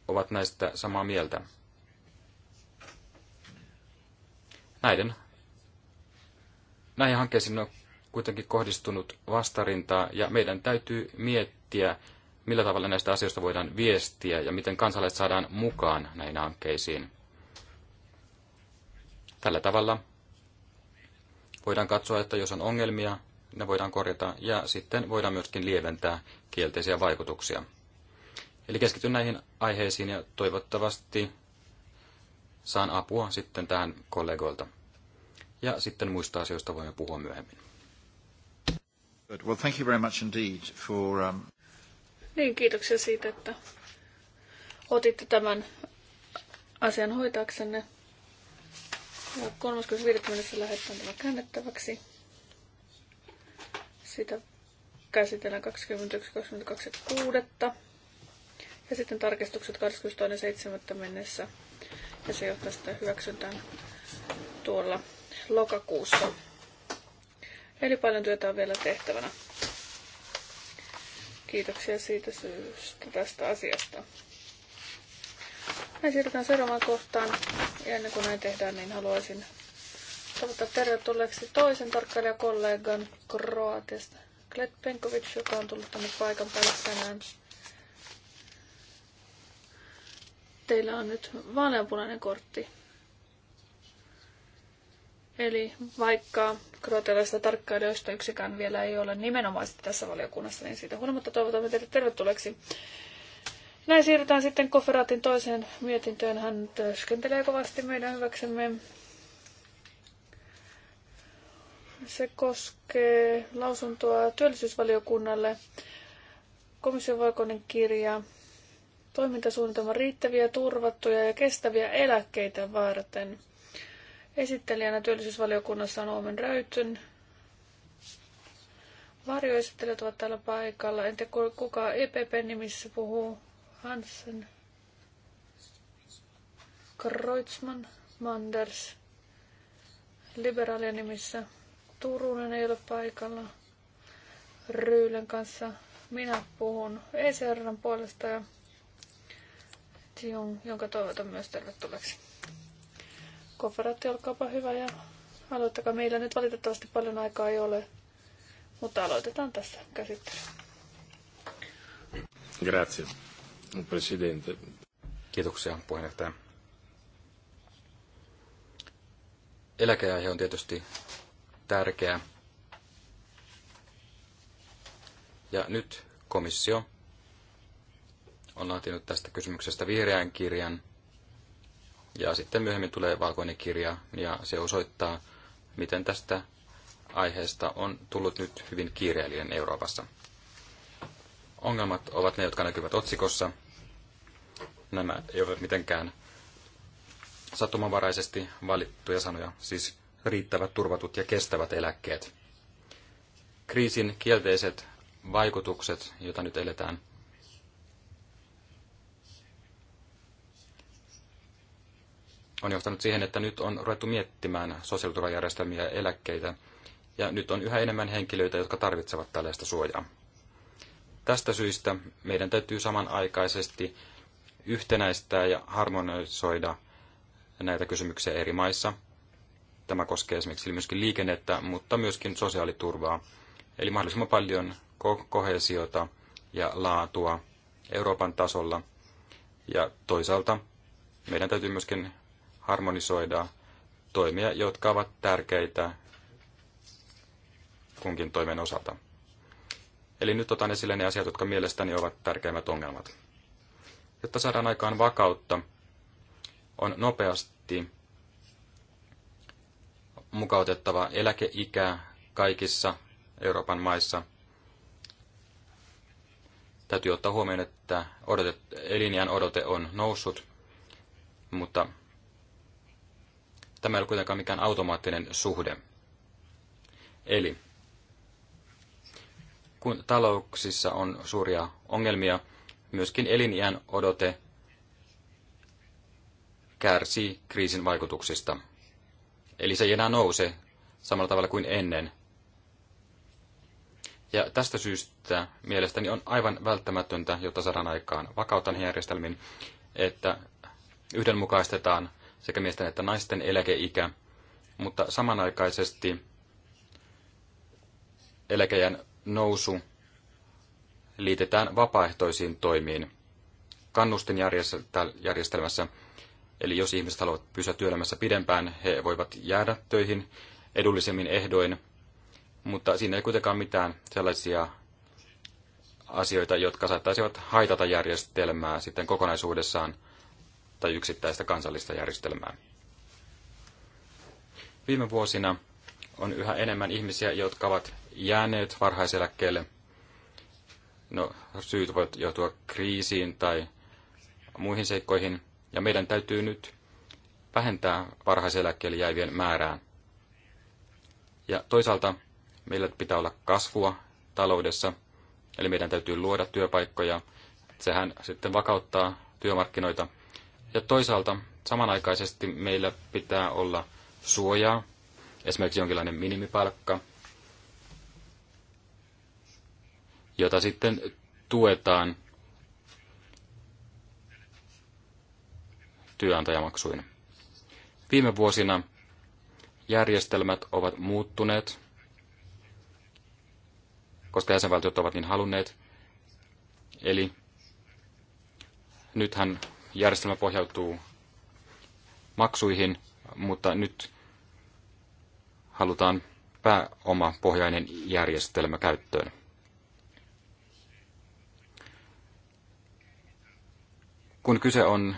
ovat näistä samaa mieltä. Näiden, näihin hankkeisiin on kuitenkin kohdistunut vastarintaa ja meidän täytyy miettiä, millä tavalla näistä asioista voidaan viestiä ja miten kansalaiset saadaan mukaan näihin hankkeisiin. Tällä tavalla voidaan katsoa, että jos on ongelmia, ne voidaan korjata ja sitten voidaan myöskin lieventää kielteisiä vaikutuksia. Eli keskityn näihin aiheisiin ja toivottavasti saan apua sitten tähän kollegoilta. Ja sitten muista asioista voimme puhua myöhemmin. Well, thank you very much indeed for, um... Niin, kiitoksia siitä, että otitte tämän asian hoitaaksenne. Ja 35. mennessä lähetetään tämä käännettäväksi. Sitä käsitellään 21.22.6. Ja sitten tarkistukset 22.7. mennessä. Ja se johtaa sitä hyväksyntään tuolla lokakuussa. Eli paljon työtä on vielä tehtävänä. Kiitoksia siitä syystä tästä asiasta. Näin siirrytään seuraavaan kohtaan. Ja ennen kuin näin tehdään, niin haluaisin toivottaa tervetulleeksi toisen tarkkailijakollegan Kroatiasta, Klet Penkovic, joka on tullut tänne paikan päälle tänään. Teillä on nyt vaaleanpunainen kortti Eli vaikka kroatialaisista tarkkailijoista yksikään vielä ei ole nimenomaisesti tässä valiokunnassa, niin siitä huolimatta toivotamme teille tervetulleeksi. Näin siirrytään sitten Koferaatin toiseen mietintöön. Hän työskentelee kovasti meidän hyväksemme. Se koskee lausuntoa työllisyysvaliokunnalle. Komission valkoinen kirja toimintasuunnitelma riittäviä, turvattuja ja kestäviä eläkkeitä varten. Esittelijänä työllisyysvaliokunnassa on Oomen Räytyn. Varjoesittelijät ovat täällä paikalla. Entä kuka EPP nimissä puhuu? Hansen, Kreutzmann, Manders. Liberaalien nimissä Turunen ei ole paikalla. Ryylen kanssa minä puhun ECRn puolesta ja Jung, jonka toivotan myös tervetulleeksi konferaatti olkaapa hyvä ja aloittakaa. Meillä nyt valitettavasti paljon aikaa ei ole, mutta aloitetaan tässä käsittely. Grazie, presidente. Kiitoksia, puheenjohtaja. Eläkeaihe on tietysti tärkeä. Ja nyt komissio on laatinut tästä kysymyksestä vihreän kirjan – ja sitten myöhemmin tulee valkoinen kirja ja se osoittaa, miten tästä aiheesta on tullut nyt hyvin kiireellinen Euroopassa. Ongelmat ovat ne, jotka näkyvät otsikossa. Nämä eivät mitenkään sattumanvaraisesti valittuja sanoja, siis riittävät, turvatut ja kestävät eläkkeet. Kriisin kielteiset vaikutukset, joita nyt eletään, on johtanut siihen, että nyt on ruvettu miettimään sosiaaliturvajärjestelmiä ja eläkkeitä, ja nyt on yhä enemmän henkilöitä, jotka tarvitsevat tällaista suojaa. Tästä syystä meidän täytyy samanaikaisesti yhtenäistää ja harmonisoida näitä kysymyksiä eri maissa. Tämä koskee esimerkiksi myöskin liikennettä, mutta myöskin sosiaaliturvaa. Eli mahdollisimman paljon kohesiota ja laatua Euroopan tasolla. Ja toisaalta meidän täytyy myöskin harmonisoida toimia, jotka ovat tärkeitä kunkin toimen osalta. Eli nyt otan esille ne asiat, jotka mielestäni ovat tärkeimmät ongelmat. Jotta saadaan aikaan vakautta, on nopeasti mukautettava eläkeikä kaikissa Euroopan maissa. Täytyy ottaa huomioon, että odotet, elinjään odote on noussut, mutta tämä ei ole kuitenkaan mikään automaattinen suhde. Eli kun talouksissa on suuria ongelmia, myöskin eliniän odote kärsii kriisin vaikutuksista. Eli se ei enää nouse samalla tavalla kuin ennen. Ja tästä syystä mielestäni on aivan välttämätöntä, jotta saadaan aikaan vakautan järjestelmin, että yhdenmukaistetaan sekä miesten että naisten eläkeikä, mutta samanaikaisesti eläkejän nousu liitetään vapaaehtoisiin toimiin kannustinjärjestelmässä. Eli jos ihmiset haluavat pysyä työelämässä pidempään, he voivat jäädä töihin edullisemmin ehdoin, mutta siinä ei kuitenkaan mitään sellaisia asioita, jotka saattaisivat haitata järjestelmää sitten kokonaisuudessaan – tai yksittäistä kansallista järjestelmää. Viime vuosina on yhä enemmän ihmisiä, jotka ovat jääneet varhaiseläkkeelle. No, syyt voivat johtua kriisiin tai muihin seikkoihin, ja meidän täytyy nyt vähentää varhaiseläkkeelle jäivien määrää. Ja toisaalta meillä pitää olla kasvua taloudessa, eli meidän täytyy luoda työpaikkoja. Sehän sitten vakauttaa työmarkkinoita, ja toisaalta samanaikaisesti meillä pitää olla suojaa, esimerkiksi jonkinlainen minimipalkka, jota sitten tuetaan työnantajamaksuina. Viime vuosina järjestelmät ovat muuttuneet, koska jäsenvaltiot ovat niin halunneet. Eli nythän järjestelmä pohjautuu maksuihin, mutta nyt halutaan pääomapohjainen järjestelmä käyttöön. Kun kyse on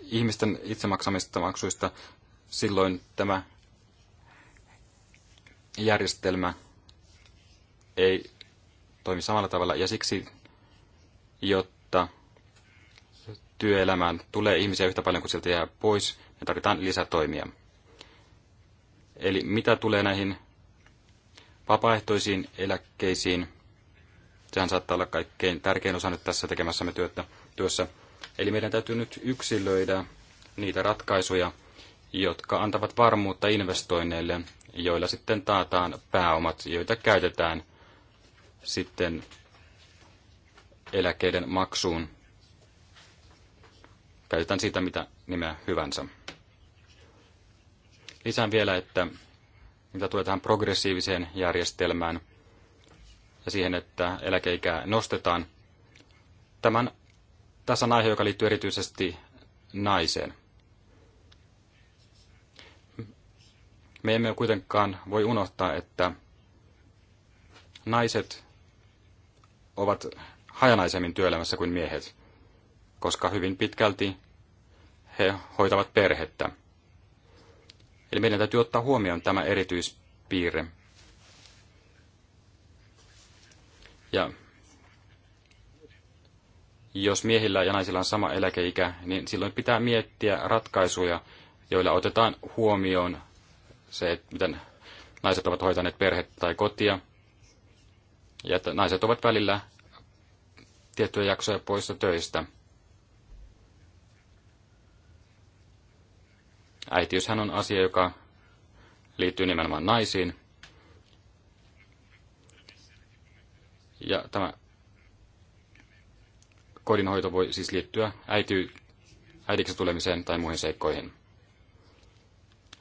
ihmisten itsemaksamista maksuista, silloin tämä järjestelmä ei toimi samalla tavalla, ja siksi, jotta työelämään tulee ihmisiä yhtä paljon kuin sieltä jää pois, me tarvitaan lisätoimia. Eli mitä tulee näihin vapaaehtoisiin eläkkeisiin, sehän saattaa olla kaikkein tärkein osa nyt tässä tekemässämme työtä, työssä. Eli meidän täytyy nyt yksilöidä niitä ratkaisuja, jotka antavat varmuutta investoinneille, joilla sitten taataan pääomat, joita käytetään sitten eläkkeiden maksuun Käytetään siitä mitä nimeä hyvänsä. Lisään vielä, että mitä tulee tähän progressiiviseen järjestelmään ja siihen, että eläkeikää nostetaan. Tämän, tässä on aihe, joka liittyy erityisesti naiseen. Me emme kuitenkaan voi unohtaa, että naiset ovat hajanaisemmin työelämässä kuin miehet koska hyvin pitkälti he hoitavat perhettä. Eli meidän täytyy ottaa huomioon tämä erityispiirre. Ja jos miehillä ja naisilla on sama eläkeikä, niin silloin pitää miettiä ratkaisuja, joilla otetaan huomioon se, että miten naiset ovat hoitaneet perhettä tai kotia, ja että naiset ovat välillä tiettyjä jaksoja poissa töistä – Äitiyshän on asia, joka liittyy nimenomaan naisiin. Ja tämä kodinhoito voi siis liittyä äity, äidiksi tulemiseen tai muihin seikkoihin.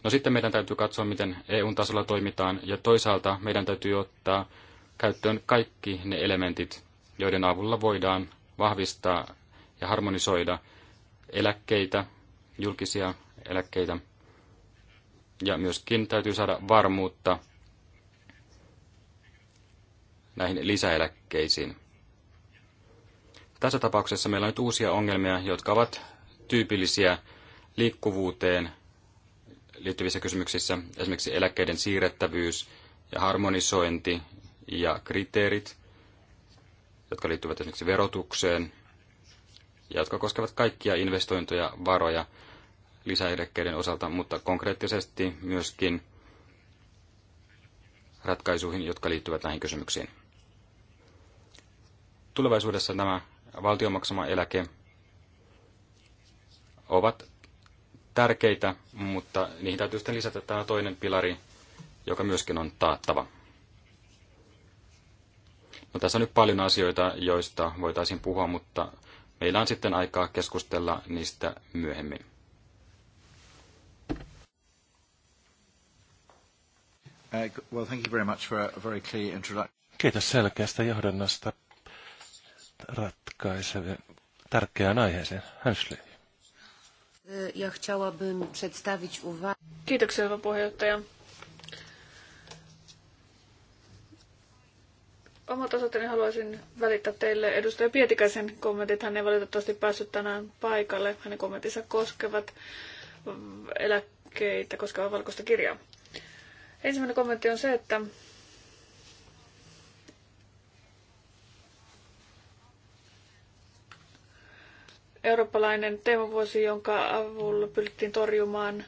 No sitten meidän täytyy katsoa, miten EU-tasolla toimitaan, ja toisaalta meidän täytyy ottaa käyttöön kaikki ne elementit, joiden avulla voidaan vahvistaa ja harmonisoida eläkkeitä, julkisia eläkkeitä. Ja myöskin täytyy saada varmuutta näihin lisäeläkkeisiin. Tässä tapauksessa meillä on nyt uusia ongelmia, jotka ovat tyypillisiä liikkuvuuteen liittyvissä kysymyksissä, esimerkiksi eläkkeiden siirrettävyys ja harmonisointi ja kriteerit, jotka liittyvät esimerkiksi verotukseen ja jotka koskevat kaikkia investointoja, varoja, lisäirekkeiden osalta, mutta konkreettisesti myöskin ratkaisuihin, jotka liittyvät näihin kysymyksiin. Tulevaisuudessa nämä valtion maksama eläke ovat tärkeitä, mutta niihin täytyy sitten lisätä tämä toinen pilari, joka myöskin on taattava. No, tässä on nyt paljon asioita, joista voitaisiin puhua, mutta meillä on sitten aikaa keskustella niistä myöhemmin. Uh, well, thank you very much for a very clear introduction. Kiitos selkeästä johdannosta ratkaisevien tärkeään aiheeseen. Hänsli. Uh, ja chciałabym przedstawić uwagę. Kiitoksia, hyvä puheenjohtaja. Omalta osaltani haluaisin välittää teille edustaja Pietikäisen kommentit. Hän ei valitettavasti päässyt tänään paikalle. Hänen kommenttinsa koskevat eläkkeitä koskevaa valkoista kirjaa. Ensimmäinen kommentti on se, että eurooppalainen teemavuosi, jonka avulla pyrittiin torjumaan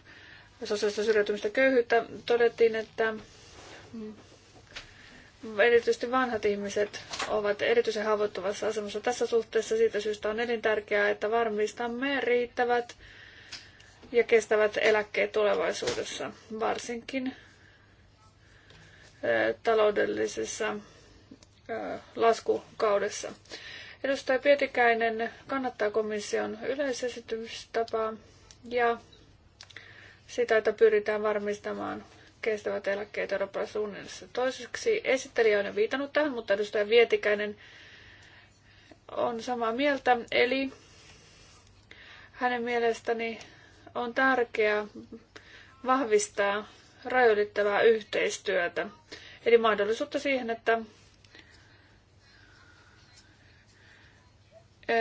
sosiaalista syrjäytymistä köyhyyttä, todettiin, että erityisesti vanhat ihmiset ovat erityisen haavoittuvassa asemassa tässä suhteessa. Siitä syystä on elintärkeää, että varmistamme riittävät ja kestävät eläkkeet tulevaisuudessa, varsinkin taloudellisessa laskukaudessa. Edustaja Pietikäinen kannattaa komission yleisesitystapaa ja sitä, että pyritään varmistamaan kestävät eläkkeet Euroopan suunnassa. Toiseksi esittelijä on viitannut tähän, mutta edustaja Vietikäinen on samaa mieltä. Eli hänen mielestäni on tärkeää vahvistaa rajoittavaa yhteistyötä. Eli mahdollisuutta siihen, että e,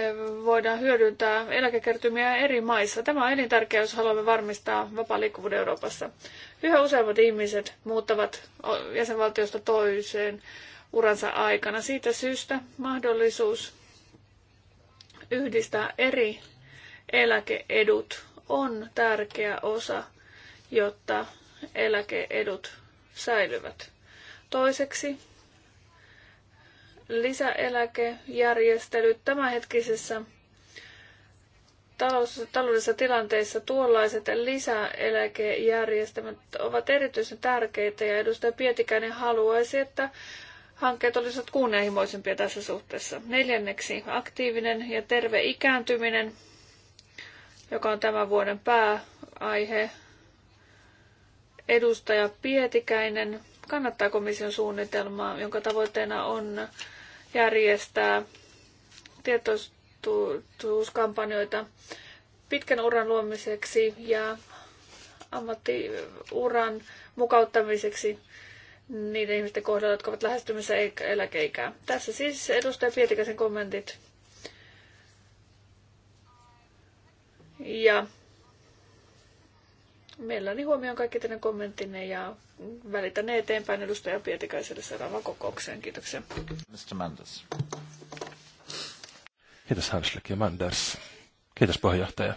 voidaan hyödyntää eläkekertymiä eri maissa. Tämä on elintärkeää, jos haluamme varmistaa vapaa liikkuvuuden Euroopassa. Yhä useammat ihmiset muuttavat jäsenvaltiosta toiseen uransa aikana. Siitä syystä mahdollisuus yhdistää eri eläkeedut on tärkeä osa, jotta eläkeedut säilyvät. Toiseksi lisäeläkejärjestelyt tämänhetkisessä taloudellisessa tilanteessa tuollaiset lisäeläkejärjestelmät ovat erityisen tärkeitä ja edustaja Pietikäinen haluaisi, että hankkeet olisivat kunnianhimoisempia tässä suhteessa. Neljänneksi aktiivinen ja terve ikääntyminen, joka on tämän vuoden pääaihe edustaja Pietikäinen kannattaa komission suunnitelmaa, jonka tavoitteena on järjestää tietoisuuskampanjoita pitkän uran luomiseksi ja ammattiuran mukauttamiseksi niiden ihmisten kohdalla, jotka ovat lähestymässä eläkeikää. Tässä siis edustaja Pietikäisen kommentit. Ja Mielelläni huomioon kaikki teidän kommenttinne ja välitän ne eteenpäin edustaja Pietikäiselle seuraavaan kokoukseen. Kiitoksia. Mr. Manders. Kiitos Hanslik ja Manders. Kiitos puheenjohtaja.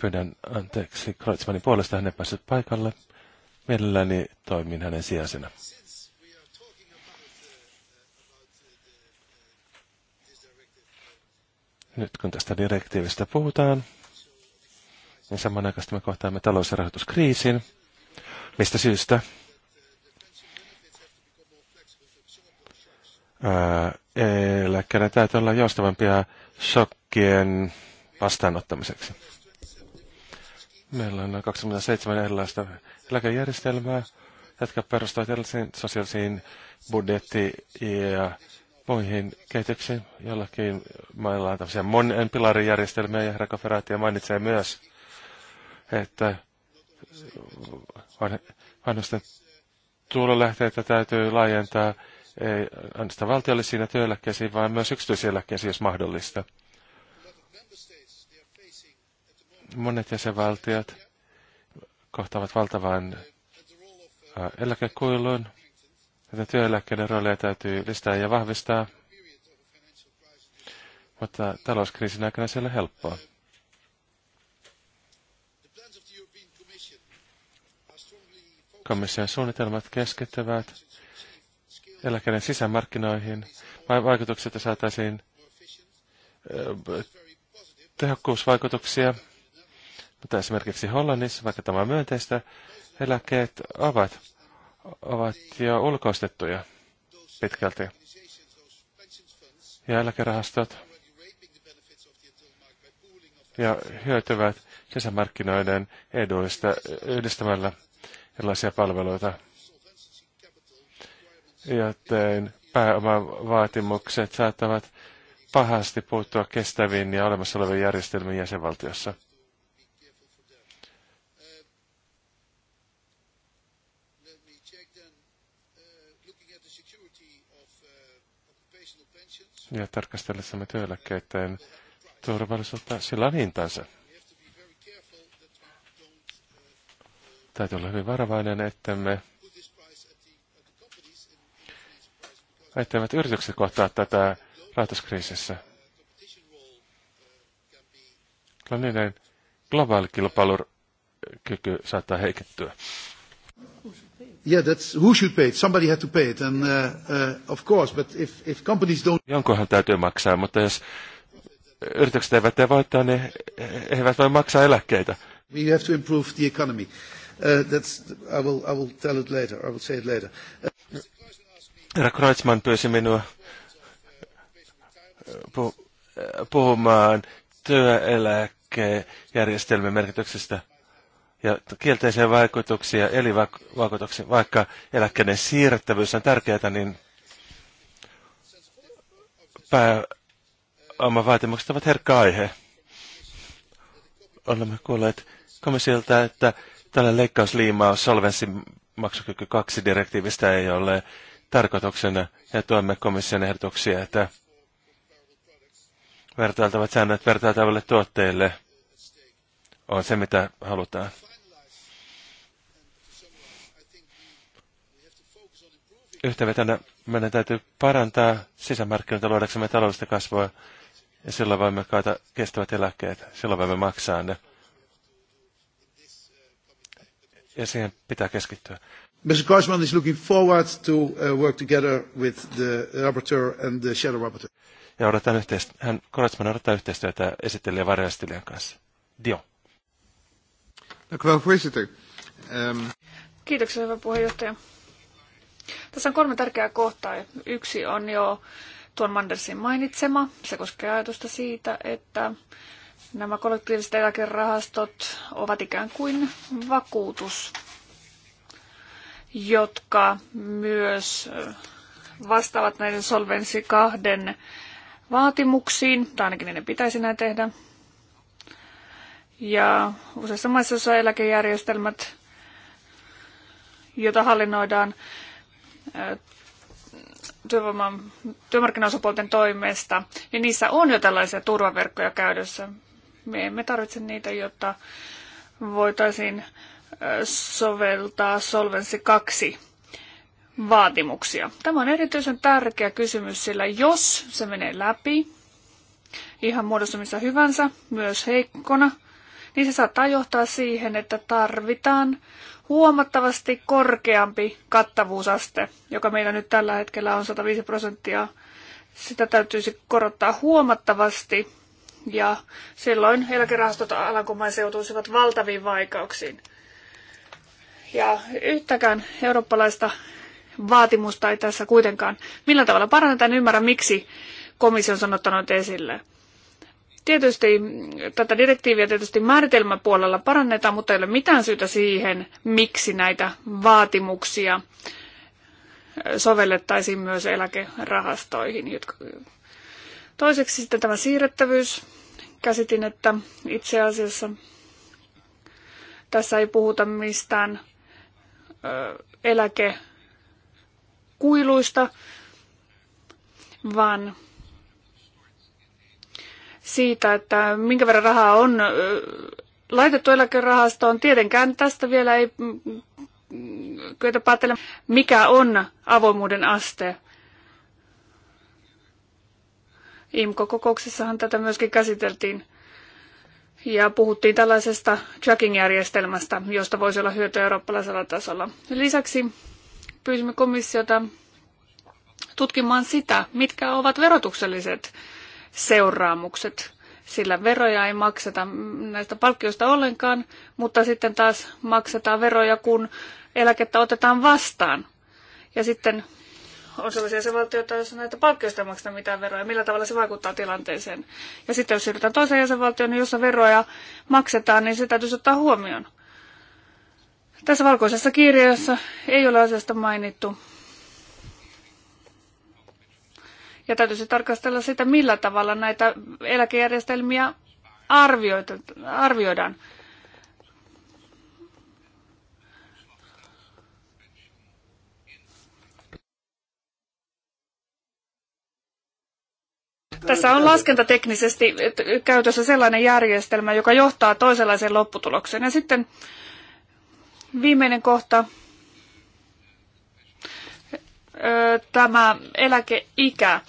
Pyydän anteeksi Kreutzmannin puolesta, hän ei päässyt paikalle. Mielelläni toimin hänen sijaisena. Nyt kun tästä direktiivistä puhutaan, niin samanaikaisesti me kohtaamme talous- ja rahoituskriisin. Mistä syystä? Eläkkeiden täytyy olla joustavampia shokkien vastaanottamiseksi. Meillä on noin 27 erilaista eläkejärjestelmää, jotka perustuvat erilaisiin sosiaalisiin budjetti- ja muihin kehityksiin. Jollakin mailla on tämmöisiä monen pilarijärjestelmiä, ja Rekoferaatio mainitsee myös että vanhusten tulolähteitä täytyy laajentaa ei ainoastaan valtiollisiin ja työeläkkeisiin, vaan myös yksityiseläkkeisiin, jos mahdollista. Monet jäsenvaltiot kohtaavat valtavan eläkekuilun, joten työeläkkeiden rooleja täytyy listää ja vahvistaa, mutta talouskriisin aikana se ei ole helppoa. Komission suunnitelmat keskittyvät eläkeiden sisämarkkinoihin. Vaikutukset saataisiin tehokkuusvaikutuksia, mutta esimerkiksi Hollannissa, vaikka tämä on myönteistä, eläkkeet ovat, ovat jo ulkoistettuja pitkälti. Ja eläkerahastot ja hyötyvät sisämarkkinoiden eduista yhdistämällä erilaisia palveluita. Joten pääomavaatimukset saattavat pahasti puuttua kestäviin ja olemassa oleviin järjestelmiin jäsenvaltiossa. Ja tarkastellessamme työeläkkeiden turvallisuutta, sillä on hintansa. Täytyy olla hyvin varovainen, ettemme etteivät yritykset kohtaa tätä rahoituskriisissä. Kyllä niiden globaali kilpailukyky saattaa heikettyä. Uh, uh, Jonkohan täytyy maksaa, mutta jos yritykset eivät tee voittaa, niin he eivät voi maksaa eläkkeitä. We have to improve the economy. Uh, that's, I, will, I will tell it later. I will say it later. Uh, Herra Kreutzmann pyysi minua uh, puhumaan työeläkejärjestelmän merkityksestä ja kielteisiä vaikutuksia eli vaikutuksia, vaikka eläkkeiden siirrettävyys on tärkeää, niin pääomavaatimukset ovat herkkä aihe. Olemme kuulleet komissiolta, että tällä leikkausliimaa solvenssin maksukyky 2 direktiivistä ei ole tarkoituksena ja tuemme komission ehdotuksia, että vertailtavat säännöt vertailtaville tuotteille on se, mitä halutaan. Yhteenvetänä meidän täytyy parantaa sisämarkkinoita luodaksemme taloudellista kasvua ja silloin voimme kaata kestävät eläkkeet, silloin voimme maksaa ne ja siihen pitää keskittyä. Mr. Korsman is looking forward to uh, work together with the rapporteur and the shadow rapporteur. Ja odotan yhteist- hän Korsman odottaa yhteistyötä esittelijä varjastelijan kanssa. Dio. Dank u wel, voorzitter. Ehm, Kiitoksia, hyvä puheenjohtaja. Tässä on kolme tärkeää kohtaa. Yksi on jo tuon Mandersin mainitsema. Se koskee ajatusta siitä, että Nämä kollektiiviset eläkerahastot ovat ikään kuin vakuutus, jotka myös vastaavat näiden solvensi kahden vaatimuksiin, tai ainakin niiden pitäisi näin tehdä. Ja useissa maissa, on eläkejärjestelmät, joita hallinnoidaan työmarkkinaosapuolten toimesta, niin niissä on jo tällaisia turvaverkkoja käytössä. Me emme tarvitse niitä, jotta voitaisiin soveltaa Solvenssi 2 vaatimuksia. Tämä on erityisen tärkeä kysymys, sillä jos se menee läpi, ihan muodostumissa hyvänsä, myös heikkona, niin se saattaa johtaa siihen, että tarvitaan huomattavasti korkeampi kattavuusaste, joka meillä nyt tällä hetkellä on 105 prosenttia. Sitä täytyisi korottaa huomattavasti ja silloin eläkerahastot Alankomaan seutuisivat valtaviin vaikeuksiin. Ja yhtäkään eurooppalaista vaatimusta ei tässä kuitenkaan millä tavalla parannetaan, ymmärrä miksi komissio on sanottanut esille. Tietysti tätä direktiiviä tietysti määritelmäpuolella parannetaan, mutta ei ole mitään syytä siihen, miksi näitä vaatimuksia sovellettaisiin myös eläkerahastoihin, jotka Toiseksi sitten tämä siirrettävyys. Käsitin, että itse asiassa tässä ei puhuta mistään eläkekuiluista, vaan siitä, että minkä verran rahaa on laitettu eläkerahastoon. Tietenkään tästä vielä ei mm, kyetä päätellä, mikä on avoimuuden aste imco kokouksessahan tätä myöskin käsiteltiin ja puhuttiin tällaisesta tracking-järjestelmästä, josta voisi olla hyötyä eurooppalaisella tasolla. Lisäksi pyysimme komissiota tutkimaan sitä, mitkä ovat verotukselliset seuraamukset, sillä veroja ei makseta näistä palkkioista ollenkaan, mutta sitten taas maksetaan veroja, kun eläkettä otetaan vastaan. Ja sitten on sellaisia että joissa näitä palkkioista ei makseta mitään veroja. Millä tavalla se vaikuttaa tilanteeseen? Ja sitten jos siirrytään toiseen jäsenvaltioon, niin jossa veroja maksetaan, niin se täytyisi ottaa huomioon. Tässä valkoisessa kirjassa ei ole asiasta mainittu. Ja täytyisi tarkastella sitä, millä tavalla näitä eläkejärjestelmiä arvioidaan. Tässä on laskentateknisesti käytössä sellainen järjestelmä, joka johtaa toisenlaiseen lopputulokseen. Ja sitten viimeinen kohta, tämä eläkeikä.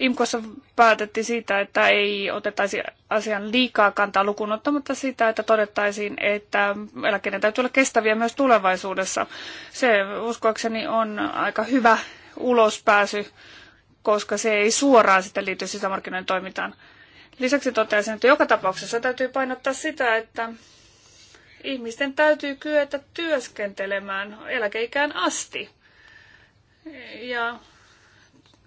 Imkossa päätettiin siitä, että ei otettaisi asian liikaa kantaa lukuun ottamatta sitä, että todettaisiin, että eläkkeiden täytyy olla kestäviä myös tulevaisuudessa. Se uskoakseni on aika hyvä ulospääsy koska se ei suoraan sitten liity sisämarkkinoiden toimintaan. Lisäksi toteaisin, että joka tapauksessa täytyy painottaa sitä, että ihmisten täytyy kyetä työskentelemään eläkeikään asti. Ja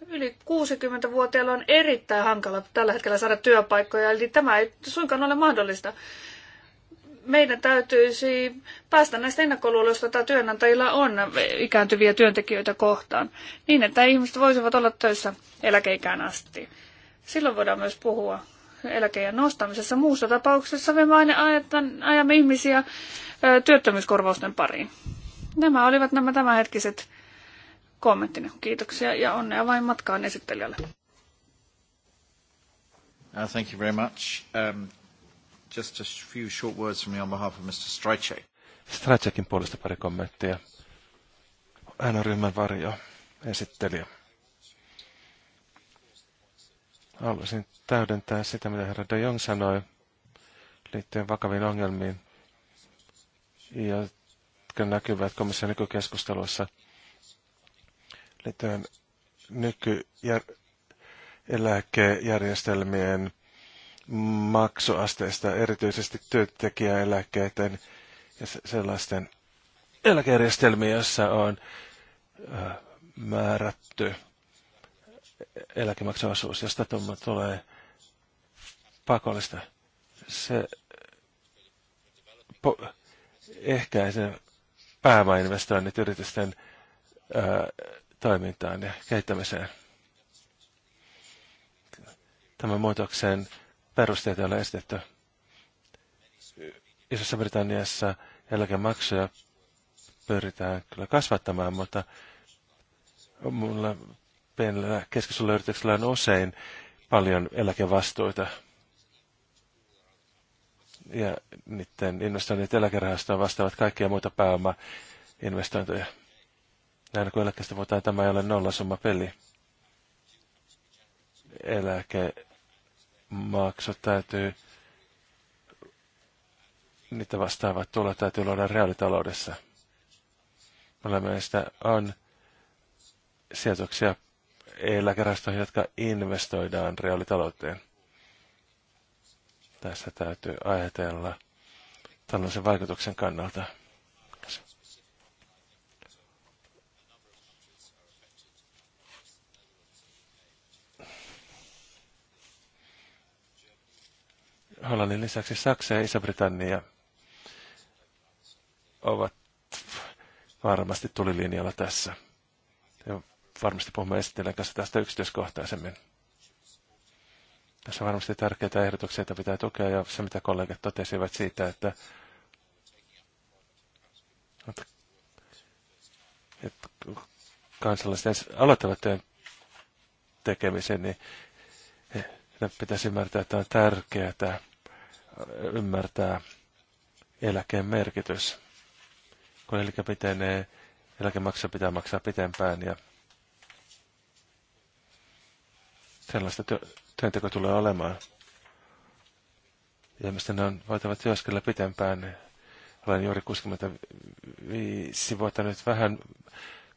yli 60-vuotiailla on erittäin hankala tällä hetkellä saada työpaikkoja, eli tämä ei suinkaan ole mahdollista meidän täytyisi päästä näistä ennakkoluuloista, joita työnantajilla on ikääntyviä työntekijöitä kohtaan, niin että ihmiset voisivat olla töissä eläkeikään asti. Silloin voidaan myös puhua eläkeijän nostamisessa. Muussa tapauksessa me vain ajamme ihmisiä työttömyyskorvausten pariin. Nämä olivat nämä tämänhetkiset kommenttini. Kiitoksia ja onnea vain matkaan esittelijälle. Uh, thank you very much. Um... Just a few short words from me on behalf of Mr. Strajcek. Strajcekin puolesta pari kommenttia. Hän on ryhmän varjo, esittelijä. Haluaisin täydentää sitä, mitä herra de Jong sanoi liittyen vakaviin ongelmiin, jotka näkyvät komission nykykeskustelussa liittyen nykyeläkejärjestelmien maksuasteista, erityisesti työntekijäeläkkeiden ja sellaisten eläkejärjestelmiä, joissa on määrätty eläkemaksuosuus, josta tulee pakollista. Se po- ehkäisee pääomainvestoinnit yritysten ää, toimintaan ja kehittämiseen. Tämän muutoksen perusteet, joilla esitetty. Isossa Britanniassa eläkemaksuja pyritään kyllä kasvattamaan, mutta mulla pienellä keskisellä yrityksellä on usein paljon eläkevastuita. Ja niiden investoinnit eläkerahastoon vastaavat kaikkia muita pääomainvestointeja. Näin kuin eläkkeestä voidaan, tämä ei ole nollasumma peli. Eläke maksut täytyy, niitä vastaavat tulla täytyy luoda reaalitaloudessa. Mulla mielestä on sijoituksia eläkerastoihin, jotka investoidaan reaalitalouteen. Tässä täytyy ajatella tällaisen vaikutuksen kannalta. Hollannin lisäksi Saksa ja Iso-Britannia ovat varmasti tulilinjalla tässä. Ja varmasti puhumme esittelijän kanssa tästä yksityiskohtaisemmin. Tässä on varmasti tärkeitä ehdotuksia, joita pitää tukea, ja se mitä kollegat totesivat siitä, että, että kansalaiset aloittavat työn tekemisen, niin pitäisi ymmärtää, että on tärkeää ymmärtää eläkeen merkitys. Kun eläke pitenee, eläkemaksa pitää maksaa pitempään ja sellaista työnteko tulee olemaan. Ja mistä ne on voitava työskennellä pitempään. Olen juuri 65 vuotta nyt vähän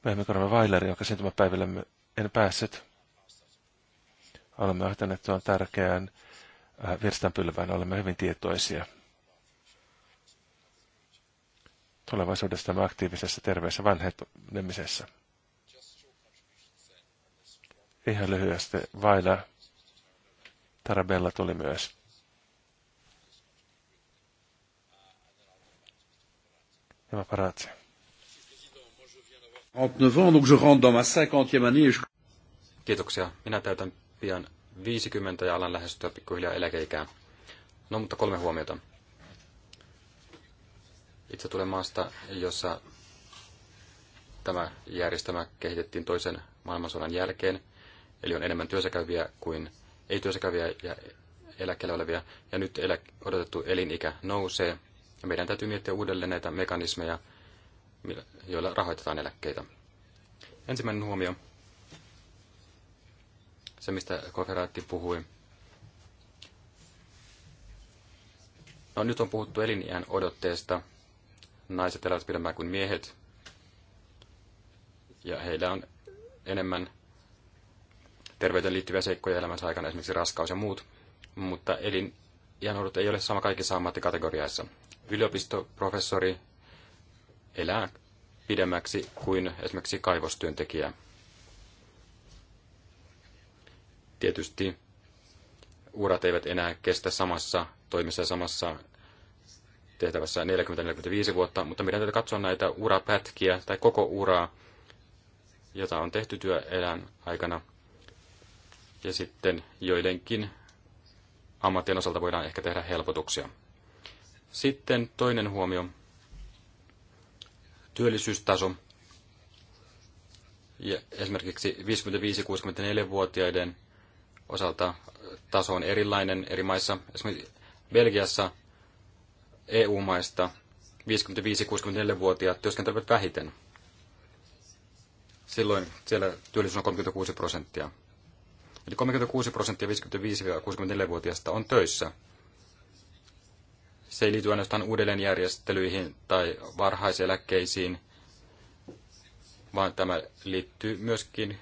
myöhemmin kuin Vaileri, jonka syntymäpäivillä en päässyt. Olemme ahtaneet tuon tärkeän Äh, virstanpylvään. Olemme hyvin tietoisia tulevaisuudestamme aktiivisessa terveessä vanhentumisessa Ihan lyhyesti, Vaila Tarabella tuli myös. Hyvä paratsi. 39 ans, donc je rentre dans ma 50e année. Kiitoksia. Minä täytän pian 50 ja alan lähestyä pikkuhiljaa eläkeikää. No, mutta kolme huomiota. Itse tulen maasta, jossa tämä järjestelmä kehitettiin toisen maailmansodan jälkeen, eli on enemmän työssäkäyviä kuin ei-työssäkäyviä ja eläkkeellä olevia, ja nyt elä, odotettu elinikä nousee, ja meidän täytyy miettiä uudelleen näitä mekanismeja, joilla rahoitetaan eläkkeitä. Ensimmäinen huomio se, mistä konferaatti puhui. No nyt on puhuttu eliniän odotteesta. Naiset elävät pidemmään kuin miehet. Ja heillä on enemmän terveyteen liittyviä seikkoja elämänsä aikana, esimerkiksi raskaus ja muut. Mutta eliniän odot ei ole sama kaikissa ammattikategoriaissa. Yliopistoprofessori elää pidemmäksi kuin esimerkiksi kaivostyöntekijä. tietysti urat eivät enää kestä samassa toimissa ja samassa tehtävässä 40-45 vuotta, mutta meidän täytyy katsoa näitä urapätkiä tai koko uraa, jota on tehty työelän aikana. Ja sitten joidenkin ammattien osalta voidaan ehkä tehdä helpotuksia. Sitten toinen huomio. Työllisyystaso. Ja esimerkiksi 55-64-vuotiaiden osalta taso on erilainen eri maissa. Esimerkiksi Belgiassa EU-maista 55-64-vuotiaat työskentelevät vähiten. Silloin siellä työllisyys on 36 prosenttia. Eli 36 prosenttia 55-64-vuotiaista on töissä. Se ei liity ainoastaan uudelleenjärjestelyihin tai varhaiseläkkeisiin, vaan tämä liittyy myöskin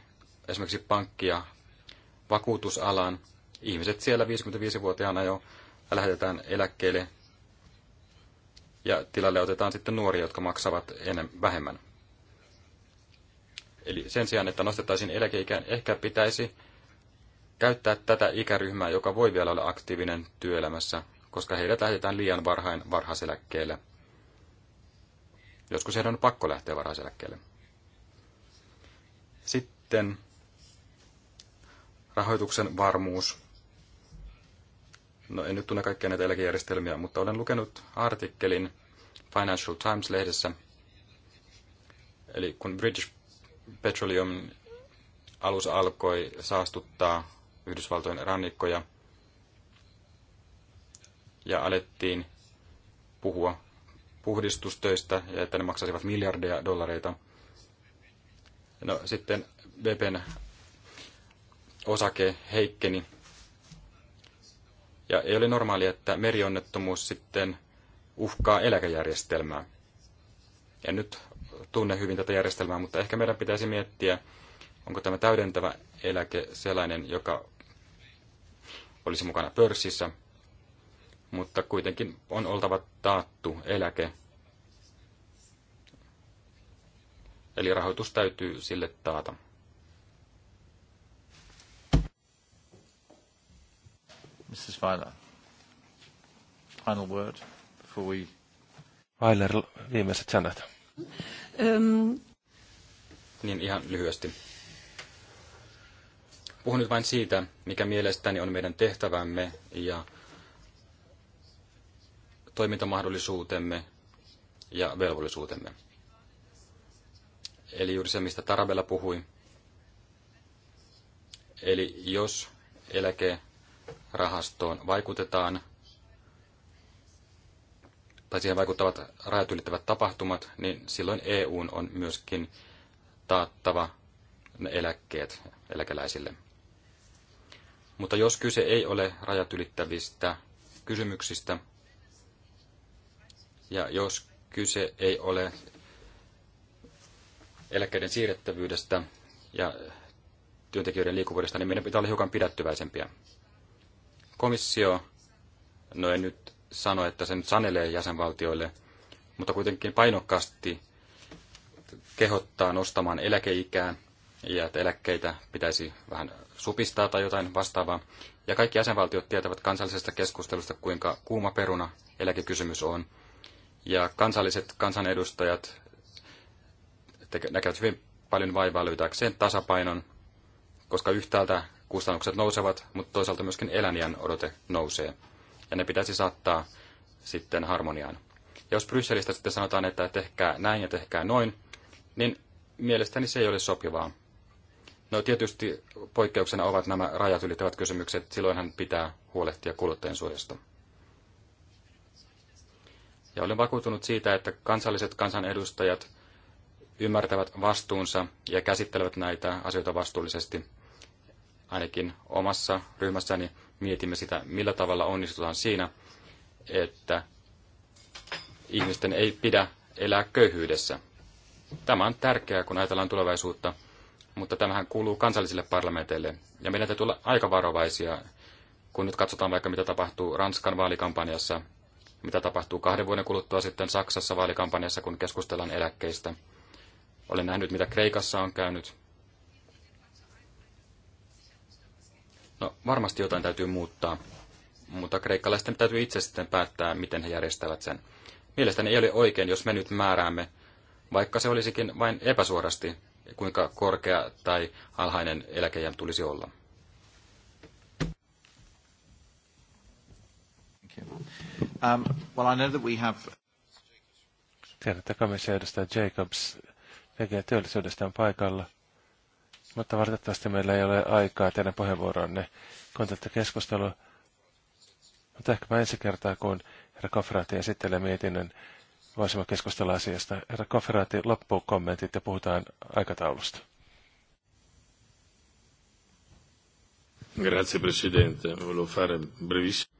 esimerkiksi pankkia vakuutusalaan. Ihmiset siellä 55-vuotiaana jo lähetetään eläkkeelle ja tilalle otetaan sitten nuoria, jotka maksavat enem- vähemmän. Eli sen sijaan, että nostettaisiin eläkeikään, ehkä pitäisi käyttää tätä ikäryhmää, joka voi vielä olla aktiivinen työelämässä, koska heidät lähetetään liian varhain varhaiseläkkeelle. Joskus heidän on pakko lähteä varhaiseläkkeelle. Sitten rahoituksen varmuus. No en nyt tunne kaikkia näitä eläkejärjestelmiä, mutta olen lukenut artikkelin Financial Times-lehdessä. Eli kun British Petroleum alus alkoi saastuttaa Yhdysvaltojen rannikkoja ja alettiin puhua puhdistustöistä ja että ne maksaisivat miljardeja dollareita. No sitten BP:n osake heikkeni. Ja ei ole normaali, että merionnettomuus sitten uhkaa eläkejärjestelmää. En nyt tunne hyvin tätä järjestelmää, mutta ehkä meidän pitäisi miettiä, onko tämä täydentävä eläke sellainen, joka olisi mukana pörssissä, mutta kuitenkin on oltava taattu eläke. Eli rahoitus täytyy sille taata. Mrs. Weiler. Final word before we... Weiler, viimeiset sanat. Um. Niin ihan lyhyesti. Puhun nyt vain siitä, mikä mielestäni on meidän tehtävämme ja toimintamahdollisuutemme ja velvollisuutemme. Eli juuri se, mistä Tarabella puhui. Eli jos eläke rahastoon vaikutetaan, tai siihen vaikuttavat rajat ylittävät tapahtumat, niin silloin EU on myöskin taattava ne eläkkeet eläkeläisille. Mutta jos kyse ei ole rajat ylittävistä kysymyksistä, ja jos kyse ei ole eläkkeiden siirrettävyydestä ja työntekijöiden liikkuvuudesta, niin meidän pitää olla hiukan pidättyväisempiä komissio, no en nyt sano, että se nyt sanelee jäsenvaltioille, mutta kuitenkin painokkaasti kehottaa nostamaan eläkeikää ja että eläkkeitä pitäisi vähän supistaa tai jotain vastaavaa. Ja kaikki jäsenvaltiot tietävät kansallisesta keskustelusta, kuinka kuuma peruna eläkekysymys on. Ja kansalliset kansanedustajat näkevät hyvin paljon vaivaa löytääkseen tasapainon, koska yhtäältä kustannukset nousevat, mutta toisaalta myöskin eläniän odote nousee. Ja ne pitäisi saattaa sitten harmoniaan. Jos Brysselistä sitten sanotaan, että tehkää näin ja tehkää noin, niin mielestäni se ei ole sopivaa. No tietysti poikkeuksena ovat nämä rajat ylittävät kysymykset, silloinhan pitää huolehtia kuluttajien suojasta. Ja olen vakuutunut siitä, että kansalliset kansanedustajat ymmärtävät vastuunsa ja käsittelevät näitä asioita vastuullisesti – ainakin omassa ryhmässäni mietimme sitä, millä tavalla onnistutaan siinä, että ihmisten ei pidä elää köyhyydessä. Tämä on tärkeää, kun ajatellaan tulevaisuutta, mutta tämähän kuuluu kansallisille parlamenteille. Ja meidän täytyy olla aika varovaisia, kun nyt katsotaan vaikka mitä tapahtuu Ranskan vaalikampanjassa, mitä tapahtuu kahden vuoden kuluttua sitten Saksassa vaalikampanjassa, kun keskustellaan eläkkeistä. Olen nähnyt, mitä Kreikassa on käynyt. No varmasti jotain täytyy muuttaa, mutta kreikkalaisten täytyy itse sitten päättää, miten he järjestävät sen. Mielestäni ei ole oikein, jos me nyt määräämme, vaikka se olisikin vain epäsuorasti, kuinka korkea tai alhainen eläkejä tulisi olla. Um, well, I know that we have... Tiedän, että komission edustaja Jacobs tekee työllisyydestä paikalla. Mutta valitettavasti meillä ei ole aikaa teidän puheenvuoronne keskustelua. Mutta ehkä mä ensi kertaa, kun herra Kofraati esittelee mietinnön, voisimme keskustella asiasta. Herra Kofraati, loppuu kommentit ja puhutaan aikataulusta. Grazie Presidente. fare brevissimo.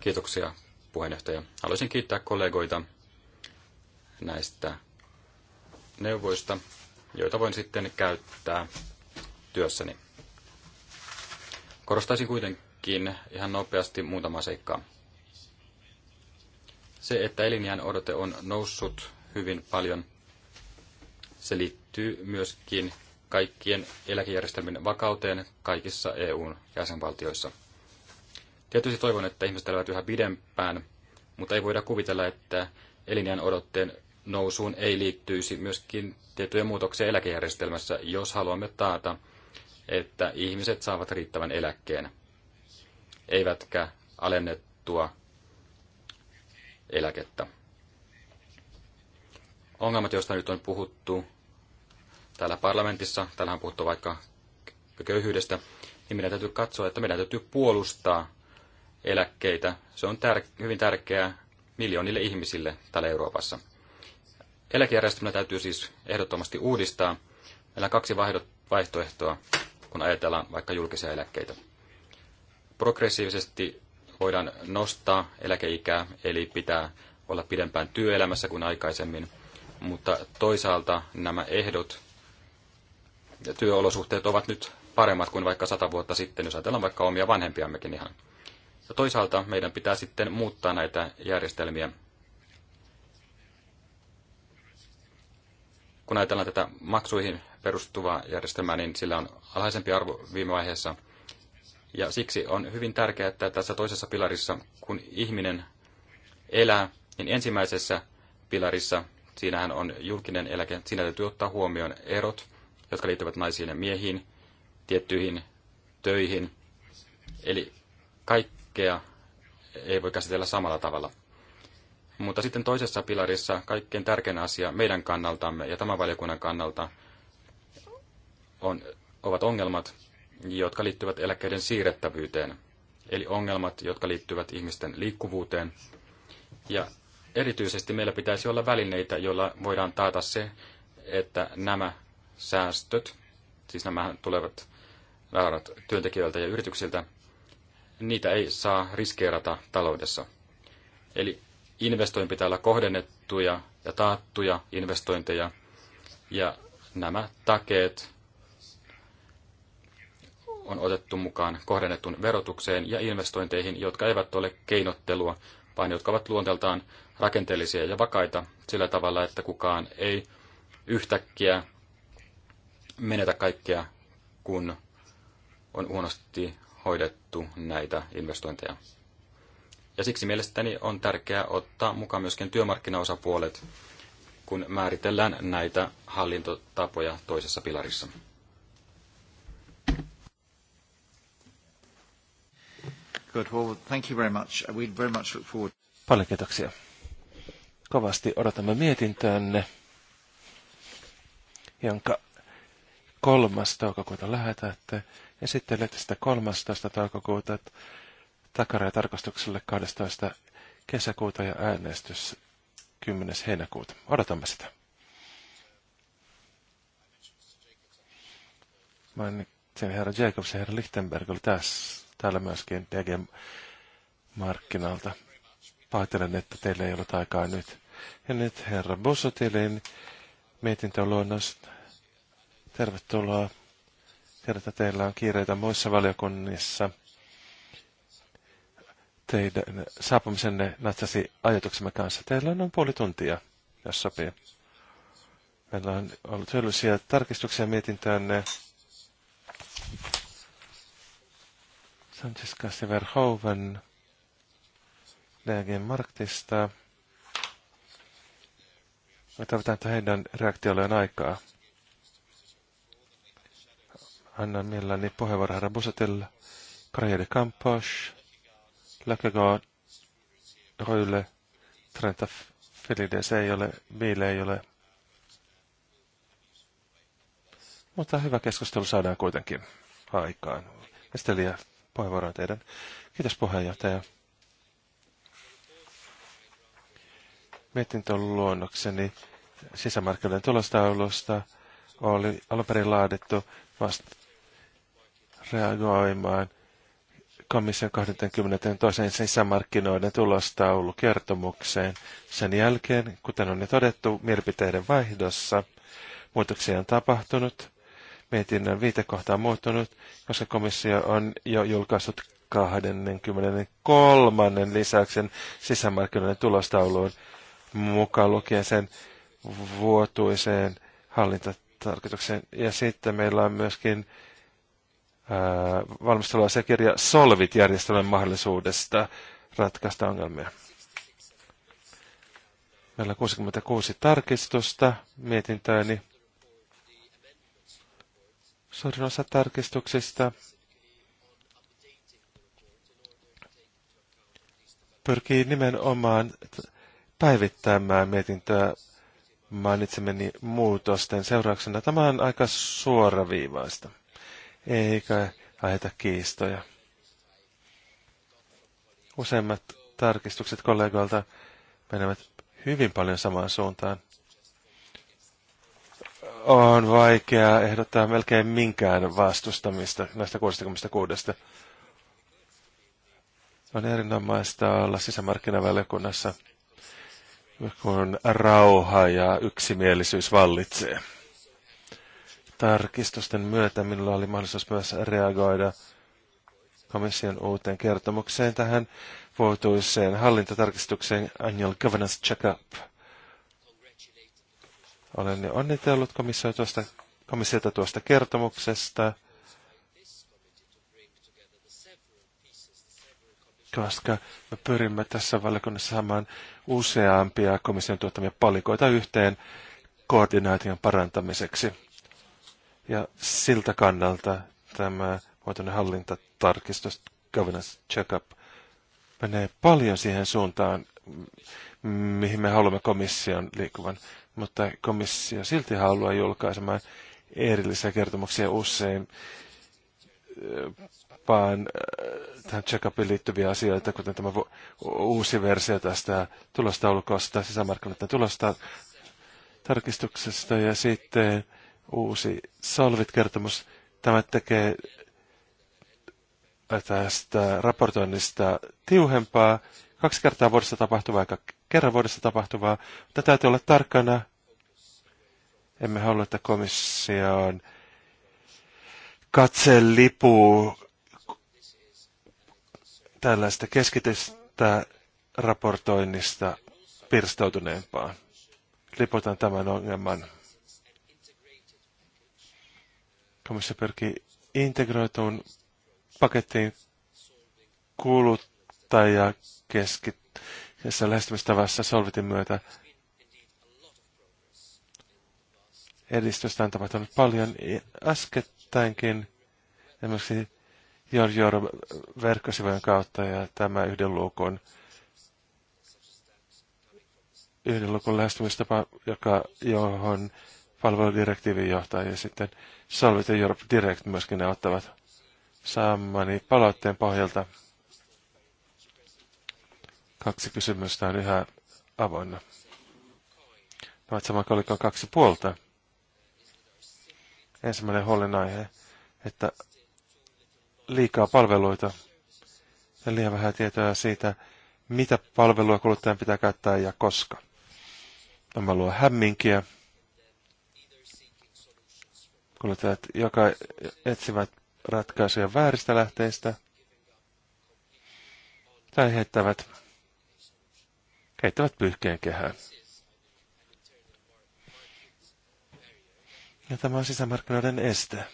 Kiitoksia puheenjohtaja. Haluaisin kiittää kollegoita näistä neuvoista, joita voin sitten käyttää työssäni. Korostaisin kuitenkin ihan nopeasti muutama seikkaa. Se, että elinjään odote on noussut hyvin paljon, se liittyy myöskin kaikkien eläkejärjestelmien vakauteen kaikissa EUn jäsenvaltioissa. Tietysti toivon, että ihmiset elävät yhä pidempään, mutta ei voida kuvitella, että elinjään odotteen nousuun ei liittyisi myöskin tiettyjä muutoksia eläkejärjestelmässä, jos haluamme taata, että ihmiset saavat riittävän eläkkeen, eivätkä alennettua eläkettä. Ongelmat, joista nyt on puhuttu täällä parlamentissa, täällä on puhuttu vaikka köyhyydestä, niin meidän täytyy katsoa, että meidän täytyy puolustaa eläkkeitä. Se on tär- hyvin tärkeää miljoonille ihmisille täällä Euroopassa. Eläkejärjestelmä täytyy siis ehdottomasti uudistaa. Meillä on kaksi vaihtoehtoa kun ajatellaan vaikka julkisia eläkkeitä. Progressiivisesti voidaan nostaa eläkeikää, eli pitää olla pidempään työelämässä kuin aikaisemmin, mutta toisaalta nämä ehdot ja työolosuhteet ovat nyt paremmat kuin vaikka sata vuotta sitten, jos ajatellaan vaikka omia vanhempiammekin ihan. Ja toisaalta meidän pitää sitten muuttaa näitä järjestelmiä. Kun ajatellaan tätä maksuihin perustuvaa järjestelmää, niin sillä on alhaisempi arvo viime vaiheessa. Ja siksi on hyvin tärkeää, että tässä toisessa pilarissa, kun ihminen elää, niin ensimmäisessä pilarissa, siinähän on julkinen eläke, siinä täytyy ottaa huomioon erot, jotka liittyvät naisiin ja miehiin, tiettyihin töihin. Eli kaikkea ei voi käsitellä samalla tavalla. Mutta sitten toisessa pilarissa kaikkein tärkein asia meidän kannaltamme ja tämän valiokunnan kannalta on, ovat ongelmat, jotka liittyvät eläkkeiden siirrettävyyteen, eli ongelmat, jotka liittyvät ihmisten liikkuvuuteen. Ja erityisesti meillä pitäisi olla välineitä, joilla voidaan taata se, että nämä säästöt, siis nämä tulevat rahat työntekijöiltä ja yrityksiltä, niitä ei saa riskeerata taloudessa. Eli investoin pitää olla kohdennettuja ja taattuja investointeja, ja nämä takeet on otettu mukaan kohdennetun verotukseen ja investointeihin, jotka eivät ole keinottelua, vaan jotka ovat luonteeltaan rakenteellisia ja vakaita sillä tavalla, että kukaan ei yhtäkkiä menetä kaikkea, kun on huonosti hoidettu näitä investointeja. Ja siksi mielestäni on tärkeää ottaa mukaan myöskin työmarkkinaosapuolet, kun määritellään näitä hallintotapoja toisessa pilarissa. Good. Well, thank you very much. We very much look forward. Paljon kiitoksia. Kovasti odotamme mietintöänne, jonka 3. toukokuuta lähetätte. Esittelette sitä 13. toukokuuta takara- ja tarkastukselle 12. kesäkuuta ja äänestys 10. heinäkuuta. Odotamme sitä. Mainitsin herra Jacobs ja herra Lichtenberg oli tässä täällä myöskin Degen markkinalta Pahoittelen, että teillä ei ollut aikaa nyt. Ja nyt herra Bussotilin mietintöluonnos. Tervetuloa. Tiedän, että teillä on kiireitä muissa valiokunnissa. Teidän saapumisenne natsasi ajatuksemme kanssa. Teillä on noin puoli tuntia, jos sopii. Meillä on ollut hyödyllisiä tarkistuksia mietintöönne. Franziska Severhoven DG Marktista. Me tarvitaan heidän reaktiolleen aikaa. Annan mielelläni puheenvuoron herra Busetille, Karja de Campos, Läkegaard, Röyle, Trenta Felides ei ole, Biile ei ole. Mutta hyvä keskustelu saadaan kuitenkin aikaan. Esteliä puheenvuoroa teidän. Kiitos puheenjohtaja. luonnokseni sisämarkkinoiden tulostaulusta oli alun perin laadittu vasta reagoimaan komission 22. sisämarkkinoiden tulostaulukertomukseen. Sen jälkeen, kuten on jo todettu mielipiteiden vaihdossa, muutoksia on tapahtunut mietinnön viitekohtaa muuttunut, koska komissio on jo julkaissut 23. lisäyksen sisämarkkinoiden tulostauluun mukaan lukien sen vuotuiseen hallintatarkoitukseen. Ja sitten meillä on myöskin valmistelua kirja Solvit-järjestelmän mahdollisuudesta ratkaista ongelmia. Meillä on 66 tarkistusta mietintööni. Niin Suurin osa tarkistuksista pyrkii nimenomaan päivittämään mietintöä mainitsemeni muutosten seurauksena. Tämä on aika suoraviivaista, eikä aiheuta kiistoja. Useimmat tarkistukset kollegoilta menevät hyvin paljon samaan suuntaan on vaikea ehdottaa melkein minkään vastustamista näistä 66. On erinomaista olla sisämarkkinavaliokunnassa, kun rauha ja yksimielisyys vallitsee. Tarkistusten myötä minulla oli mahdollisuus myös reagoida komission uuteen kertomukseen tähän vuotuiseen hallintotarkistukseen Annual Governance Checkup – olen onnitellut tuosta, komissiota tuosta kertomuksesta, koska me pyrimme tässä valiokunnassa saamaan useampia komission tuottamia palikoita yhteen koordinaation parantamiseksi. Ja siltä kannalta tämä muotoinen hallintatarkistus, governance checkup, menee paljon siihen suuntaan, mihin me haluamme komission liikkuvan mutta komissio silti haluaa julkaisemaan erillisiä kertomuksia usein vaan tähän check liittyviä asioita, kuten tämä uusi versio tästä tulostaulukosta, sisämarkkinoiden tulosta tarkistuksesta ja sitten uusi Solvit-kertomus. Tämä tekee tästä raportoinnista tiuhempaa kaksi kertaa vuodessa tapahtuvaa eikä kerran vuodessa tapahtuvaa, mutta täytyy olla tarkkana. Emme halua, että komission katse lipuu tällaista keskitystä raportoinnista pirstoutuneempaa. Liputan tämän ongelman. Komissio pyrkii integroituun pakettiin kuluttajaa keskisessä lähestymistavassa Solvitin myötä edistystä on tapahtunut paljon äskettäinkin esimerkiksi Jorjoro verkkosivujen kautta ja tämä yhden luukun yhden luukun lähestymistapa, joka, johon palveludirektiivi johtaa ja sitten Solvit ja Europe Direct myöskin ne ottavat saamani palautteen pohjalta. Kaksi kysymystä on yhä avoinna. Ne ovat saman kaksi puolta. Ensimmäinen huolenaihe, että liikaa palveluita ja liian vähän tietoa siitä, mitä palvelua kuluttajan pitää käyttää ja koska. Tämä luo hämminkiä. Kuluttajat, joka etsivät ratkaisuja vääristä lähteistä tai heittävät heittävät pyyhkeen kehään. Ja tämä on sisämarkkinoiden este,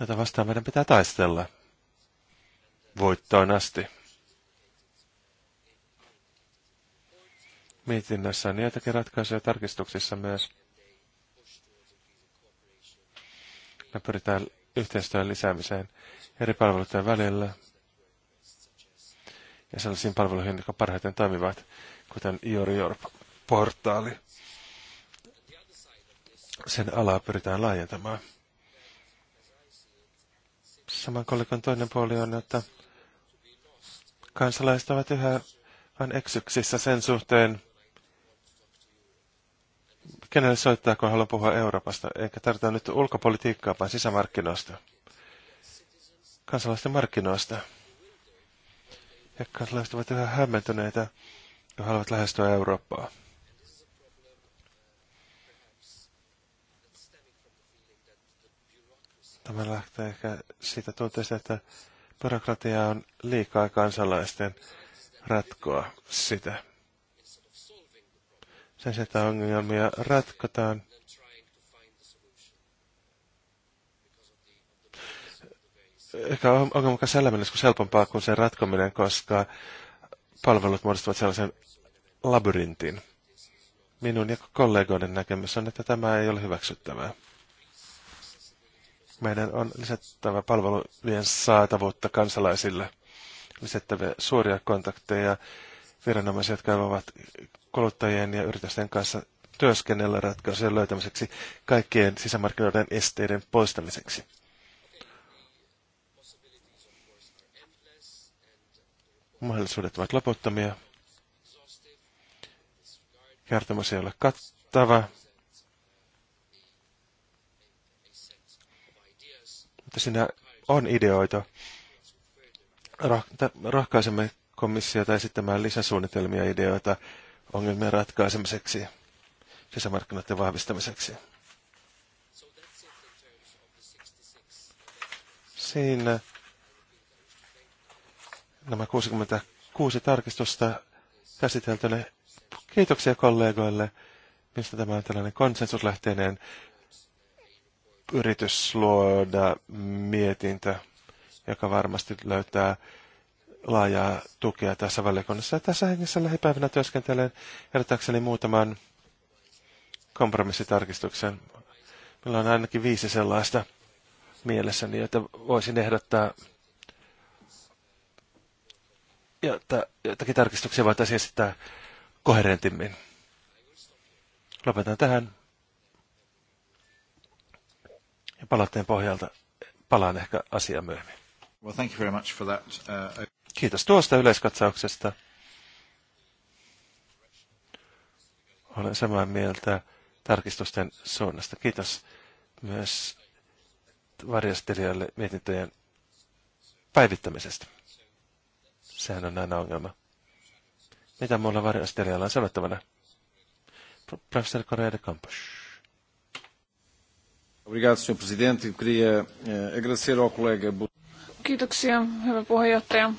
jota vastaan meidän pitää taistella voittoon asti. Mietinnässä on joitakin ratkaisuja tarkistuksissa myös. Me pyritään yhteistyön lisäämiseen eri palveluiden välillä – ja sellaisiin palveluihin, jotka parhaiten toimivat, kuten Your Europe-portaali. Sen alaa pyritään laajentamaan. Saman kolikon toinen puoli on, että kansalaiset ovat yhä vain eksyksissä sen suhteen, kenelle soittaa, kun haluan puhua Euroopasta, eikä tarvita nyt ulkopolitiikkaa, vaan sisämarkkinoista, kansalaisten markkinoista ja kansalaiset ovat yhä hämmentyneitä ja haluavat lähestyä Eurooppaa. Tämä lähtee ehkä siitä tunteesta, että byrokratia on liikaa kansalaisten ratkoa sitä. Sen sijaan, että ongelmia ratkotaan, ehkä ongelman kanssa eläminen on helpompaa kuin sen ratkominen, koska palvelut muodostavat sellaisen labyrintin. Minun ja kollegoiden näkemys on, että tämä ei ole hyväksyttävää. Meidän on lisättävä palvelujen saatavuutta kansalaisille, lisättävä suoria kontakteja viranomaisia, jotka ovat kuluttajien ja yritysten kanssa työskennellä ratkaisujen löytämiseksi kaikkien sisämarkkinoiden esteiden poistamiseksi. mahdollisuudet ovat loputtomia. Kertomus ei ole kattava. Mutta siinä on ideoita. Rohkaisemme komissiota esittämään lisäsuunnitelmia ideoita ongelmien ratkaisemiseksi, sisämarkkinoiden vahvistamiseksi. Siinä nämä 66 tarkistusta käsiteltyne. Kiitoksia kollegoille. Mistä tämä on tällainen konsensuslähteinen yritys luoda mietintö, joka varmasti löytää laajaa tukea tässä valiokunnassa. Ja tässä hengessä lähipäivänä työskentelen herätäkseni muutaman kompromissitarkistuksen. Meillä on ainakin viisi sellaista mielessäni, joita voisin ehdottaa jotta, jotakin tarkistuksia voitaisiin esittää koherentimmin. Lopetan tähän. Ja palautteen pohjalta palaan ehkä asiaan myöhemmin. Well, thank you very much for that. Uh, Kiitos tuosta yleiskatsauksesta. Olen samaa mieltä tarkistusten suunnasta. Kiitos myös varjastelijalle mietintöjen päivittämisestä. Sehän on aina ongelma. Mitä mulla varjostelijalla on sanottavana? Professor Correa de Campos. Obrigado, senhor presidente. Eu queria eh, agradecer ao colega... Kiitoksia, hyvä puheenjohtaja.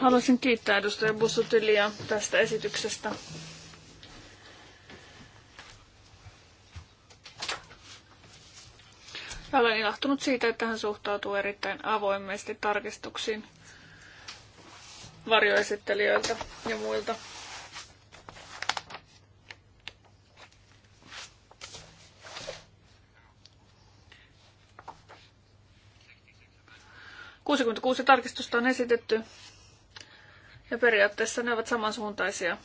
Haluaisin kiittää edustaja Busutilia tästä esityksestä. Ja olen ilahtunut siitä, että hän suhtautuu erittäin avoimesti tarkistuksiin varjoesittelijöiltä ja muilta. kuusi tarkistusta on esitetty ja periaatteessa ne ovat samansuuntaisia.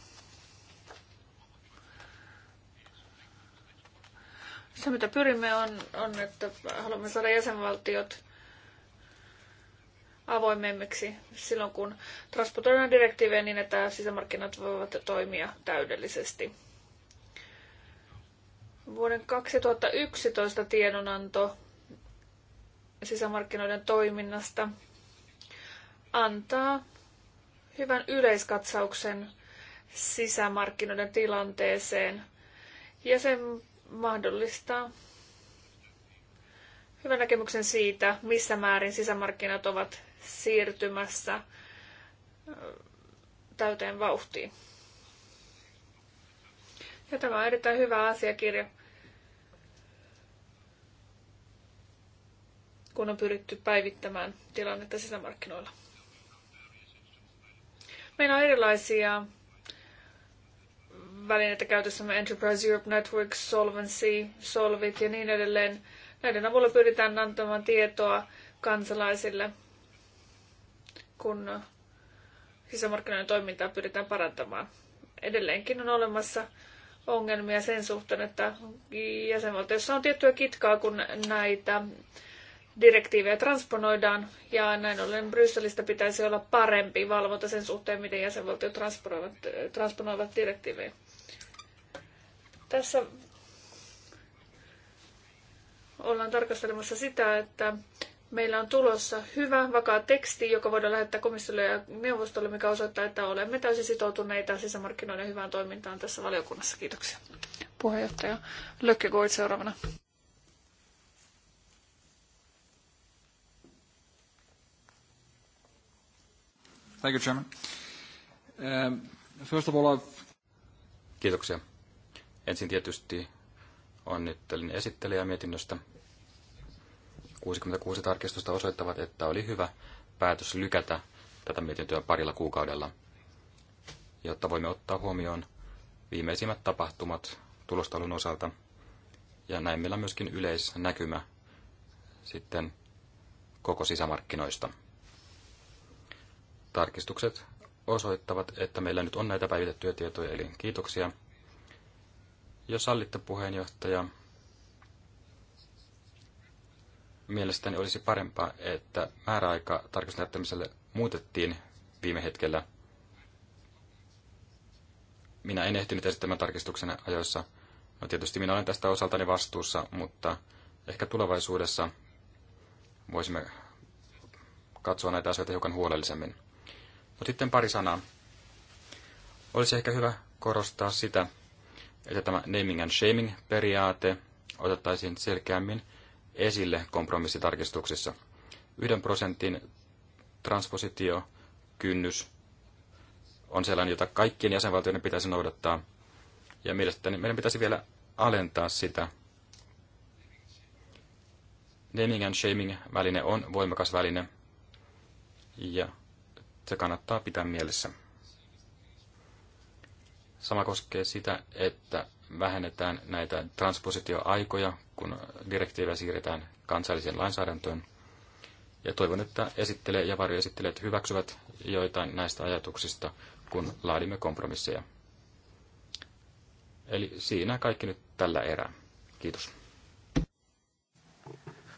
Se mitä pyrimme on, on, että haluamme saada jäsenvaltiot avoimemmiksi silloin, kun transportoidaan direktiivejä niin, että sisämarkkinat voivat toimia täydellisesti. Vuoden 2011 tiedonanto sisämarkkinoiden toiminnasta antaa hyvän yleiskatsauksen sisämarkkinoiden tilanteeseen ja sen mahdollistaa hyvän näkemyksen siitä, missä määrin sisämarkkinat ovat siirtymässä täyteen vauhtiin. Ja tämä on erittäin hyvä asiakirja, kun on pyritty päivittämään tilannetta sisämarkkinoilla. Meillä on erilaisia välineitä käytössä, Enterprise Europe Network, Solvency, Solvit ja niin edelleen. Näiden avulla pyritään antamaan tietoa kansalaisille – kun sisämarkkinoiden toimintaa pyritään parantamaan. Edelleenkin on olemassa ongelmia sen suhteen, että jäsenvaltiossa on tiettyä kitkaa, kun näitä direktiivejä transponoidaan, ja näin ollen Brysselistä pitäisi olla parempi valvonta sen suhteen, miten jäsenvaltiot transponoivat, transponoivat direktiivejä. Tässä ollaan tarkastelemassa sitä, että Meillä on tulossa hyvä, vakaa teksti, joka voidaan lähettää komissiolle ja neuvostolle, mikä osoittaa, että olemme täysin sitoutuneita sisämarkkinoiden hyvään toimintaan tässä valiokunnassa. Kiitoksia. Puheenjohtaja goit seuraavana. Thank you, Chairman. Um, first of all, I've... Kiitoksia. Ensin tietysti onnittelin esittelijää mietinnöstä. 66 tarkistusta osoittavat, että oli hyvä päätös lykätä tätä mietintöä parilla kuukaudella, jotta voimme ottaa huomioon viimeisimmät tapahtumat tulostalun osalta. Ja näin meillä on myöskin yleisnäkymä sitten koko sisämarkkinoista. Tarkistukset osoittavat, että meillä nyt on näitä päivitettyjä tietoja, eli kiitoksia. Jos sallitte puheenjohtaja, mielestäni olisi parempaa, että määräaika tarkastusnäyttämiselle muutettiin viime hetkellä. Minä en ehtinyt esittämään tarkistuksen ajoissa. No tietysti minä olen tästä osaltani vastuussa, mutta ehkä tulevaisuudessa voisimme katsoa näitä asioita hiukan huolellisemmin. No sitten pari sanaa. Olisi ehkä hyvä korostaa sitä, että tämä naming and shaming periaate otettaisiin selkeämmin – esille kompromissitarkistuksissa. Yhden prosentin transpositiokynnys on sellainen, jota kaikkien jäsenvaltioiden pitäisi noudattaa. Ja mielestäni meidän pitäisi vielä alentaa sitä. Naming and shaming-väline on voimakas väline, ja se kannattaa pitää mielessä. Sama koskee sitä, että vähennetään näitä transpositioaikoja, kun direktiivejä siirretään kansalliseen lainsäädäntöön. Ja toivon, että esittelee ja varjoesittelijät hyväksyvät joitain näistä ajatuksista, kun laadimme kompromisseja. Eli siinä kaikki nyt tällä erää. Kiitos.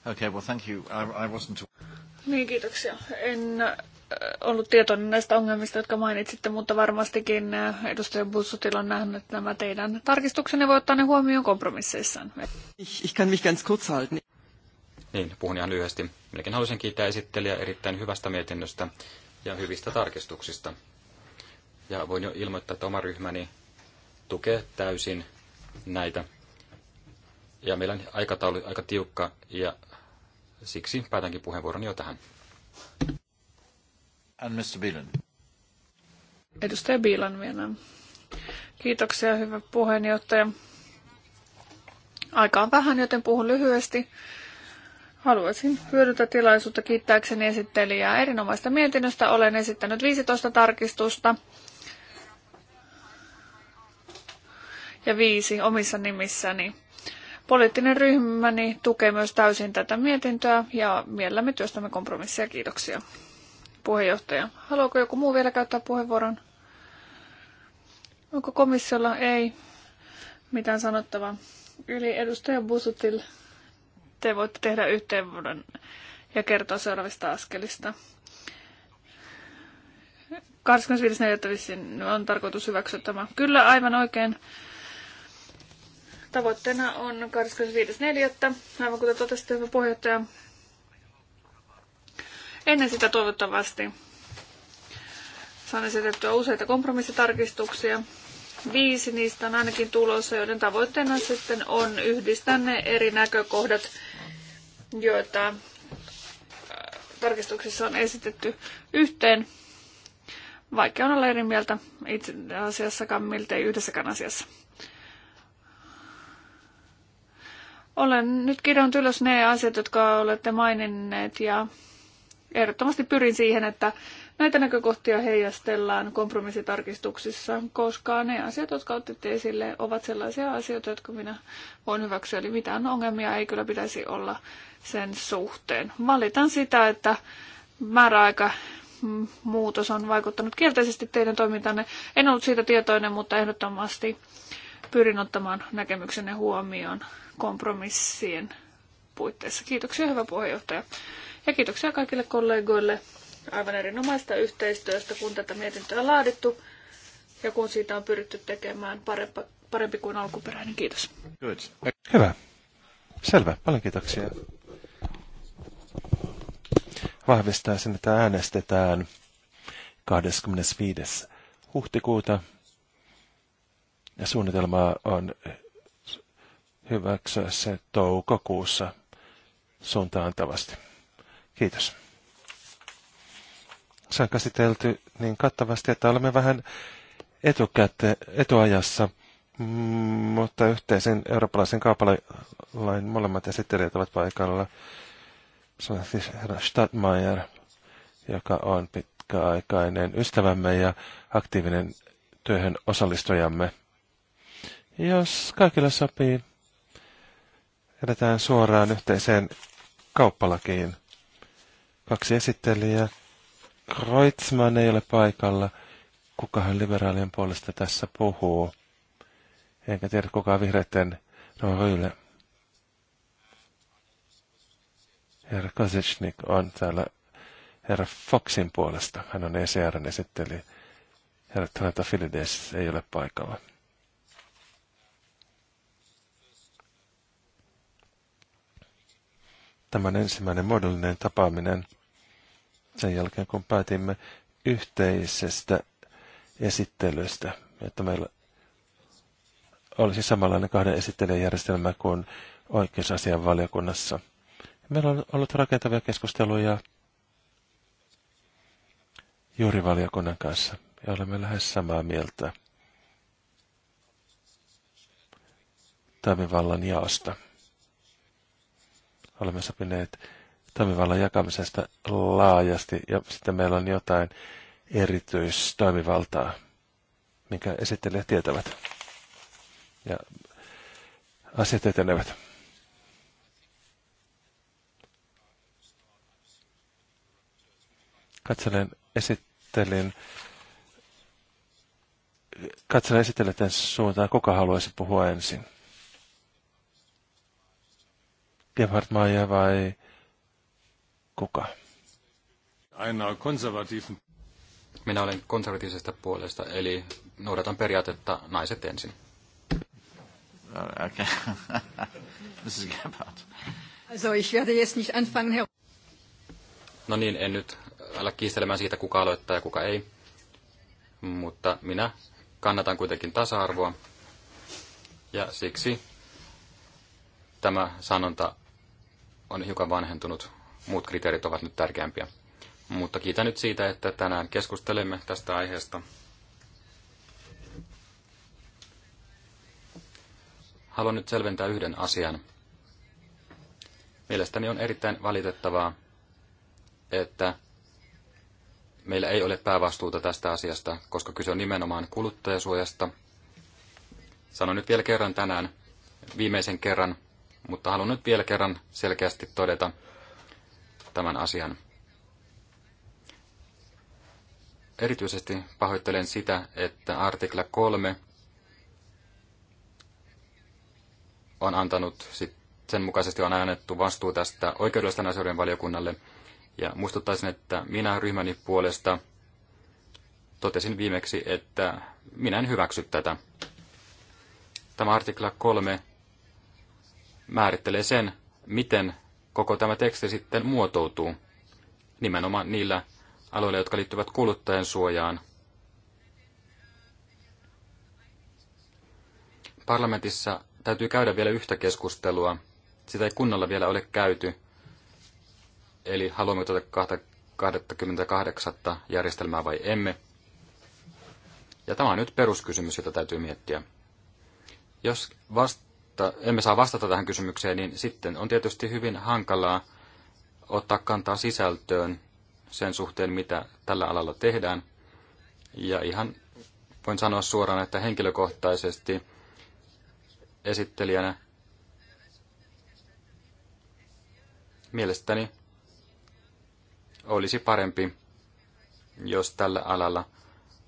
Okay, well, thank you. I, I wasn't... Niin, kiitoksia. En Äh, ollut tietoinen näistä ongelmista, jotka mainitsitte, mutta varmastikin äh, edustaja Bussutil on nähnyt nämä teidän tarkistuksenne voi ottaa ne huomioon kompromisseissaan. Ich, ich kann mich ganz kurz halten. Niin, puhun ihan lyhyesti. Minäkin haluaisin kiittää esittelijä erittäin hyvästä mietinnöstä ja hyvistä tarkistuksista. Ja voin jo ilmoittaa, että oma ryhmäni tukee täysin näitä. Ja meillä on aikataulu aika tiukka ja siksi päätänkin puheenvuoron jo tähän. And Mr. Bielen. Edustaja Biilan vielä. Kiitoksia, hyvä puheenjohtaja. Aika on vähän, joten puhun lyhyesti. Haluaisin hyödyntää tilaisuutta kiittääkseni esittelijää erinomaista mietinnöstä. Olen esittänyt 15 tarkistusta ja viisi omissa nimissäni. Poliittinen ryhmäni tukee myös täysin tätä mietintöä ja mielellämme työstämme kompromissia. Kiitoksia puheenjohtaja. Haluaako joku muu vielä käyttää puheenvuoron? Onko komissiolla ei mitään sanottavaa? Eli edustaja Busutil, te voitte tehdä yhteenvuoron ja kertoa seuraavista askelista. 25.4. on tarkoitus hyväksyä tämä. Kyllä, aivan oikein. Tavoitteena on 25.4. Aivan kuten totesitte, hyvä puheenjohtaja, Ennen sitä toivottavasti saan esitettyä useita kompromissitarkistuksia. Viisi niistä on ainakin tulossa, joiden tavoitteena sitten on yhdistää ne eri näkökohdat, joita äh, tarkistuksissa on esitetty yhteen. Vaikea on olla eri mieltä itse asiassakaan miltei yhdessäkään asiassa. Olen nyt kirjoittanut ylös ne asiat, jotka olette maininneet ja ehdottomasti pyrin siihen, että näitä näkökohtia heijastellaan kompromissitarkistuksissa, koska ne asiat, jotka otitte esille, ovat sellaisia asioita, jotka minä voin hyväksyä. Eli mitään ongelmia ei kyllä pitäisi olla sen suhteen. Valitan sitä, että määräaika mm, muutos on vaikuttanut kielteisesti teidän toimintanne. En ollut siitä tietoinen, mutta ehdottomasti pyrin ottamaan näkemyksenne huomioon kompromissien puitteissa. Kiitoksia, hyvä puheenjohtaja. Ja kiitoksia kaikille kollegoille aivan erinomaista yhteistyöstä, kun tätä mietintöä on laadittu ja kun siitä on pyritty tekemään parempa, parempi kuin alkuperäinen. Kiitos. Good. Hyvä. Selvä. Paljon kiitoksia. Vahvistaa sen, että äänestetään 25. huhtikuuta. Ja suunnitelma on hyväksyä se toukokuussa suuntaantavasti. Kiitos. Se on käsitelty niin kattavasti, että olemme vähän etukäte, etuajassa, mm, mutta yhteisen eurooppalaisen kaupalain molemmat esittelijät ovat paikalla. Se on siis herra Stadmeier, joka on pitkäaikainen ystävämme ja aktiivinen työhön osallistujamme. Jos kaikille sopii, edetään suoraan yhteiseen kauppalakiin. Kaksi esittelijää. Kreutzmann ei ole paikalla. Kukahan liberaalien puolesta tässä puhuu? Enkä tiedä, kuka on vihreiden Rova Herra Kosicnik on täällä herra Foxin puolesta. Hän on ECRn esittelijä. Herra Trenta Filides ei ole paikalla. Tämä ensimmäinen muodollinen tapaaminen sen jälkeen, kun päätimme yhteisestä esittelystä, että meillä olisi samanlainen kahden esittelijän järjestelmä kuin oikeusasian valiokunnassa. Meillä on ollut rakentavia keskusteluja juuri valiokunnan kanssa ja olemme lähes samaa mieltä toimivallan jaosta olemme sopineet toimivallan jakamisesta laajasti ja sitten meillä on jotain erityistoimivaltaa, minkä esittelijät tietävät. Ja asiat etenevät. Katselen esittelin katselen esittelijän suuntaan, kuka haluaisi puhua ensin. Gebhard Maija vai kuka? Aina konservatiivinen. Minä olen konservatiivisesta puolesta, eli noudatan periaatetta naiset ensin. Äh, okay. [LAUGHS] No niin, en nyt ala kiistelemään siitä, kuka aloittaa ja kuka ei. Mutta minä kannatan kuitenkin tasa-arvoa. Ja siksi tämä sanonta on hiukan vanhentunut. Muut kriteerit ovat nyt tärkeämpiä. Mutta kiitän nyt siitä, että tänään keskustelemme tästä aiheesta. Haluan nyt selventää yhden asian. Mielestäni on erittäin valitettavaa, että meillä ei ole päävastuuta tästä asiasta, koska kyse on nimenomaan kuluttajasuojasta. Sanon nyt vielä kerran tänään, viimeisen kerran, mutta haluan nyt vielä kerran selkeästi todeta tämän asian. Erityisesti pahoittelen sitä, että artikla 3 on antanut, sen mukaisesti on annettu vastuu tästä oikeudellisten asioiden valiokunnalle. Ja muistuttaisin, että minä ryhmäni puolesta totesin viimeksi, että minä en hyväksy tätä. Tämä artikla 3 määrittelee sen, miten koko tämä teksti sitten muotoutuu nimenomaan niillä aloilla, jotka liittyvät kuluttajan suojaan. Parlamentissa täytyy käydä vielä yhtä keskustelua. Sitä ei kunnolla vielä ole käyty. Eli haluamme tuota 28. järjestelmää vai emme. Ja tämä on nyt peruskysymys, jota täytyy miettiä. Jos vast- mutta emme saa vastata tähän kysymykseen, niin sitten on tietysti hyvin hankalaa ottaa kantaa sisältöön sen suhteen, mitä tällä alalla tehdään. Ja ihan voin sanoa suoraan, että henkilökohtaisesti esittelijänä mielestäni olisi parempi, jos tällä alalla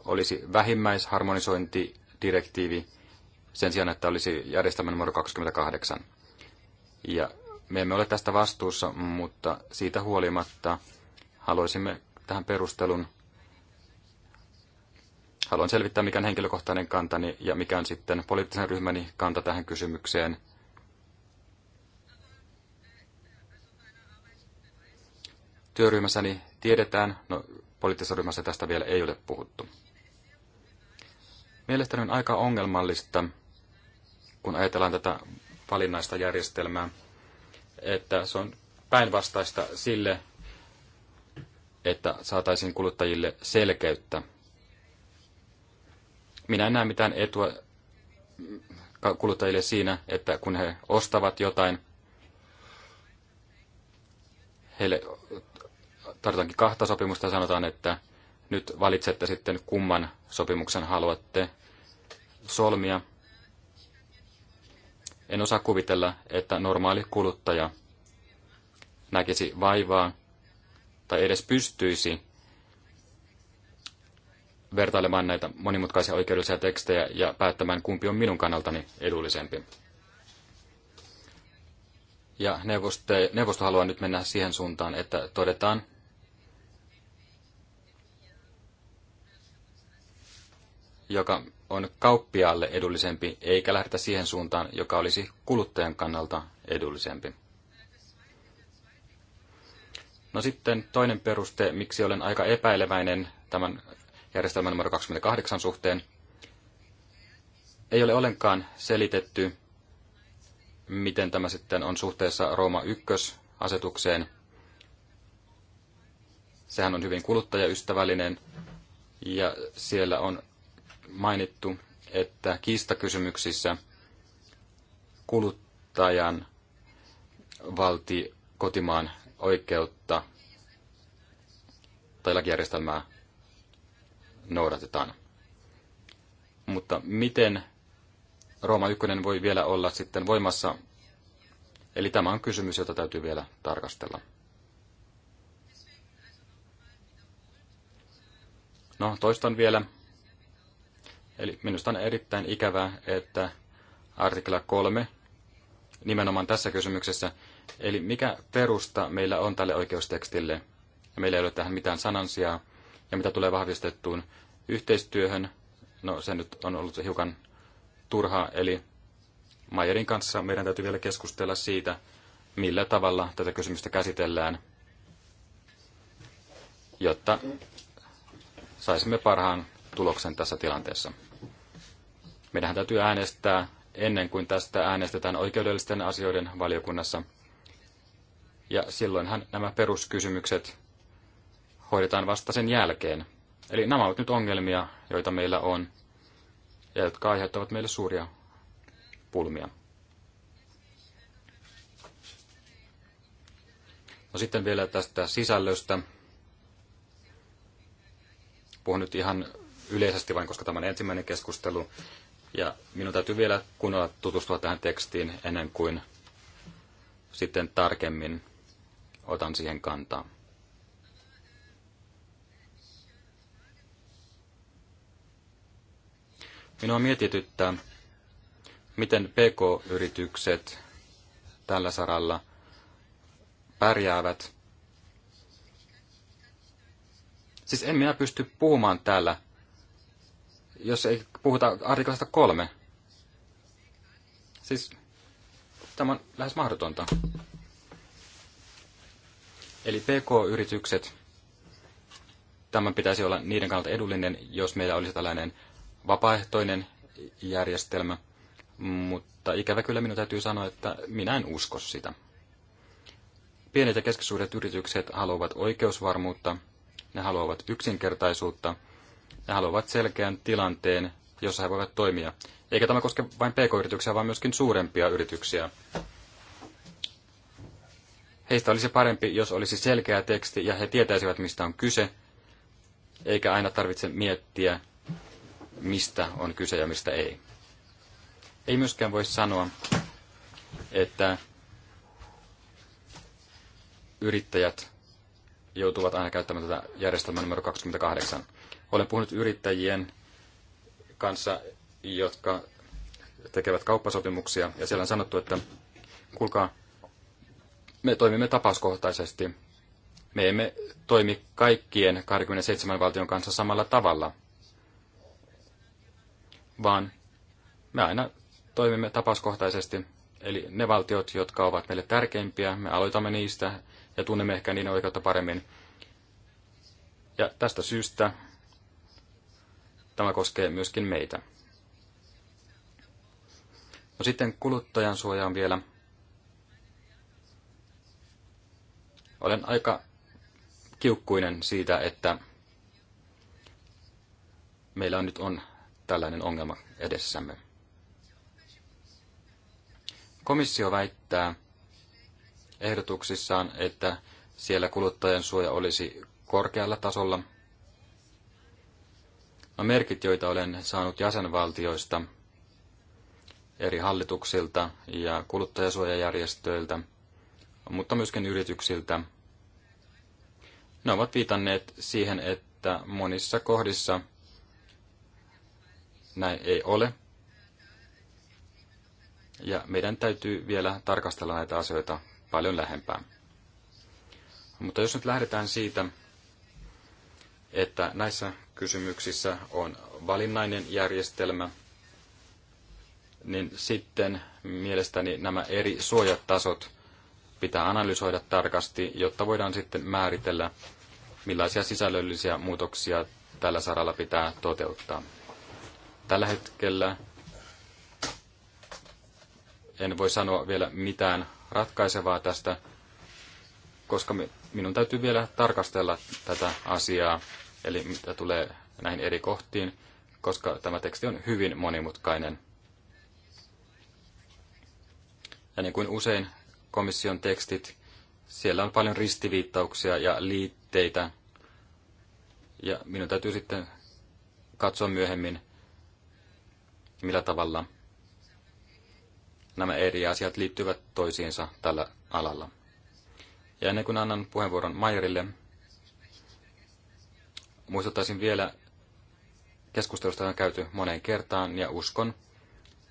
olisi vähimmäisharmonisointidirektiivi, sen sijaan, että olisi järjestelmä numero 28. Ja me emme ole tästä vastuussa, mutta siitä huolimatta haluaisimme tähän perustelun. Haluan selvittää, mikä on henkilökohtainen kantani ja mikä on sitten poliittisen ryhmäni kanta tähän kysymykseen. Työryhmässäni tiedetään, no poliittisessa ryhmässä tästä vielä ei ole puhuttu. Mielestäni on aika ongelmallista, kun ajatellaan tätä valinnaista järjestelmää, että se on päinvastaista sille, että saataisiin kuluttajille selkeyttä. Minä en näe mitään etua kuluttajille siinä, että kun he ostavat jotain, heille tarjotaankin kahta sopimusta ja sanotaan, että nyt valitsette sitten kumman sopimuksen haluatte solmia – en osaa kuvitella, että normaali kuluttaja näkisi vaivaa tai edes pystyisi vertailemaan näitä monimutkaisia oikeudellisia tekstejä ja päättämään, kumpi on minun kannaltani edullisempi. Ja neuvosto, neuvosto haluaa nyt mennä siihen suuntaan, että todetaan, joka on kauppiaalle edullisempi, eikä lähdetä siihen suuntaan, joka olisi kuluttajan kannalta edullisempi. No sitten toinen peruste, miksi olen aika epäileväinen tämän järjestelmän numero 28 suhteen, ei ole ollenkaan selitetty, miten tämä sitten on suhteessa Rooma 1-asetukseen. Sehän on hyvin kuluttajaystävällinen ja siellä on mainittu, että kiistakysymyksissä kuluttajan valti kotimaan oikeutta tai lakijärjestelmää noudatetaan. Mutta miten Rooma 1 voi vielä olla sitten voimassa? Eli tämä on kysymys, jota täytyy vielä tarkastella. No, toistan vielä, Eli minusta on erittäin ikävää, että artikla 3 nimenomaan tässä kysymyksessä, eli mikä perusta meillä on tälle oikeustekstille, ja meillä ei ole tähän mitään sanansijaa, ja mitä tulee vahvistettuun yhteistyöhön, no se nyt on ollut hiukan turhaa, eli Mayerin kanssa meidän täytyy vielä keskustella siitä, millä tavalla tätä kysymystä käsitellään, jotta saisimme parhaan tuloksen tässä tilanteessa. Meidän täytyy äänestää ennen kuin tästä äänestetään oikeudellisten asioiden valiokunnassa. Ja silloinhan nämä peruskysymykset hoidetaan vasta sen jälkeen. Eli nämä ovat nyt ongelmia, joita meillä on, ja jotka aiheuttavat meille suuria pulmia. No sitten vielä tästä sisällöstä. Puhun nyt ihan yleisesti vain, koska tämä on ensimmäinen keskustelu ja minun täytyy vielä kunnolla tutustua tähän tekstiin ennen kuin sitten tarkemmin otan siihen kantaa. Minua mietityttää, miten PK-yritykset tällä saralla pärjäävät. Siis en minä pysty puhumaan täällä, jos ei puhutaan artiklasta kolme. Siis tämä on lähes mahdotonta. Eli PK-yritykset, tämän pitäisi olla niiden kannalta edullinen, jos meillä olisi tällainen vapaaehtoinen järjestelmä, mutta ikävä kyllä minun täytyy sanoa, että minä en usko sitä. Pienet ja keskisuuret yritykset haluavat oikeusvarmuutta, ne haluavat yksinkertaisuutta, ne haluavat selkeän tilanteen jossa he voivat toimia. Eikä tämä koske vain pk-yrityksiä, vaan myöskin suurempia yrityksiä. Heistä olisi parempi, jos olisi selkeä teksti ja he tietäisivät, mistä on kyse, eikä aina tarvitse miettiä, mistä on kyse ja mistä ei. Ei myöskään voi sanoa, että yrittäjät joutuvat aina käyttämään tätä järjestelmää numero 28. Olen puhunut yrittäjien kanssa, jotka tekevät kauppasopimuksia, ja siellä on sanottu, että kuulkaa, me toimimme tapauskohtaisesti. Me emme toimi kaikkien 27 valtion kanssa samalla tavalla, vaan me aina toimimme tapauskohtaisesti. Eli ne valtiot, jotka ovat meille tärkeimpiä, me aloitamme niistä ja tunnemme ehkä niiden oikeutta paremmin. Ja tästä syystä Tämä koskee myöskin meitä. No sitten kuluttajan suojaan vielä. Olen aika kiukkuinen siitä, että meillä on nyt on tällainen ongelma edessämme. Komissio väittää ehdotuksissaan, että siellä kuluttajan suoja olisi korkealla tasolla – merkit, joita olen saanut jäsenvaltioista, eri hallituksilta ja kuluttajasuojajärjestöiltä, mutta myöskin yrityksiltä. Ne ovat viitanneet siihen, että monissa kohdissa näin ei ole. Ja meidän täytyy vielä tarkastella näitä asioita paljon lähempää. Mutta jos nyt lähdetään siitä, että näissä kysymyksissä on valinnainen järjestelmä, niin sitten mielestäni nämä eri suojatasot pitää analysoida tarkasti, jotta voidaan sitten määritellä, millaisia sisällöllisiä muutoksia tällä saralla pitää toteuttaa. Tällä hetkellä en voi sanoa vielä mitään ratkaisevaa tästä, koska minun täytyy vielä tarkastella tätä asiaa eli mitä tulee näihin eri kohtiin, koska tämä teksti on hyvin monimutkainen. Ja niin kuin usein komission tekstit, siellä on paljon ristiviittauksia ja liitteitä. Ja minun täytyy sitten katsoa myöhemmin, millä tavalla nämä eri asiat liittyvät toisiinsa tällä alalla. Ja ennen kuin annan puheenvuoron Majerille, Muistuttaisin vielä, keskustelusta on käyty moneen kertaan ja uskon,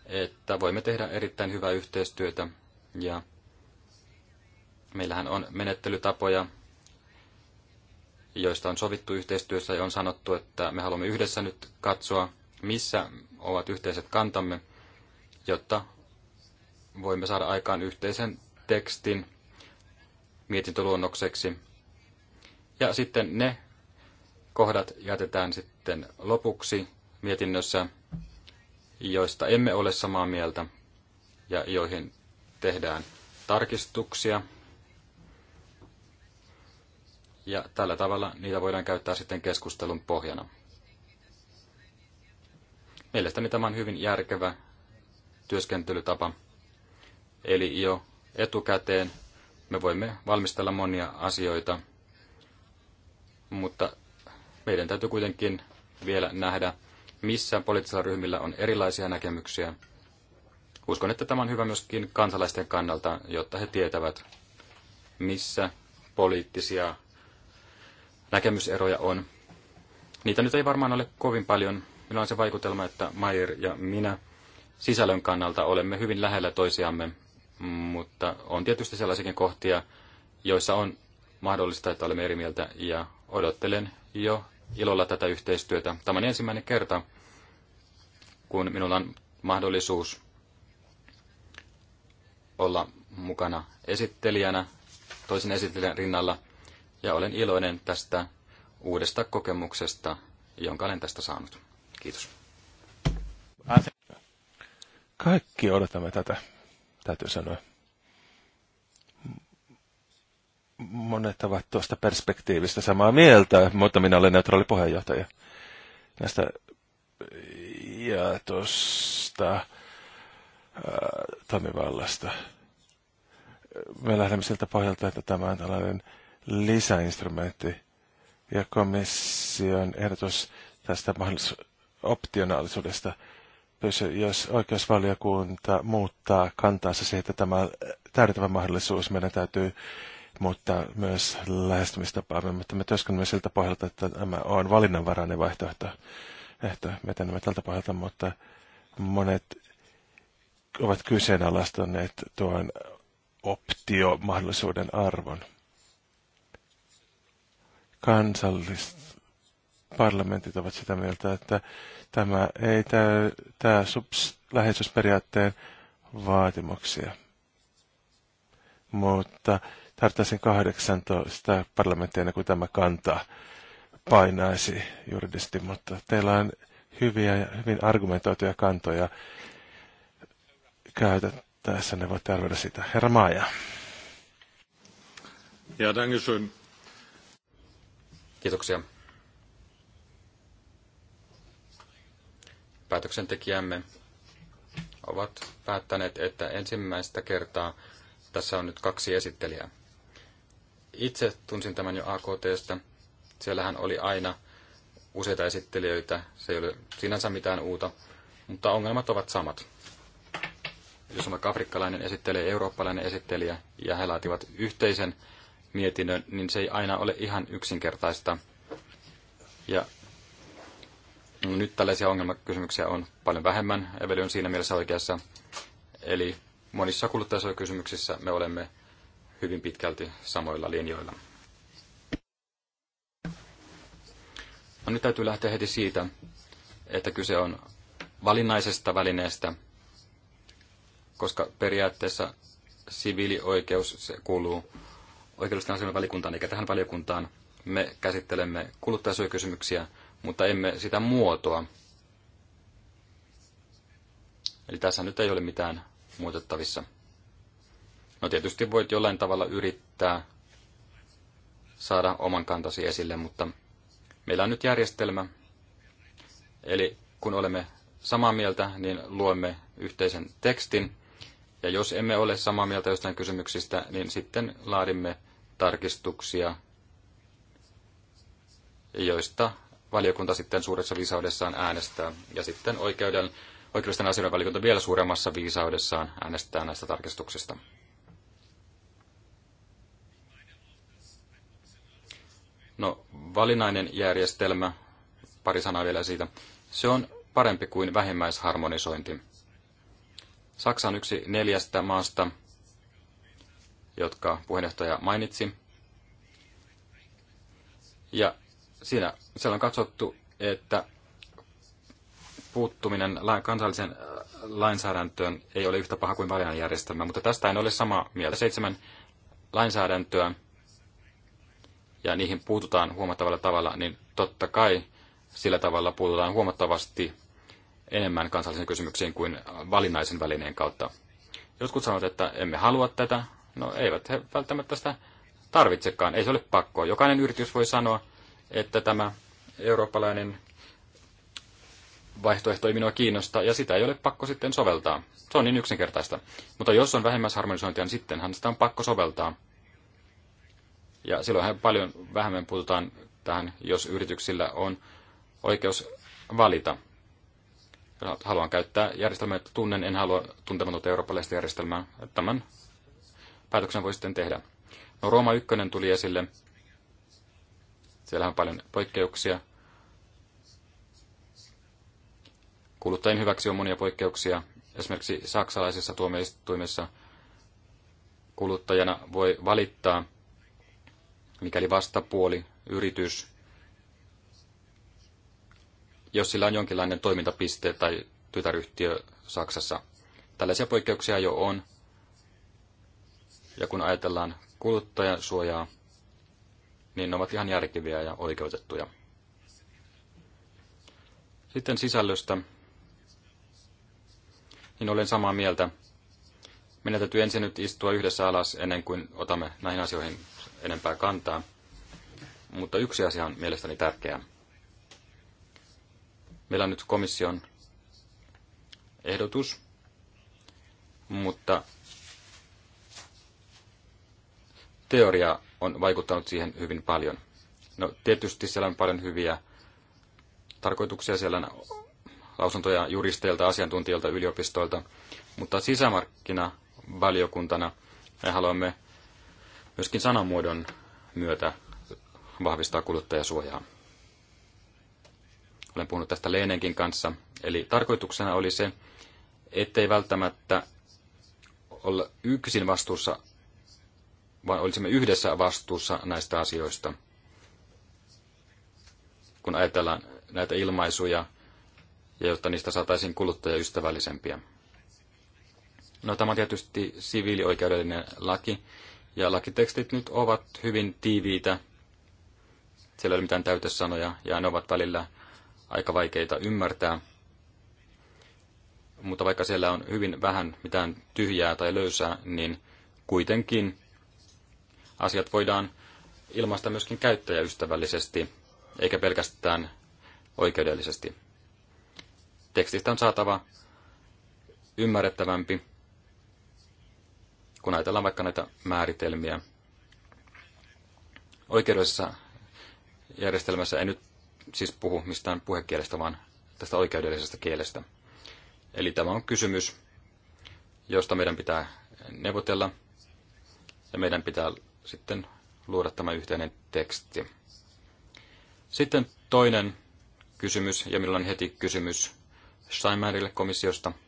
että voimme tehdä erittäin hyvää yhteistyötä ja meillähän on menettelytapoja, joista on sovittu yhteistyössä ja on sanottu, että me haluamme yhdessä nyt katsoa, missä ovat yhteiset kantamme, jotta voimme saada aikaan yhteisen tekstin mietintöluonnokseksi. Ja sitten ne kohdat jätetään sitten lopuksi mietinnössä, joista emme ole samaa mieltä ja joihin tehdään tarkistuksia. Ja tällä tavalla niitä voidaan käyttää sitten keskustelun pohjana. Mielestäni tämä on hyvin järkevä työskentelytapa. Eli jo etukäteen me voimme valmistella monia asioita, mutta meidän täytyy kuitenkin vielä nähdä, missä poliittisilla ryhmillä on erilaisia näkemyksiä. Uskon, että tämä on hyvä myöskin kansalaisten kannalta, jotta he tietävät, missä poliittisia näkemyseroja on. Niitä nyt ei varmaan ole kovin paljon. Minulla on se vaikutelma, että Mayer ja minä sisällön kannalta olemme hyvin lähellä toisiamme, mutta on tietysti sellaisiakin kohtia, joissa on mahdollista, että olemme eri mieltä ja odottelen jo ilolla tätä yhteistyötä. Tämä on ensimmäinen kerta, kun minulla on mahdollisuus olla mukana esittelijänä, toisen esittelijän rinnalla, ja olen iloinen tästä uudesta kokemuksesta, jonka olen tästä saanut. Kiitos. Kaikki odotamme tätä, täytyy sanoa. monet ovat tuosta perspektiivistä samaa mieltä, mutta minä olen neutraali puheenjohtaja näistä ja tuosta äh, toimivallasta. Me lähdemme siltä pohjalta, että tämä on tällainen lisäinstrumentti ja komission ehdotus tästä mahdollis- optionaalisuudesta jos oikeusvaliokunta muuttaa kantaansa siihen, että tämä täydentävä mahdollisuus, meidän täytyy mutta myös lähestymistapaamme, mutta me työskentelemme siltä pohjalta, että tämä on valinnanvarainen vaihtoehto. Ehto, me etenemme tältä pohjalta, mutta monet ovat kyseenalaistaneet tuon optiomahdollisuuden arvon. Kansalliset parlamentit ovat sitä mieltä, että tämä ei tämä subs läheisyysperiaatteen vaatimuksia. Mutta tarvittaisiin 18 parlamenttia ennen kuin tämä kanta painaisi juridisesti, mutta teillä on hyviä ja hyvin argumentoituja kantoja käytettäessä, ne voitte arvioida sitä. Herra Maaja. Ja, dankeschön. Kiitoksia. Päätöksentekijämme ovat päättäneet, että ensimmäistä kertaa tässä on nyt kaksi esittelijää. Itse tunsin tämän jo AKTstä. Siellähän oli aina useita esittelijöitä. Se ei ole sinänsä mitään uutta, mutta ongelmat ovat samat. Jos on vaikka afrikkalainen esittelijä, eurooppalainen esittelijä ja he laativat yhteisen mietinnön, niin se ei aina ole ihan yksinkertaista. Ja nyt tällaisia ongelmakysymyksiä on paljon vähemmän. Eveli on siinä mielessä oikeassa. Eli monissa kuluttajasoikysymyksissä me olemme hyvin pitkälti samoilla linjoilla. No nyt täytyy lähteä heti siitä, että kyse on valinnaisesta välineestä, koska periaatteessa siviilioikeus se kuuluu oikeudellisten asioiden valikuntaan eikä tähän valiokuntaan. Me käsittelemme kuluttajasuojakysymyksiä, mutta emme sitä muotoa. Eli tässä nyt ei ole mitään muutettavissa. No tietysti voit jollain tavalla yrittää saada oman kantasi esille, mutta meillä on nyt järjestelmä. Eli kun olemme samaa mieltä, niin luemme yhteisen tekstin. Ja jos emme ole samaa mieltä jostain kysymyksistä, niin sitten laadimme tarkistuksia, joista valiokunta sitten suuressa viisaudessaan äänestää. Ja sitten oikeuden, oikeudellisten asioiden valiokunta vielä suuremmassa viisaudessaan äänestää näistä tarkistuksista. No, valinnainen järjestelmä, pari sanaa vielä siitä, se on parempi kuin vähimmäisharmonisointi. Saksa on yksi neljästä maasta, jotka puheenjohtaja mainitsi. Ja siinä, siellä on katsottu, että puuttuminen kansalliseen äh, lainsäädäntöön ei ole yhtä paha kuin valinnan järjestelmä, mutta tästä en ole samaa mieltä. Seitsemän lainsäädäntöä ja niihin puututaan huomattavalla tavalla, niin totta kai sillä tavalla puututaan huomattavasti enemmän kansallisiin kysymyksiin kuin valinnaisen välineen kautta. Jotkut sanovat, että emme halua tätä. No eivät he välttämättä sitä tarvitsekaan. Ei se ole pakkoa. Jokainen yritys voi sanoa, että tämä eurooppalainen vaihtoehto ei minua kiinnosta, ja sitä ei ole pakko sitten soveltaa. Se on niin yksinkertaista. Mutta jos on harmonisointia, niin sittenhän sitä on pakko soveltaa. Ja silloinhan paljon vähemmän puututaan tähän, jos yrityksillä on oikeus valita. Haluan käyttää järjestelmää, että tunnen, en halua tuntematonta eurooppalaista järjestelmää. Tämän päätöksen voi sitten tehdä. No Rooma 1 tuli esille. Siellähän on paljon poikkeuksia. Kuluttajien hyväksi on monia poikkeuksia. Esimerkiksi saksalaisessa tuomioistuimessa kuluttajana voi valittaa – mikäli vastapuoli, yritys, jos sillä on jonkinlainen toimintapiste tai tytäryhtiö Saksassa. Tällaisia poikkeuksia jo on. Ja kun ajatellaan kuluttajasuojaa, niin ne ovat ihan järkeviä ja oikeutettuja. Sitten sisällöstä. Niin olen samaa mieltä. Meidän täytyy ensin nyt istua yhdessä alas ennen kuin otamme näihin asioihin enempää kantaa. Mutta yksi asia on mielestäni tärkeä. Meillä on nyt komission ehdotus, mutta teoria on vaikuttanut siihen hyvin paljon. No tietysti siellä on paljon hyviä tarkoituksia, siellä on lausuntoja juristeilta, asiantuntijoilta, yliopistoilta, mutta sisämarkkinavaliokuntana me haluamme myöskin sanamuodon myötä vahvistaa kuluttajasuojaa. Olen puhunut tästä Leenenkin kanssa. Eli tarkoituksena oli se, ettei välttämättä olla yksin vastuussa, vaan olisimme yhdessä vastuussa näistä asioista. Kun ajatellaan näitä ilmaisuja, ja jotta niistä saataisiin kuluttajaystävällisempiä. No tämä on tietysti siviilioikeudellinen laki, ja lakitekstit nyt ovat hyvin tiiviitä. Siellä ei ole mitään täytesanoja ja ne ovat välillä aika vaikeita ymmärtää. Mutta vaikka siellä on hyvin vähän mitään tyhjää tai löysää, niin kuitenkin asiat voidaan ilmaista myöskin käyttäjäystävällisesti, eikä pelkästään oikeudellisesti. Tekstistä on saatava ymmärrettävämpi kun ajatellaan vaikka näitä määritelmiä. Oikeudellisessa järjestelmässä en nyt siis puhu mistään puhekielestä, vaan tästä oikeudellisesta kielestä. Eli tämä on kysymys, josta meidän pitää neuvotella ja meidän pitää sitten luoda tämä yhteinen teksti. Sitten toinen kysymys, ja minulla on heti kysymys Steinmeierille komissiosta –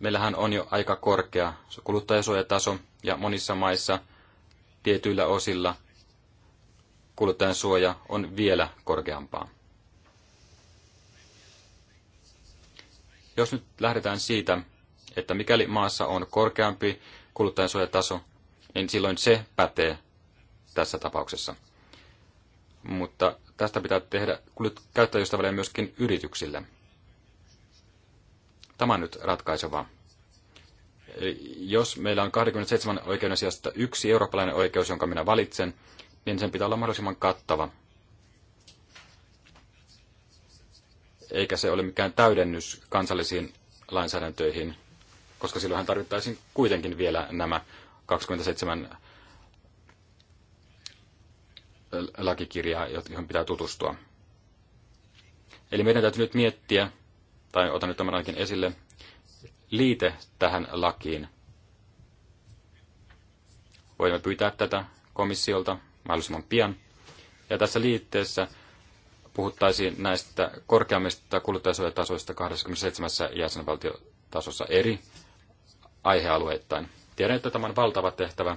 meillähän on jo aika korkea kuluttajasuojataso ja monissa maissa tietyillä osilla kuluttajan suoja on vielä korkeampaa. Jos nyt lähdetään siitä, että mikäli maassa on korkeampi suojataso, niin silloin se pätee tässä tapauksessa. Mutta tästä pitää tehdä käyttäjystävälle myöskin yrityksille – Tämä on nyt ratkaiseva. jos meillä on 27 oikeuden sijasta yksi eurooppalainen oikeus, jonka minä valitsen, niin sen pitää olla mahdollisimman kattava. Eikä se ole mikään täydennys kansallisiin lainsäädäntöihin, koska silloinhan tarvittaisiin kuitenkin vielä nämä 27 lakikirjaa, johon pitää tutustua. Eli meidän täytyy nyt miettiä, tai otan nyt tämän ainakin esille, liite tähän lakiin. Voimme pyytää tätä komissiolta mahdollisimman pian. Ja tässä liitteessä puhuttaisiin näistä korkeammista kuluttajasuojatasoista 27 jäsenvaltiotasossa eri aihealueittain. Tiedän, että tämä on valtava tehtävä.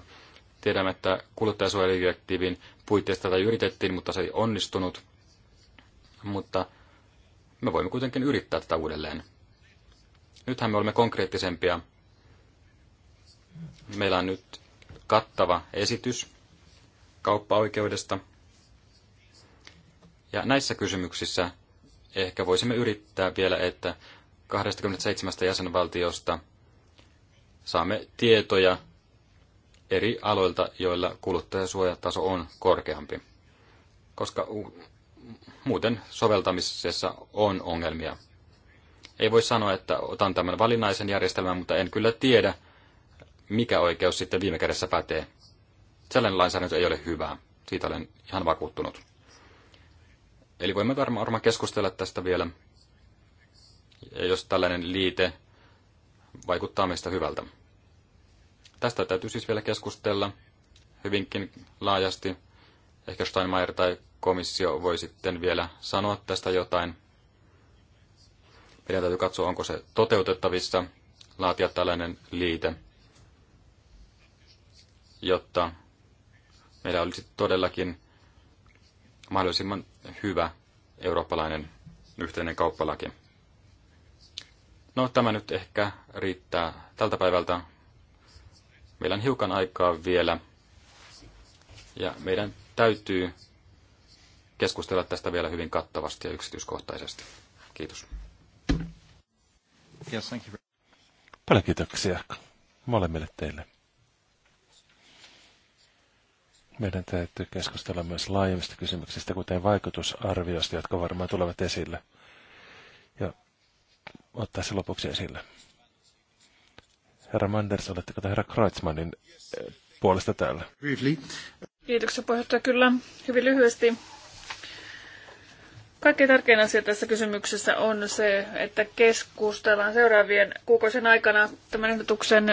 Tiedämme, että kuluttajasuojadirektiivin puitteista tätä yritettiin, mutta se ei onnistunut. Mutta me voimme kuitenkin yrittää tätä uudelleen. Nythän me olemme konkreettisempia. Meillä on nyt kattava esitys kauppaoikeudesta. Ja näissä kysymyksissä ehkä voisimme yrittää vielä, että 27 jäsenvaltiosta saamme tietoja eri aloilta, joilla kuluttajasuojataso on korkeampi. Koska muuten soveltamisessa on ongelmia. Ei voi sanoa, että otan tämän valinnaisen järjestelmän, mutta en kyllä tiedä, mikä oikeus sitten viime kädessä pätee. Sellainen lainsäädäntö ei ole hyvää. Siitä olen ihan vakuuttunut. Eli voimme varmaan keskustella tästä vielä, jos tällainen liite vaikuttaa meistä hyvältä. Tästä täytyy siis vielä keskustella hyvinkin laajasti Ehkä Steinmeier tai komissio voi sitten vielä sanoa tästä jotain. Meidän täytyy katsoa, onko se toteutettavissa, laatia tällainen liite, jotta meillä olisi todellakin mahdollisimman hyvä eurooppalainen yhteinen kauppalaki. No tämä nyt ehkä riittää tältä päivältä. Meillä on hiukan aikaa vielä ja meidän täytyy keskustella tästä vielä hyvin kattavasti ja yksityiskohtaisesti. Kiitos. Yes, thank you. Paljon kiitoksia molemmille teille. Meidän täytyy keskustella myös laajemmista kysymyksistä, kuten vaikutusarvioista, jotka varmaan tulevat esille. Ja ottaa se lopuksi esille. Herra Manders, oletteko te herra Kreutzmannin eh, puolesta täällä? Kiitoksia puheenjohtaja. Kyllä, hyvin lyhyesti. Kaikkein tärkein asia tässä kysymyksessä on se, että keskustellaan seuraavien kuukausien aikana tämän ehdotuksen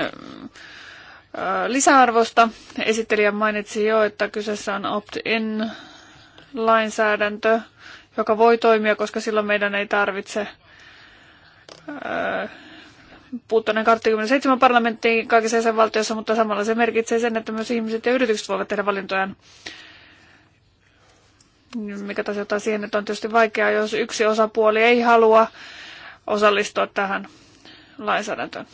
lisäarvosta. Esittelijä mainitsi jo, että kyseessä on opt-in lainsäädäntö, joka voi toimia, koska silloin meidän ei tarvitse puuttuneen 27 parlamenttiin kaikissa jäsenvaltioissa, mutta samalla se merkitsee sen, että myös ihmiset ja yritykset voivat tehdä valintojaan. Mikä taas jotain siihen, että on tietysti vaikeaa, jos yksi osapuoli ei halua osallistua tähän lainsäädäntöön.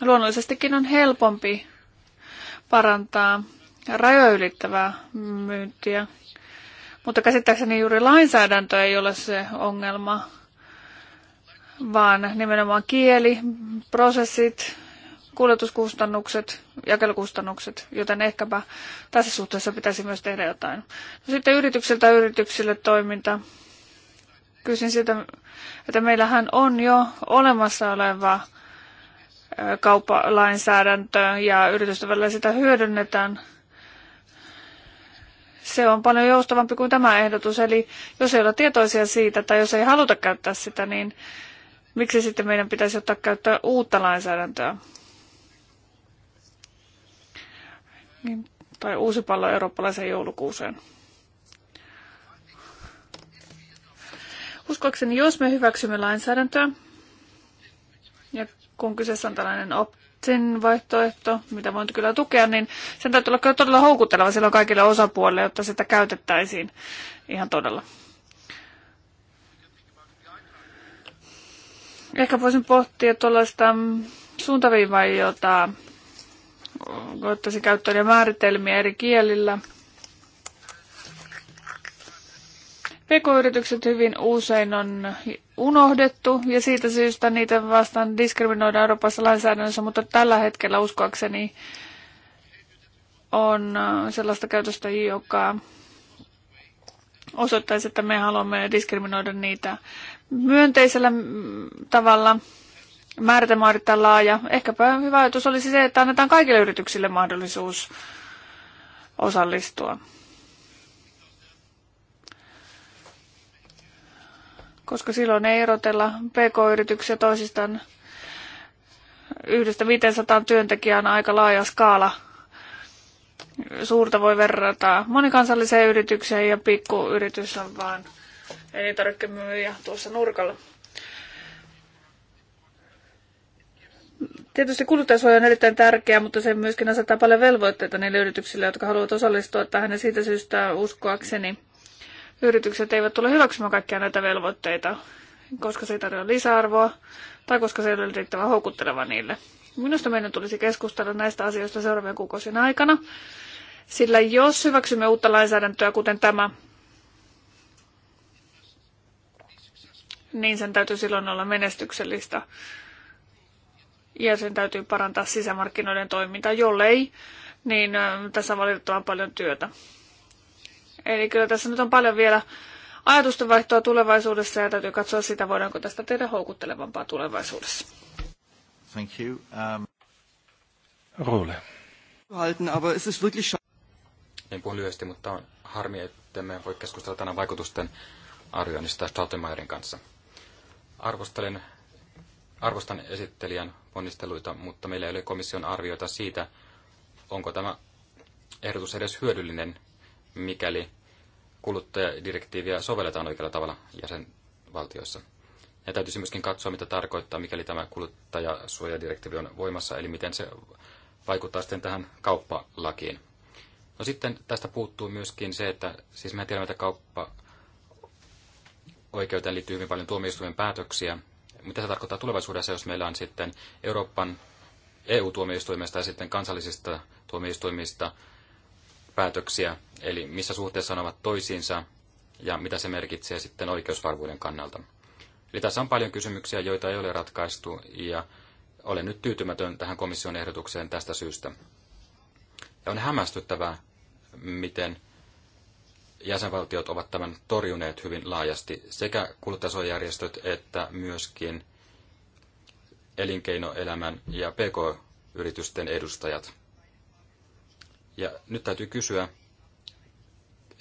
Luonnollisestikin on helpompi parantaa rajoja ylittävää myyntiä, mutta käsittääkseni juuri lainsäädäntö ei ole se ongelma, vaan nimenomaan kieli, prosessit, kuljetuskustannukset, jakelukustannukset, joten ehkäpä tässä suhteessa pitäisi myös tehdä jotain. No sitten yrityksiltä yrityksille toiminta. Kysin sitä, että meillähän on jo olemassa oleva kauppalainsäädäntö ja yritysten välillä sitä hyödynnetään. Se on paljon joustavampi kuin tämä ehdotus, eli jos ei olla tietoisia siitä tai jos ei haluta käyttää sitä, niin miksi sitten meidän pitäisi ottaa käyttöön uutta lainsäädäntöä? Niin, tai uusi pallo eurooppalaiseen joulukuuseen. Uskoakseni, jos me hyväksymme lainsäädäntöä, ja kun kyseessä on tällainen optin vaihtoehto, mitä voin kyllä tukea, niin sen täytyy olla todella houkutteleva silloin kaikille osapuolille, jotta sitä käytettäisiin ihan todella. Ehkä voisin pohtia tuollaista suuntaviivaa, jota ottaisin käyttöön ja määritelmiä eri kielillä. PK-yritykset hyvin usein on unohdettu ja siitä syystä niitä vastaan diskriminoidaan Euroopassa lainsäädännössä, mutta tällä hetkellä uskoakseni on sellaista käytöstä, joka osoittaisi, että me haluamme diskriminoida niitä myönteisellä tavalla. Määritelmä on erittäin laaja. Ehkäpä hyvä ajatus olisi se, että annetaan kaikille yrityksille mahdollisuus osallistua. Koska silloin ei erotella pk-yrityksiä toisistaan. Yhdestä 500 työntekijään aika laaja skaala. Suurta voi verrata monikansalliseen yritykseen ja pikkuyritys on vaan elintarvikemyyjä tuossa nurkalla. Tietysti kuluttajasuoja on erittäin tärkeää, mutta se myöskin asettaa paljon velvoitteita niille yrityksille, jotka haluavat osallistua tähän. Ja siitä syystä uskoakseni yritykset eivät tule hyväksymään kaikkia näitä velvoitteita, koska se ei tarjoa lisäarvoa tai koska se ei ole riittävän houkutteleva niille. Minusta meidän tulisi keskustella näistä asioista seuraavien kuukausien aikana, sillä jos hyväksymme uutta lainsäädäntöä, kuten tämä, niin sen täytyy silloin olla menestyksellistä. Ja sen täytyy parantaa sisämarkkinoiden toimintaa. Jollei, niin tässä on valitettavan paljon työtä. Eli kyllä tässä nyt on paljon vielä ajatusten vaihtoa tulevaisuudessa ja täytyy katsoa sitä, voidaanko tästä tehdä houkuttelevampaa tulevaisuudessa. Thank you. Um... Rule. Halten, aber en puhu lyhyesti, mutta on harmi, että me voi keskustella tänään vaikutusten arvioinnista Stautemeierin kanssa arvostelen, arvostan esittelijän ponnisteluita, mutta meillä ei ole komission arviota siitä, onko tämä ehdotus edes hyödyllinen, mikäli kuluttajadirektiiviä sovelletaan oikealla tavalla jäsenvaltioissa. Ja täytyisi myöskin katsoa, mitä tarkoittaa, mikäli tämä kuluttajasuojadirektiivi on voimassa, eli miten se vaikuttaa sitten tähän kauppalakiin. No sitten tästä puuttuu myöskin se, että siis mehän tiedämme, että kauppa oikeuteen liittyy hyvin paljon tuomioistuimen päätöksiä. Mitä se tarkoittaa tulevaisuudessa, jos meillä on sitten Euroopan EU-tuomioistuimesta ja sitten kansallisista tuomioistuimista päätöksiä, eli missä suhteessa ne ovat toisiinsa ja mitä se merkitsee sitten oikeusvarmuuden kannalta. Eli tässä on paljon kysymyksiä, joita ei ole ratkaistu ja olen nyt tyytymätön tähän komission ehdotukseen tästä syystä. Ja on hämmästyttävää, miten jäsenvaltiot ovat tämän torjuneet hyvin laajasti, sekä kuluttajasuojajärjestöt että myöskin elinkeinoelämän ja pk-yritysten edustajat. Ja nyt täytyy kysyä,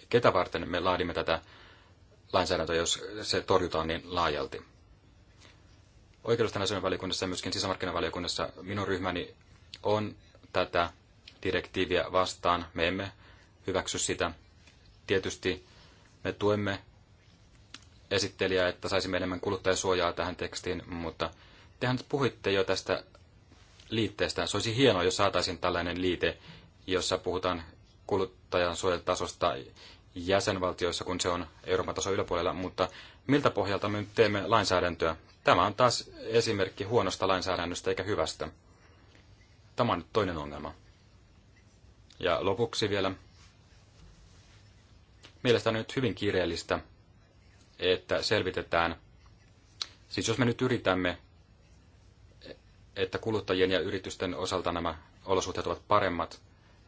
ketä varten me laadimme tätä lainsäädäntöä, jos se torjutaan niin laajalti. Oikeudellisten asioiden valiokunnassa ja myöskin sisämarkkinavaliokunnassa minun ryhmäni on tätä direktiiviä vastaan. Me emme hyväksy sitä tietysti me tuemme esittelijää, että saisimme enemmän kuluttajasuojaa tähän tekstiin, mutta tehän puhuitte jo tästä liitteestä. Se olisi hienoa, jos saataisiin tällainen liite, jossa puhutaan kuluttajan suojatasosta jäsenvaltioissa, kun se on Euroopan tason yläpuolella, mutta miltä pohjalta me nyt teemme lainsäädäntöä? Tämä on taas esimerkki huonosta lainsäädännöstä eikä hyvästä. Tämä on nyt toinen ongelma. Ja lopuksi vielä mielestäni on nyt hyvin kiireellistä, että selvitetään, siis jos me nyt yritämme, että kuluttajien ja yritysten osalta nämä olosuhteet ovat paremmat,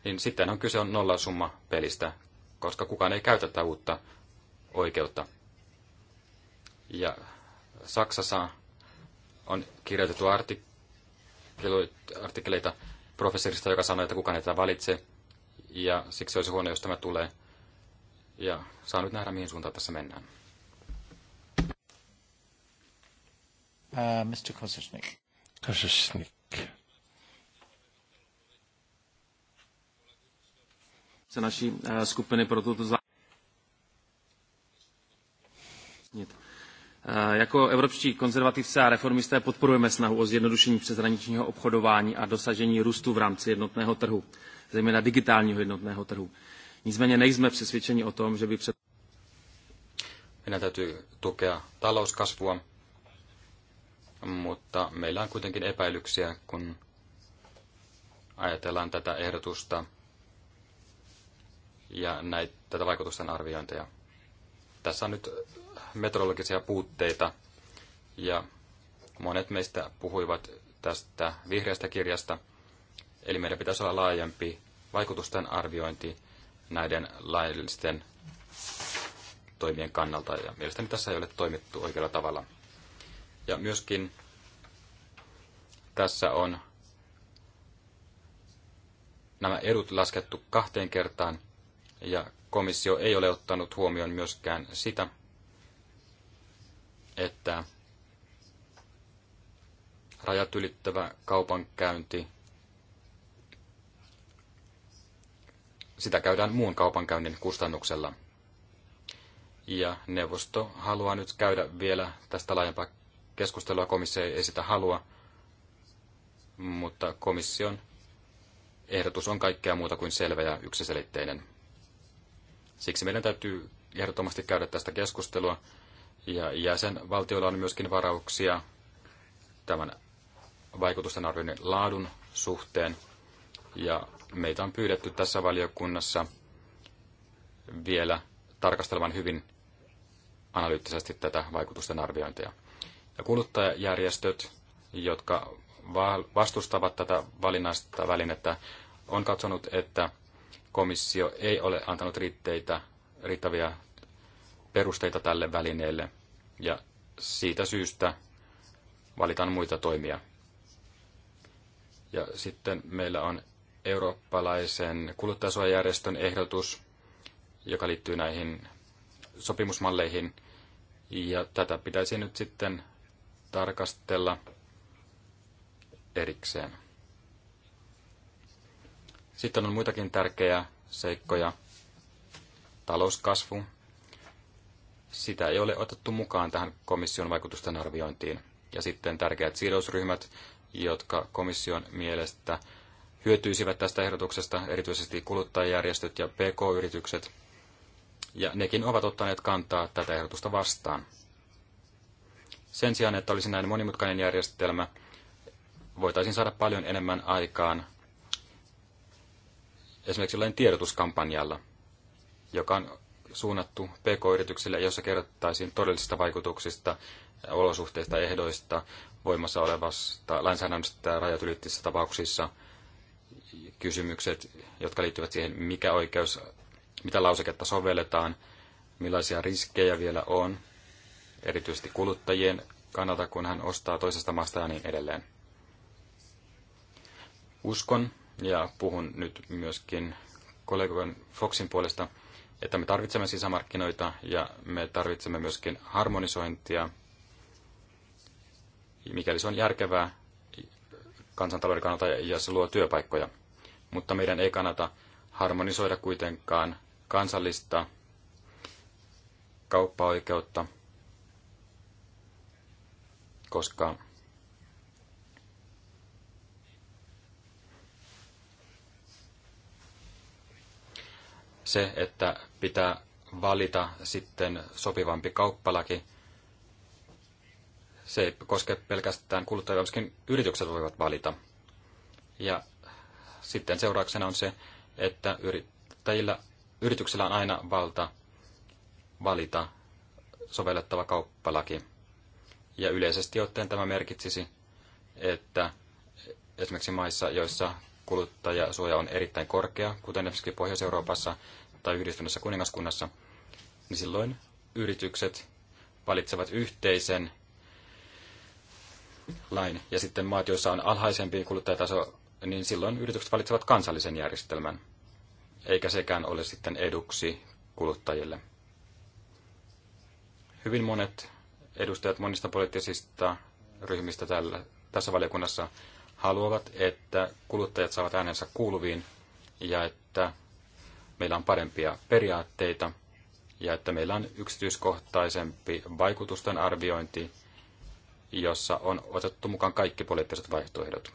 niin sitten on kyse on nollasumma pelistä, koska kukaan ei käytä tätä uutta oikeutta. Ja Saksassa on kirjoitettu artikkeleita professorista, joka sanoi, että kukaan ei tätä valitse, ja siksi olisi huono, jos tämä tulee ja saa nyt nähdä, mihin suuntaan tässä mennään. Uh, Mr. Kosesnik. Kosesnik. se naší eh, skupiny pro tuto zá... záležitost. Eh, jako evropští konzervativci a reformisté podporujeme snahu o zjednodušení přeshraničního obchodování a dosažení růstu v rámci jednotného trhu, zejména digitálního jednotného trhu. Nicméně nejsme přesvědčeni o tom, že by před... Meidän täytyy tukea talouskasvua, mutta meillä on kuitenkin epäilyksiä, kun ajatellaan tätä ehdotusta ja näitä, tätä vaikutusten arviointeja. Tässä on nyt metrologisia puutteita ja monet meistä puhuivat tästä vihreästä kirjasta, eli meidän pitäisi olla laajempi vaikutusten arviointi näiden laillisten toimien kannalta. Ja mielestäni tässä ei ole toimittu oikealla tavalla. Ja myöskin tässä on nämä edut laskettu kahteen kertaan, ja komissio ei ole ottanut huomioon myöskään sitä, että rajat ylittävä kaupankäynti – sitä käydään muun kaupankäynnin kustannuksella. Ja neuvosto haluaa nyt käydä vielä tästä laajempaa keskustelua. Komissio ei sitä halua, mutta komission ehdotus on kaikkea muuta kuin selvä ja yksiselitteinen. Siksi meidän täytyy ehdottomasti käydä tästä keskustelua. Ja jäsenvaltioilla on myöskin varauksia tämän vaikutusten arvioinnin laadun suhteen. Ja Meitä on pyydetty tässä valiokunnassa vielä tarkastelemaan hyvin analyyttisesti tätä vaikutusten arviointia. Ja kuluttajajärjestöt, jotka vastustavat tätä valinnaista välinettä, on katsonut, että komissio ei ole antanut riitteitä, riittäviä perusteita tälle välineelle, ja siitä syystä valitaan muita toimia. Ja sitten meillä on eurooppalaisen kuluttajasuojajärjestön ehdotus, joka liittyy näihin sopimusmalleihin. Ja tätä pitäisi nyt sitten tarkastella erikseen. Sitten on muitakin tärkeitä seikkoja. Talouskasvu. Sitä ei ole otettu mukaan tähän komission vaikutusten arviointiin. Ja sitten tärkeät sidosryhmät, jotka komission mielestä – hyötyisivät tästä ehdotuksesta, erityisesti kuluttajajärjestöt ja PK-yritykset, ja nekin ovat ottaneet kantaa tätä ehdotusta vastaan. Sen sijaan, että olisi näin monimutkainen järjestelmä, voitaisiin saada paljon enemmän aikaan esimerkiksi jollain tiedotuskampanjalla, joka on suunnattu PK-yrityksille, jossa kerrottaisiin todellisista vaikutuksista, olosuhteista, ehdoista, voimassa olevasta lainsäädännöstä rajat tapauksissa – kysymykset, jotka liittyvät siihen, mikä oikeus, mitä lauseketta sovelletaan, millaisia riskejä vielä on, erityisesti kuluttajien kannalta, kun hän ostaa toisesta maasta ja niin edelleen. Uskon, ja puhun nyt myöskin kollegojen Foxin puolesta, että me tarvitsemme sisämarkkinoita ja me tarvitsemme myöskin harmonisointia, mikäli se on järkevää kansantalouden kannalta ja se luo työpaikkoja. Mutta meidän ei kannata harmonisoida kuitenkaan kansallista kauppaoikeutta, koska se, että pitää valita sitten sopivampi kauppalaki, se ei koske pelkästään kuluttajia, myöskin yritykset voivat valita. Ja sitten seurauksena on se, että yrittäjillä, yrityksillä on aina valta valita sovellettava kauppalaki. Ja yleisesti ottaen tämä merkitsisi, että esimerkiksi maissa, joissa kuluttajasuoja on erittäin korkea, kuten esimerkiksi Pohjois-Euroopassa tai Yhdistyneessä kuningaskunnassa, niin silloin yritykset valitsevat yhteisen lain. Ja sitten maat, joissa on alhaisempi kuluttajataso, niin silloin yritykset valitsevat kansallisen järjestelmän, eikä sekään ole sitten eduksi kuluttajille. Hyvin monet edustajat monista poliittisista ryhmistä tällä, tässä valiokunnassa haluavat, että kuluttajat saavat äänensä kuuluviin ja että meillä on parempia periaatteita ja että meillä on yksityiskohtaisempi vaikutusten arviointi jossa on otettu mukaan kaikki poliittiset vaihtoehdot.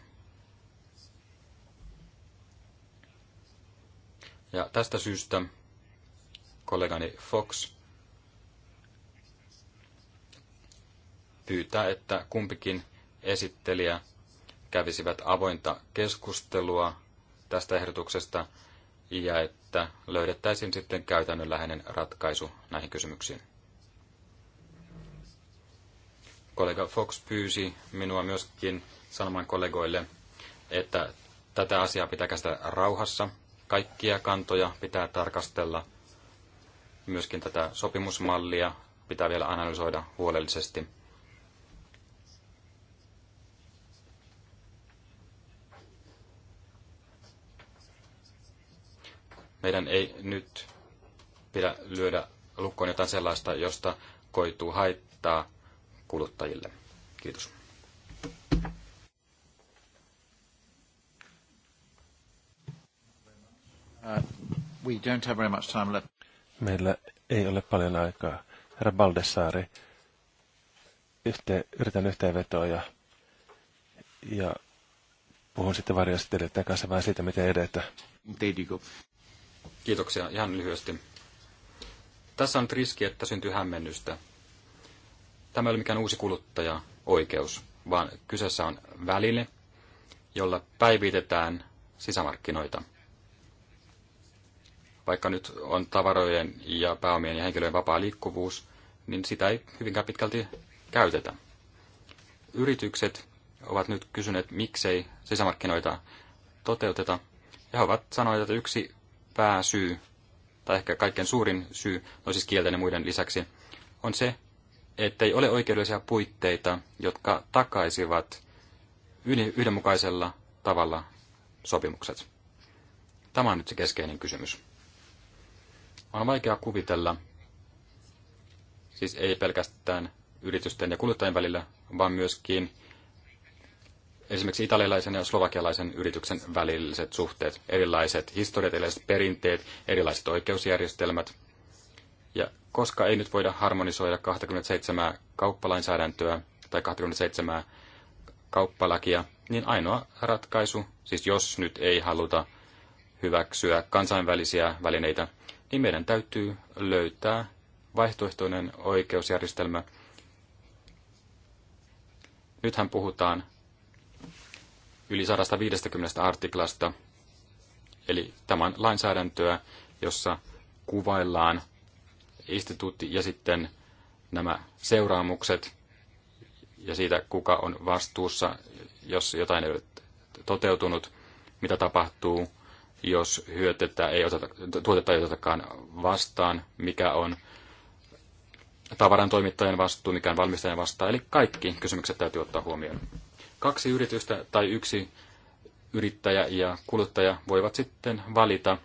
Ja tästä syystä kollegani Fox pyytää, että kumpikin esittelijä kävisivät avointa keskustelua tästä ehdotuksesta ja että löydettäisiin sitten käytännönläheinen ratkaisu näihin kysymyksiin kollega Fox pyysi minua myöskin sanomaan kollegoille, että tätä asiaa pitää käsitellä rauhassa. Kaikkia kantoja pitää tarkastella. Myöskin tätä sopimusmallia pitää vielä analysoida huolellisesti. Meidän ei nyt pidä lyödä lukkoon jotain sellaista, josta koituu haittaa kuluttajille. Kiitos. Uh, we don't have very much time left. Meillä ei ole paljon aikaa. Herra Baldessari, yhteen, yritän yhteenvetoa ja, ja puhun sitten varjostelijoiden kanssa vähän siitä, miten edetä. Kiitoksia. Ihan lyhyesti. Tässä on riski, että syntyy hämmennystä tämä ei ole mikään uusi kuluttaja-oikeus, vaan kyseessä on väline, jolla päivitetään sisämarkkinoita. Vaikka nyt on tavarojen ja pääomien ja henkilöiden vapaa liikkuvuus, niin sitä ei hyvinkään pitkälti käytetä. Yritykset ovat nyt kysyneet, miksei sisämarkkinoita toteuteta, ja he ovat sanoneet, että yksi pääsyy, tai ehkä kaikkein suurin syy, no siis kielten ja muiden lisäksi, on se, ettei ole oikeudellisia puitteita, jotka takaisivat yhdenmukaisella tavalla sopimukset. Tämä on nyt se keskeinen kysymys. On vaikea kuvitella, siis ei pelkästään yritysten ja kuluttajien välillä, vaan myöskin esimerkiksi italialaisen ja slovakialaisen yrityksen välilliset suhteet, erilaiset historiat, erilaiset perinteet, erilaiset oikeusjärjestelmät. Ja koska ei nyt voida harmonisoida 27 kauppalainsäädäntöä tai 27 kauppalakia, niin ainoa ratkaisu, siis jos nyt ei haluta hyväksyä kansainvälisiä välineitä, niin meidän täytyy löytää vaihtoehtoinen oikeusjärjestelmä. Nythän puhutaan yli 150 artiklasta, eli tämän lainsäädäntöä, jossa kuvaillaan instituutti ja sitten nämä seuraamukset ja siitä, kuka on vastuussa, jos jotain ei ole toteutunut, mitä tapahtuu, jos hyötettä ei oteta, tuotetta ei otetakaan vastaan, mikä on tavaran toimittajan vastuu, mikä on valmistajan vastaa. Eli kaikki kysymykset täytyy ottaa huomioon. Kaksi yritystä tai yksi yrittäjä ja kuluttaja voivat sitten valita,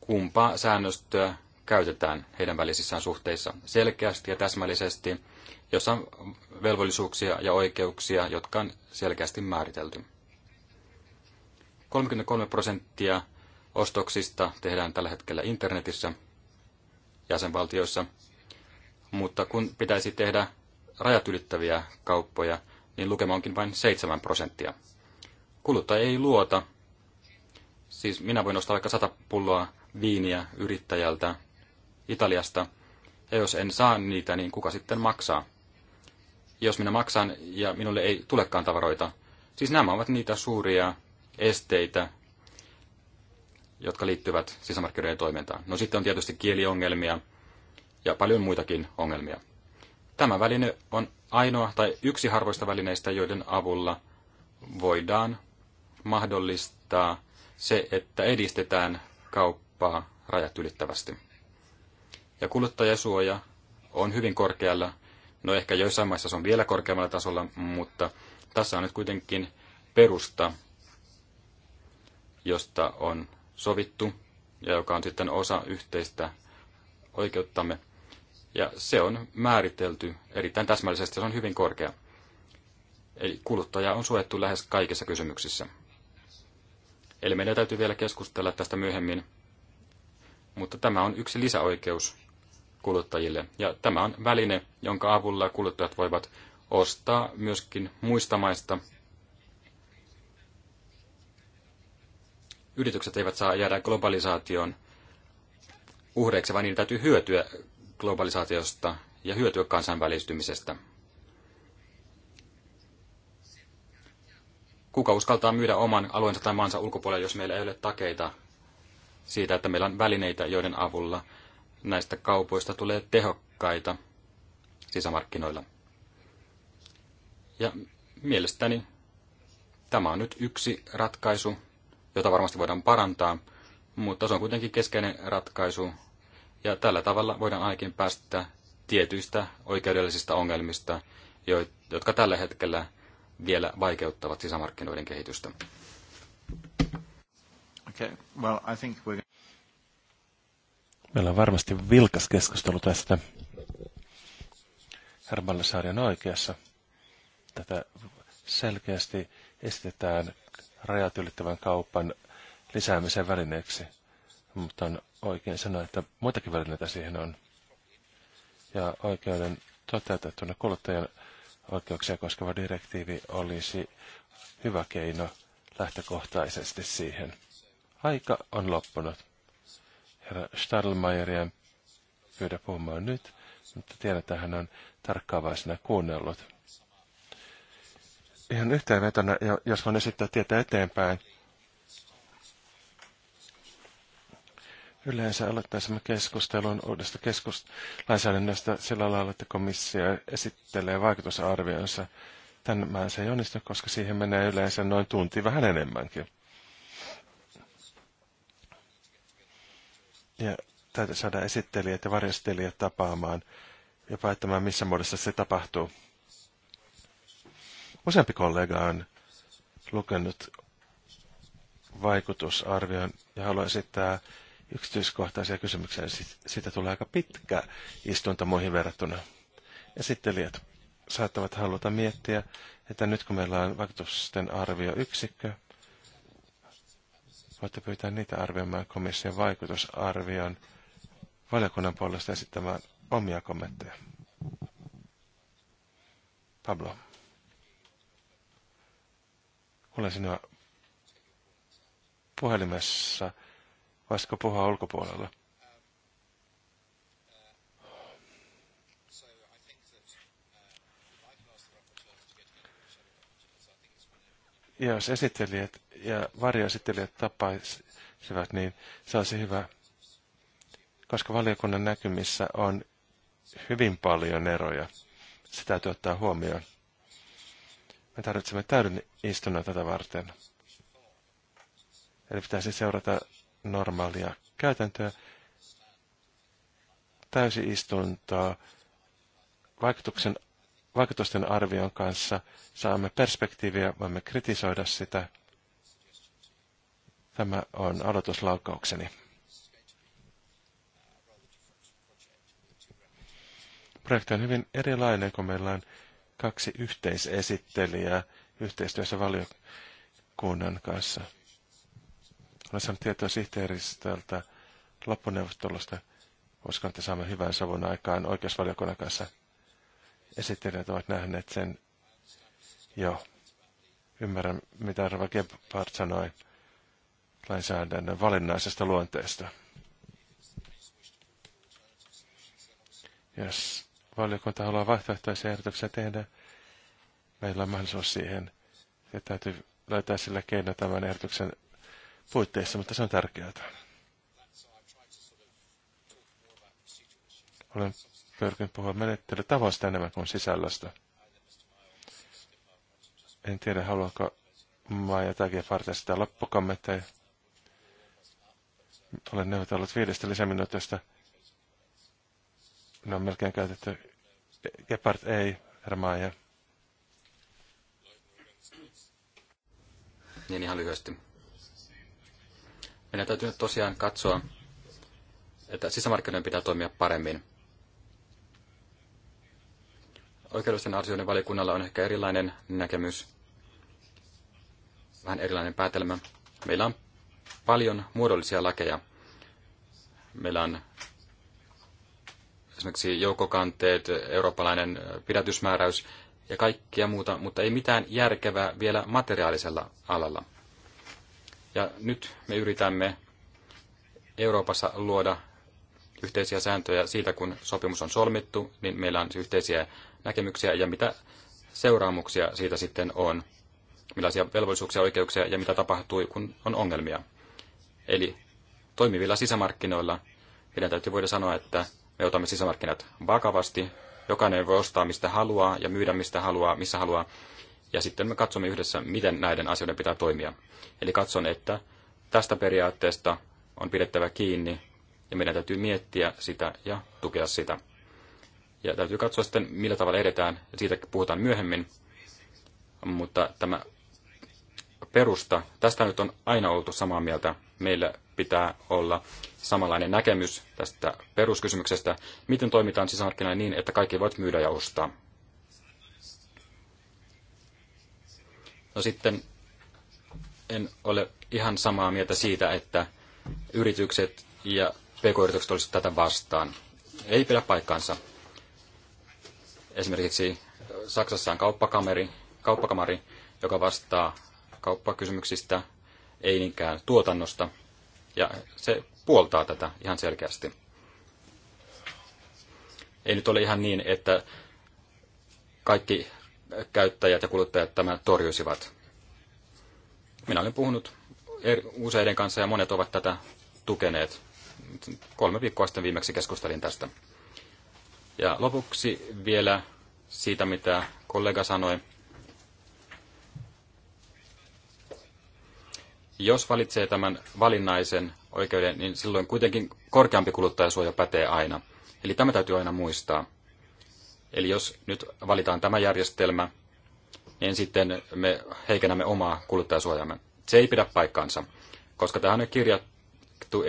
kumpaa säännöstöä käytetään heidän välisissään suhteissa selkeästi ja täsmällisesti, jossa on velvollisuuksia ja oikeuksia, jotka on selkeästi määritelty. 33 prosenttia ostoksista tehdään tällä hetkellä internetissä jäsenvaltioissa, mutta kun pitäisi tehdä rajat ylittäviä kauppoja, niin lukema onkin vain 7 prosenttia. Kuluttaja ei luota. Siis minä voin ostaa vaikka 100 pulloa viiniä yrittäjältä Italiasta, ja jos en saa niitä, niin kuka sitten maksaa? Jos minä maksan ja minulle ei tulekaan tavaroita, siis nämä ovat niitä suuria esteitä, jotka liittyvät sisämarkkinoiden toimintaan. No sitten on tietysti kieliongelmia ja paljon muitakin ongelmia. Tämä väline on ainoa tai yksi harvoista välineistä, joiden avulla voidaan mahdollistaa se, että edistetään kauppaa rajat ylittävästi. Ja kuluttajasuoja on hyvin korkealla. No ehkä joissain maissa se on vielä korkeammalla tasolla, mutta tässä on nyt kuitenkin perusta, josta on sovittu ja joka on sitten osa yhteistä oikeuttamme. Ja se on määritelty erittäin täsmällisesti, se on hyvin korkea. Eli kuluttaja on suojattu lähes kaikissa kysymyksissä. Eli meidän täytyy vielä keskustella tästä myöhemmin, mutta tämä on yksi lisäoikeus, kuluttajille. Ja tämä on väline, jonka avulla kuluttajat voivat ostaa myöskin muista maista. Yritykset eivät saa jäädä globalisaation uhreiksi, vaan niiden täytyy hyötyä globalisaatiosta ja hyötyä kansainvälistymisestä. Kuka uskaltaa myydä oman alueensa tai maansa ulkopuolelle, jos meillä ei ole takeita siitä, että meillä on välineitä, joiden avulla – näistä kaupoista tulee tehokkaita sisämarkkinoilla. Ja mielestäni tämä on nyt yksi ratkaisu, jota varmasti voidaan parantaa, mutta se on kuitenkin keskeinen ratkaisu, ja tällä tavalla voidaan ainakin päästä tietyistä oikeudellisista ongelmista, jotka tällä hetkellä vielä vaikeuttavat sisämarkkinoiden kehitystä. Okay. Well, I think we're... Meillä on varmasti vilkas keskustelu tästä. Herra on oikeassa. Tätä selkeästi esitetään rajat ylittävän kaupan lisäämisen välineeksi. Mutta on oikein sanoa, että muitakin välineitä siihen on. Ja oikeuden toteutettuna kuluttajan oikeuksia koskeva direktiivi olisi hyvä keino lähtökohtaisesti siihen. Aika on loppunut herra Stadelmayeria pyydä puhumaan nyt, mutta tiedän, että hän on tarkkaavaisena kuunnellut. Ihan yhteenvetona, jos voin esittää tietä eteenpäin. Yleensä aloittaisimme keskustelun uudesta keskust lainsäädännöstä sillä lailla, että komissio esittelee vaikutusarvionsa. Tämän se ei onnistu, koska siihen menee yleensä noin tunti vähän enemmänkin. Ja täytyy saada esittelijät ja varjostelijat tapaamaan ja päättämään, missä muodossa se tapahtuu. Useampi kollega on lukenut vaikutusarvion ja haluan esittää yksityiskohtaisia kysymyksiä. Siitä tulee aika pitkä istunto muihin verrattuna. Esittelijät saattavat haluta miettiä, että nyt kun meillä on vaikutusten arvio yksikkö, voitte pyytää niitä arvioimaan komission vaikutusarvion valiokunnan puolesta esittämään omia kommentteja. Pablo. Kuulen sinua puhelimessa. Voisitko puhua ulkopuolella? Ja jos esittelijät ja varjoesittelijät tapaisivat, niin se olisi hyvä, koska valiokunnan näkymissä on hyvin paljon eroja. Se täytyy ottaa huomioon. Me tarvitsemme täyden istunnon tätä varten. Eli pitäisi seurata normaalia käytäntöä, Täysi istuntoa vaikutusten arvion kanssa saamme perspektiiviä, voimme kritisoida sitä – Tämä on aloituslaukaukseni. Projekti on hyvin erilainen, kun meillä on kaksi yhteisesittelijää yhteistyössä valiokunnan kanssa. Olen saanut tietoa sihteeristöltä loppuneuvottelusta. Uskon, että saamme hyvän savun aikaan oikeusvaliokunnan kanssa. Esittelijät ovat nähneet sen jo. Ymmärrän, mitä Rova Gebhardt sanoi lainsäädännön valinnaisesta luonteesta. Jos valiokunta haluaa vaihtoehtoisia ehdotuksia tehdä, meillä on mahdollisuus siihen. Ja täytyy löytää sillä keino tämän ehdotuksen puitteissa, mutta se on tärkeää. Olen pyrkinyt puhua menettelytavoista enemmän kuin sisällöstä. En tiedä, haluanko Maija Tagia Farta sitä loppukommentteja. Olen neuvotellut viidestä lisäminuutista. Ne on melkein käytetty. Gepard ei, Hermaaja. Niin ihan lyhyesti. Meidän täytyy nyt tosiaan katsoa, että sisämarkkinoiden pitää toimia paremmin. Oikeudellisten asioiden valikunnalla on ehkä erilainen näkemys, vähän erilainen päätelmä. Meillä on paljon muodollisia lakeja. Meillä on esimerkiksi joukkokanteet, eurooppalainen pidätysmääräys ja kaikkia muuta, mutta ei mitään järkevää vielä materiaalisella alalla. Ja nyt me yritämme Euroopassa luoda yhteisiä sääntöjä siitä, kun sopimus on solmittu, niin meillä on siis yhteisiä näkemyksiä ja mitä seuraamuksia siitä sitten on, millaisia velvollisuuksia, oikeuksia ja mitä tapahtui, kun on ongelmia. Eli toimivilla sisämarkkinoilla meidän täytyy voida sanoa, että me otamme sisämarkkinat vakavasti. Jokainen voi ostaa mistä haluaa ja myydä mistä haluaa, missä haluaa. Ja sitten me katsomme yhdessä, miten näiden asioiden pitää toimia. Eli katson, että tästä periaatteesta on pidettävä kiinni ja meidän täytyy miettiä sitä ja tukea sitä. Ja täytyy katsoa sitten, millä tavalla edetään. Siitä puhutaan myöhemmin. Mutta tämä perusta. Tästä nyt on aina oltu samaa mieltä. Meillä pitää olla samanlainen näkemys tästä peruskysymyksestä, miten toimitaan sisämarkkinoilla niin, että kaikki voit myydä ja ostaa. No sitten en ole ihan samaa mieltä siitä, että yritykset ja pk-yritykset olisivat tätä vastaan. Ei pidä paikkaansa. Esimerkiksi Saksassa on kauppakamari, kauppakamari joka vastaa kauppakysymyksistä, ei niinkään tuotannosta. Ja se puoltaa tätä ihan selkeästi. Ei nyt ole ihan niin, että kaikki käyttäjät ja kuluttajat tämän torjuisivat. Minä olen puhunut useiden kanssa ja monet ovat tätä tukeneet. Kolme viikkoa sitten viimeksi keskustelin tästä. Ja lopuksi vielä siitä, mitä kollega sanoi. Jos valitsee tämän valinnaisen oikeuden, niin silloin kuitenkin korkeampi kuluttajasuoja pätee aina. Eli tämä täytyy aina muistaa. Eli jos nyt valitaan tämä järjestelmä, niin sitten me heikennämme omaa kuluttajasuojamme. Se ei pidä paikkaansa, koska tähän on kirjattu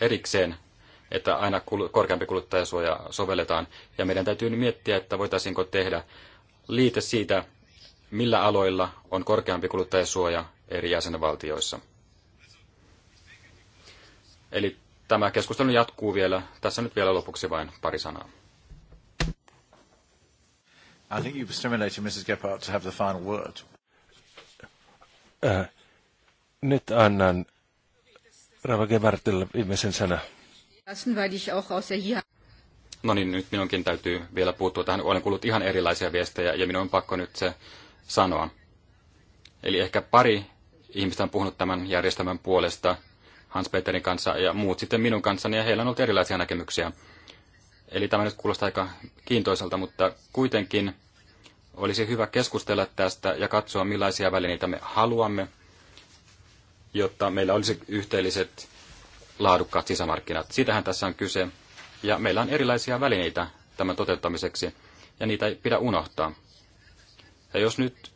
erikseen, että aina korkeampi kuluttajasuoja sovelletaan, ja meidän täytyy miettiä, että voitaisiinko tehdä liite siitä, millä aloilla on korkeampi kuluttajasuoja eri jäsenvaltioissa. Eli tämä keskustelu jatkuu vielä. Tässä nyt vielä lopuksi vain pari sanaa. I think you've stimulated Mrs. Gephardt to have the final word. Äh, nyt annan Rava Gebartille viimeisen sana. No niin, nyt minunkin täytyy vielä puuttua tähän. Olen kuullut ihan erilaisia viestejä ja minun on pakko nyt se sanoa. Eli ehkä pari ihmistä on puhunut tämän järjestelmän puolesta – Hans-Peterin kanssa ja muut sitten minun kanssani ja heillä on ollut erilaisia näkemyksiä. Eli tämä nyt kuulostaa aika kiintoiselta, mutta kuitenkin olisi hyvä keskustella tästä ja katsoa, millaisia välineitä me haluamme, jotta meillä olisi yhteelliset laadukkaat sisämarkkinat. Siitähän tässä on kyse. Ja meillä on erilaisia välineitä tämän toteuttamiseksi, ja niitä ei pidä unohtaa. Ja jos nyt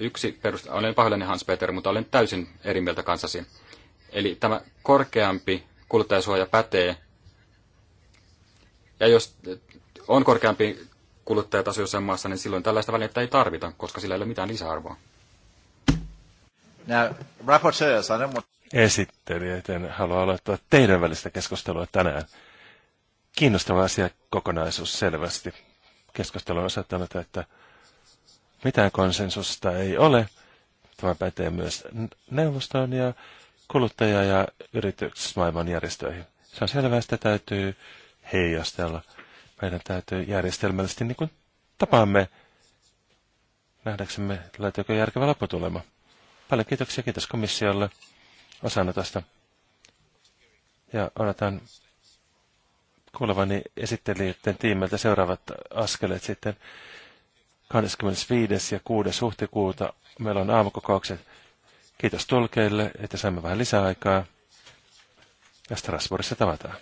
yksi perusta, olen pahoillani Hans Peter, mutta olen täysin eri mieltä kanssasi. Eli tämä korkeampi kuluttajasuoja pätee. Ja jos on korkeampi kuluttajataso jossain maassa, niin silloin tällaista välinettä ei tarvita, koska sillä ei ole mitään lisäarvoa. Esittelijät, en halua aloittaa teidän välistä keskustelua tänään. Kiinnostava asia kokonaisuus selvästi. Keskustelu on osoittanut, että mitään konsensusta ei ole. Tämä pätee myös neuvostoon ja kuluttaja- ja yritysmaailman järjestöihin. Se on selvää, että täytyy heijastella. Meidän täytyy järjestelmällisesti, niin kuin tapaamme, nähdäksemme, löytyykö järkevä lopputulema. Paljon kiitoksia, kiitos komissiolle osanotosta. Ja odotan kuulevani esittelijöiden tiimeltä seuraavat askeleet sitten 25. ja 6. huhtikuuta. Meillä on aamukokoukset Kiitos tulkeille, että saimme vähän lisäaikaa. Ja Strasbourgissa tavataan.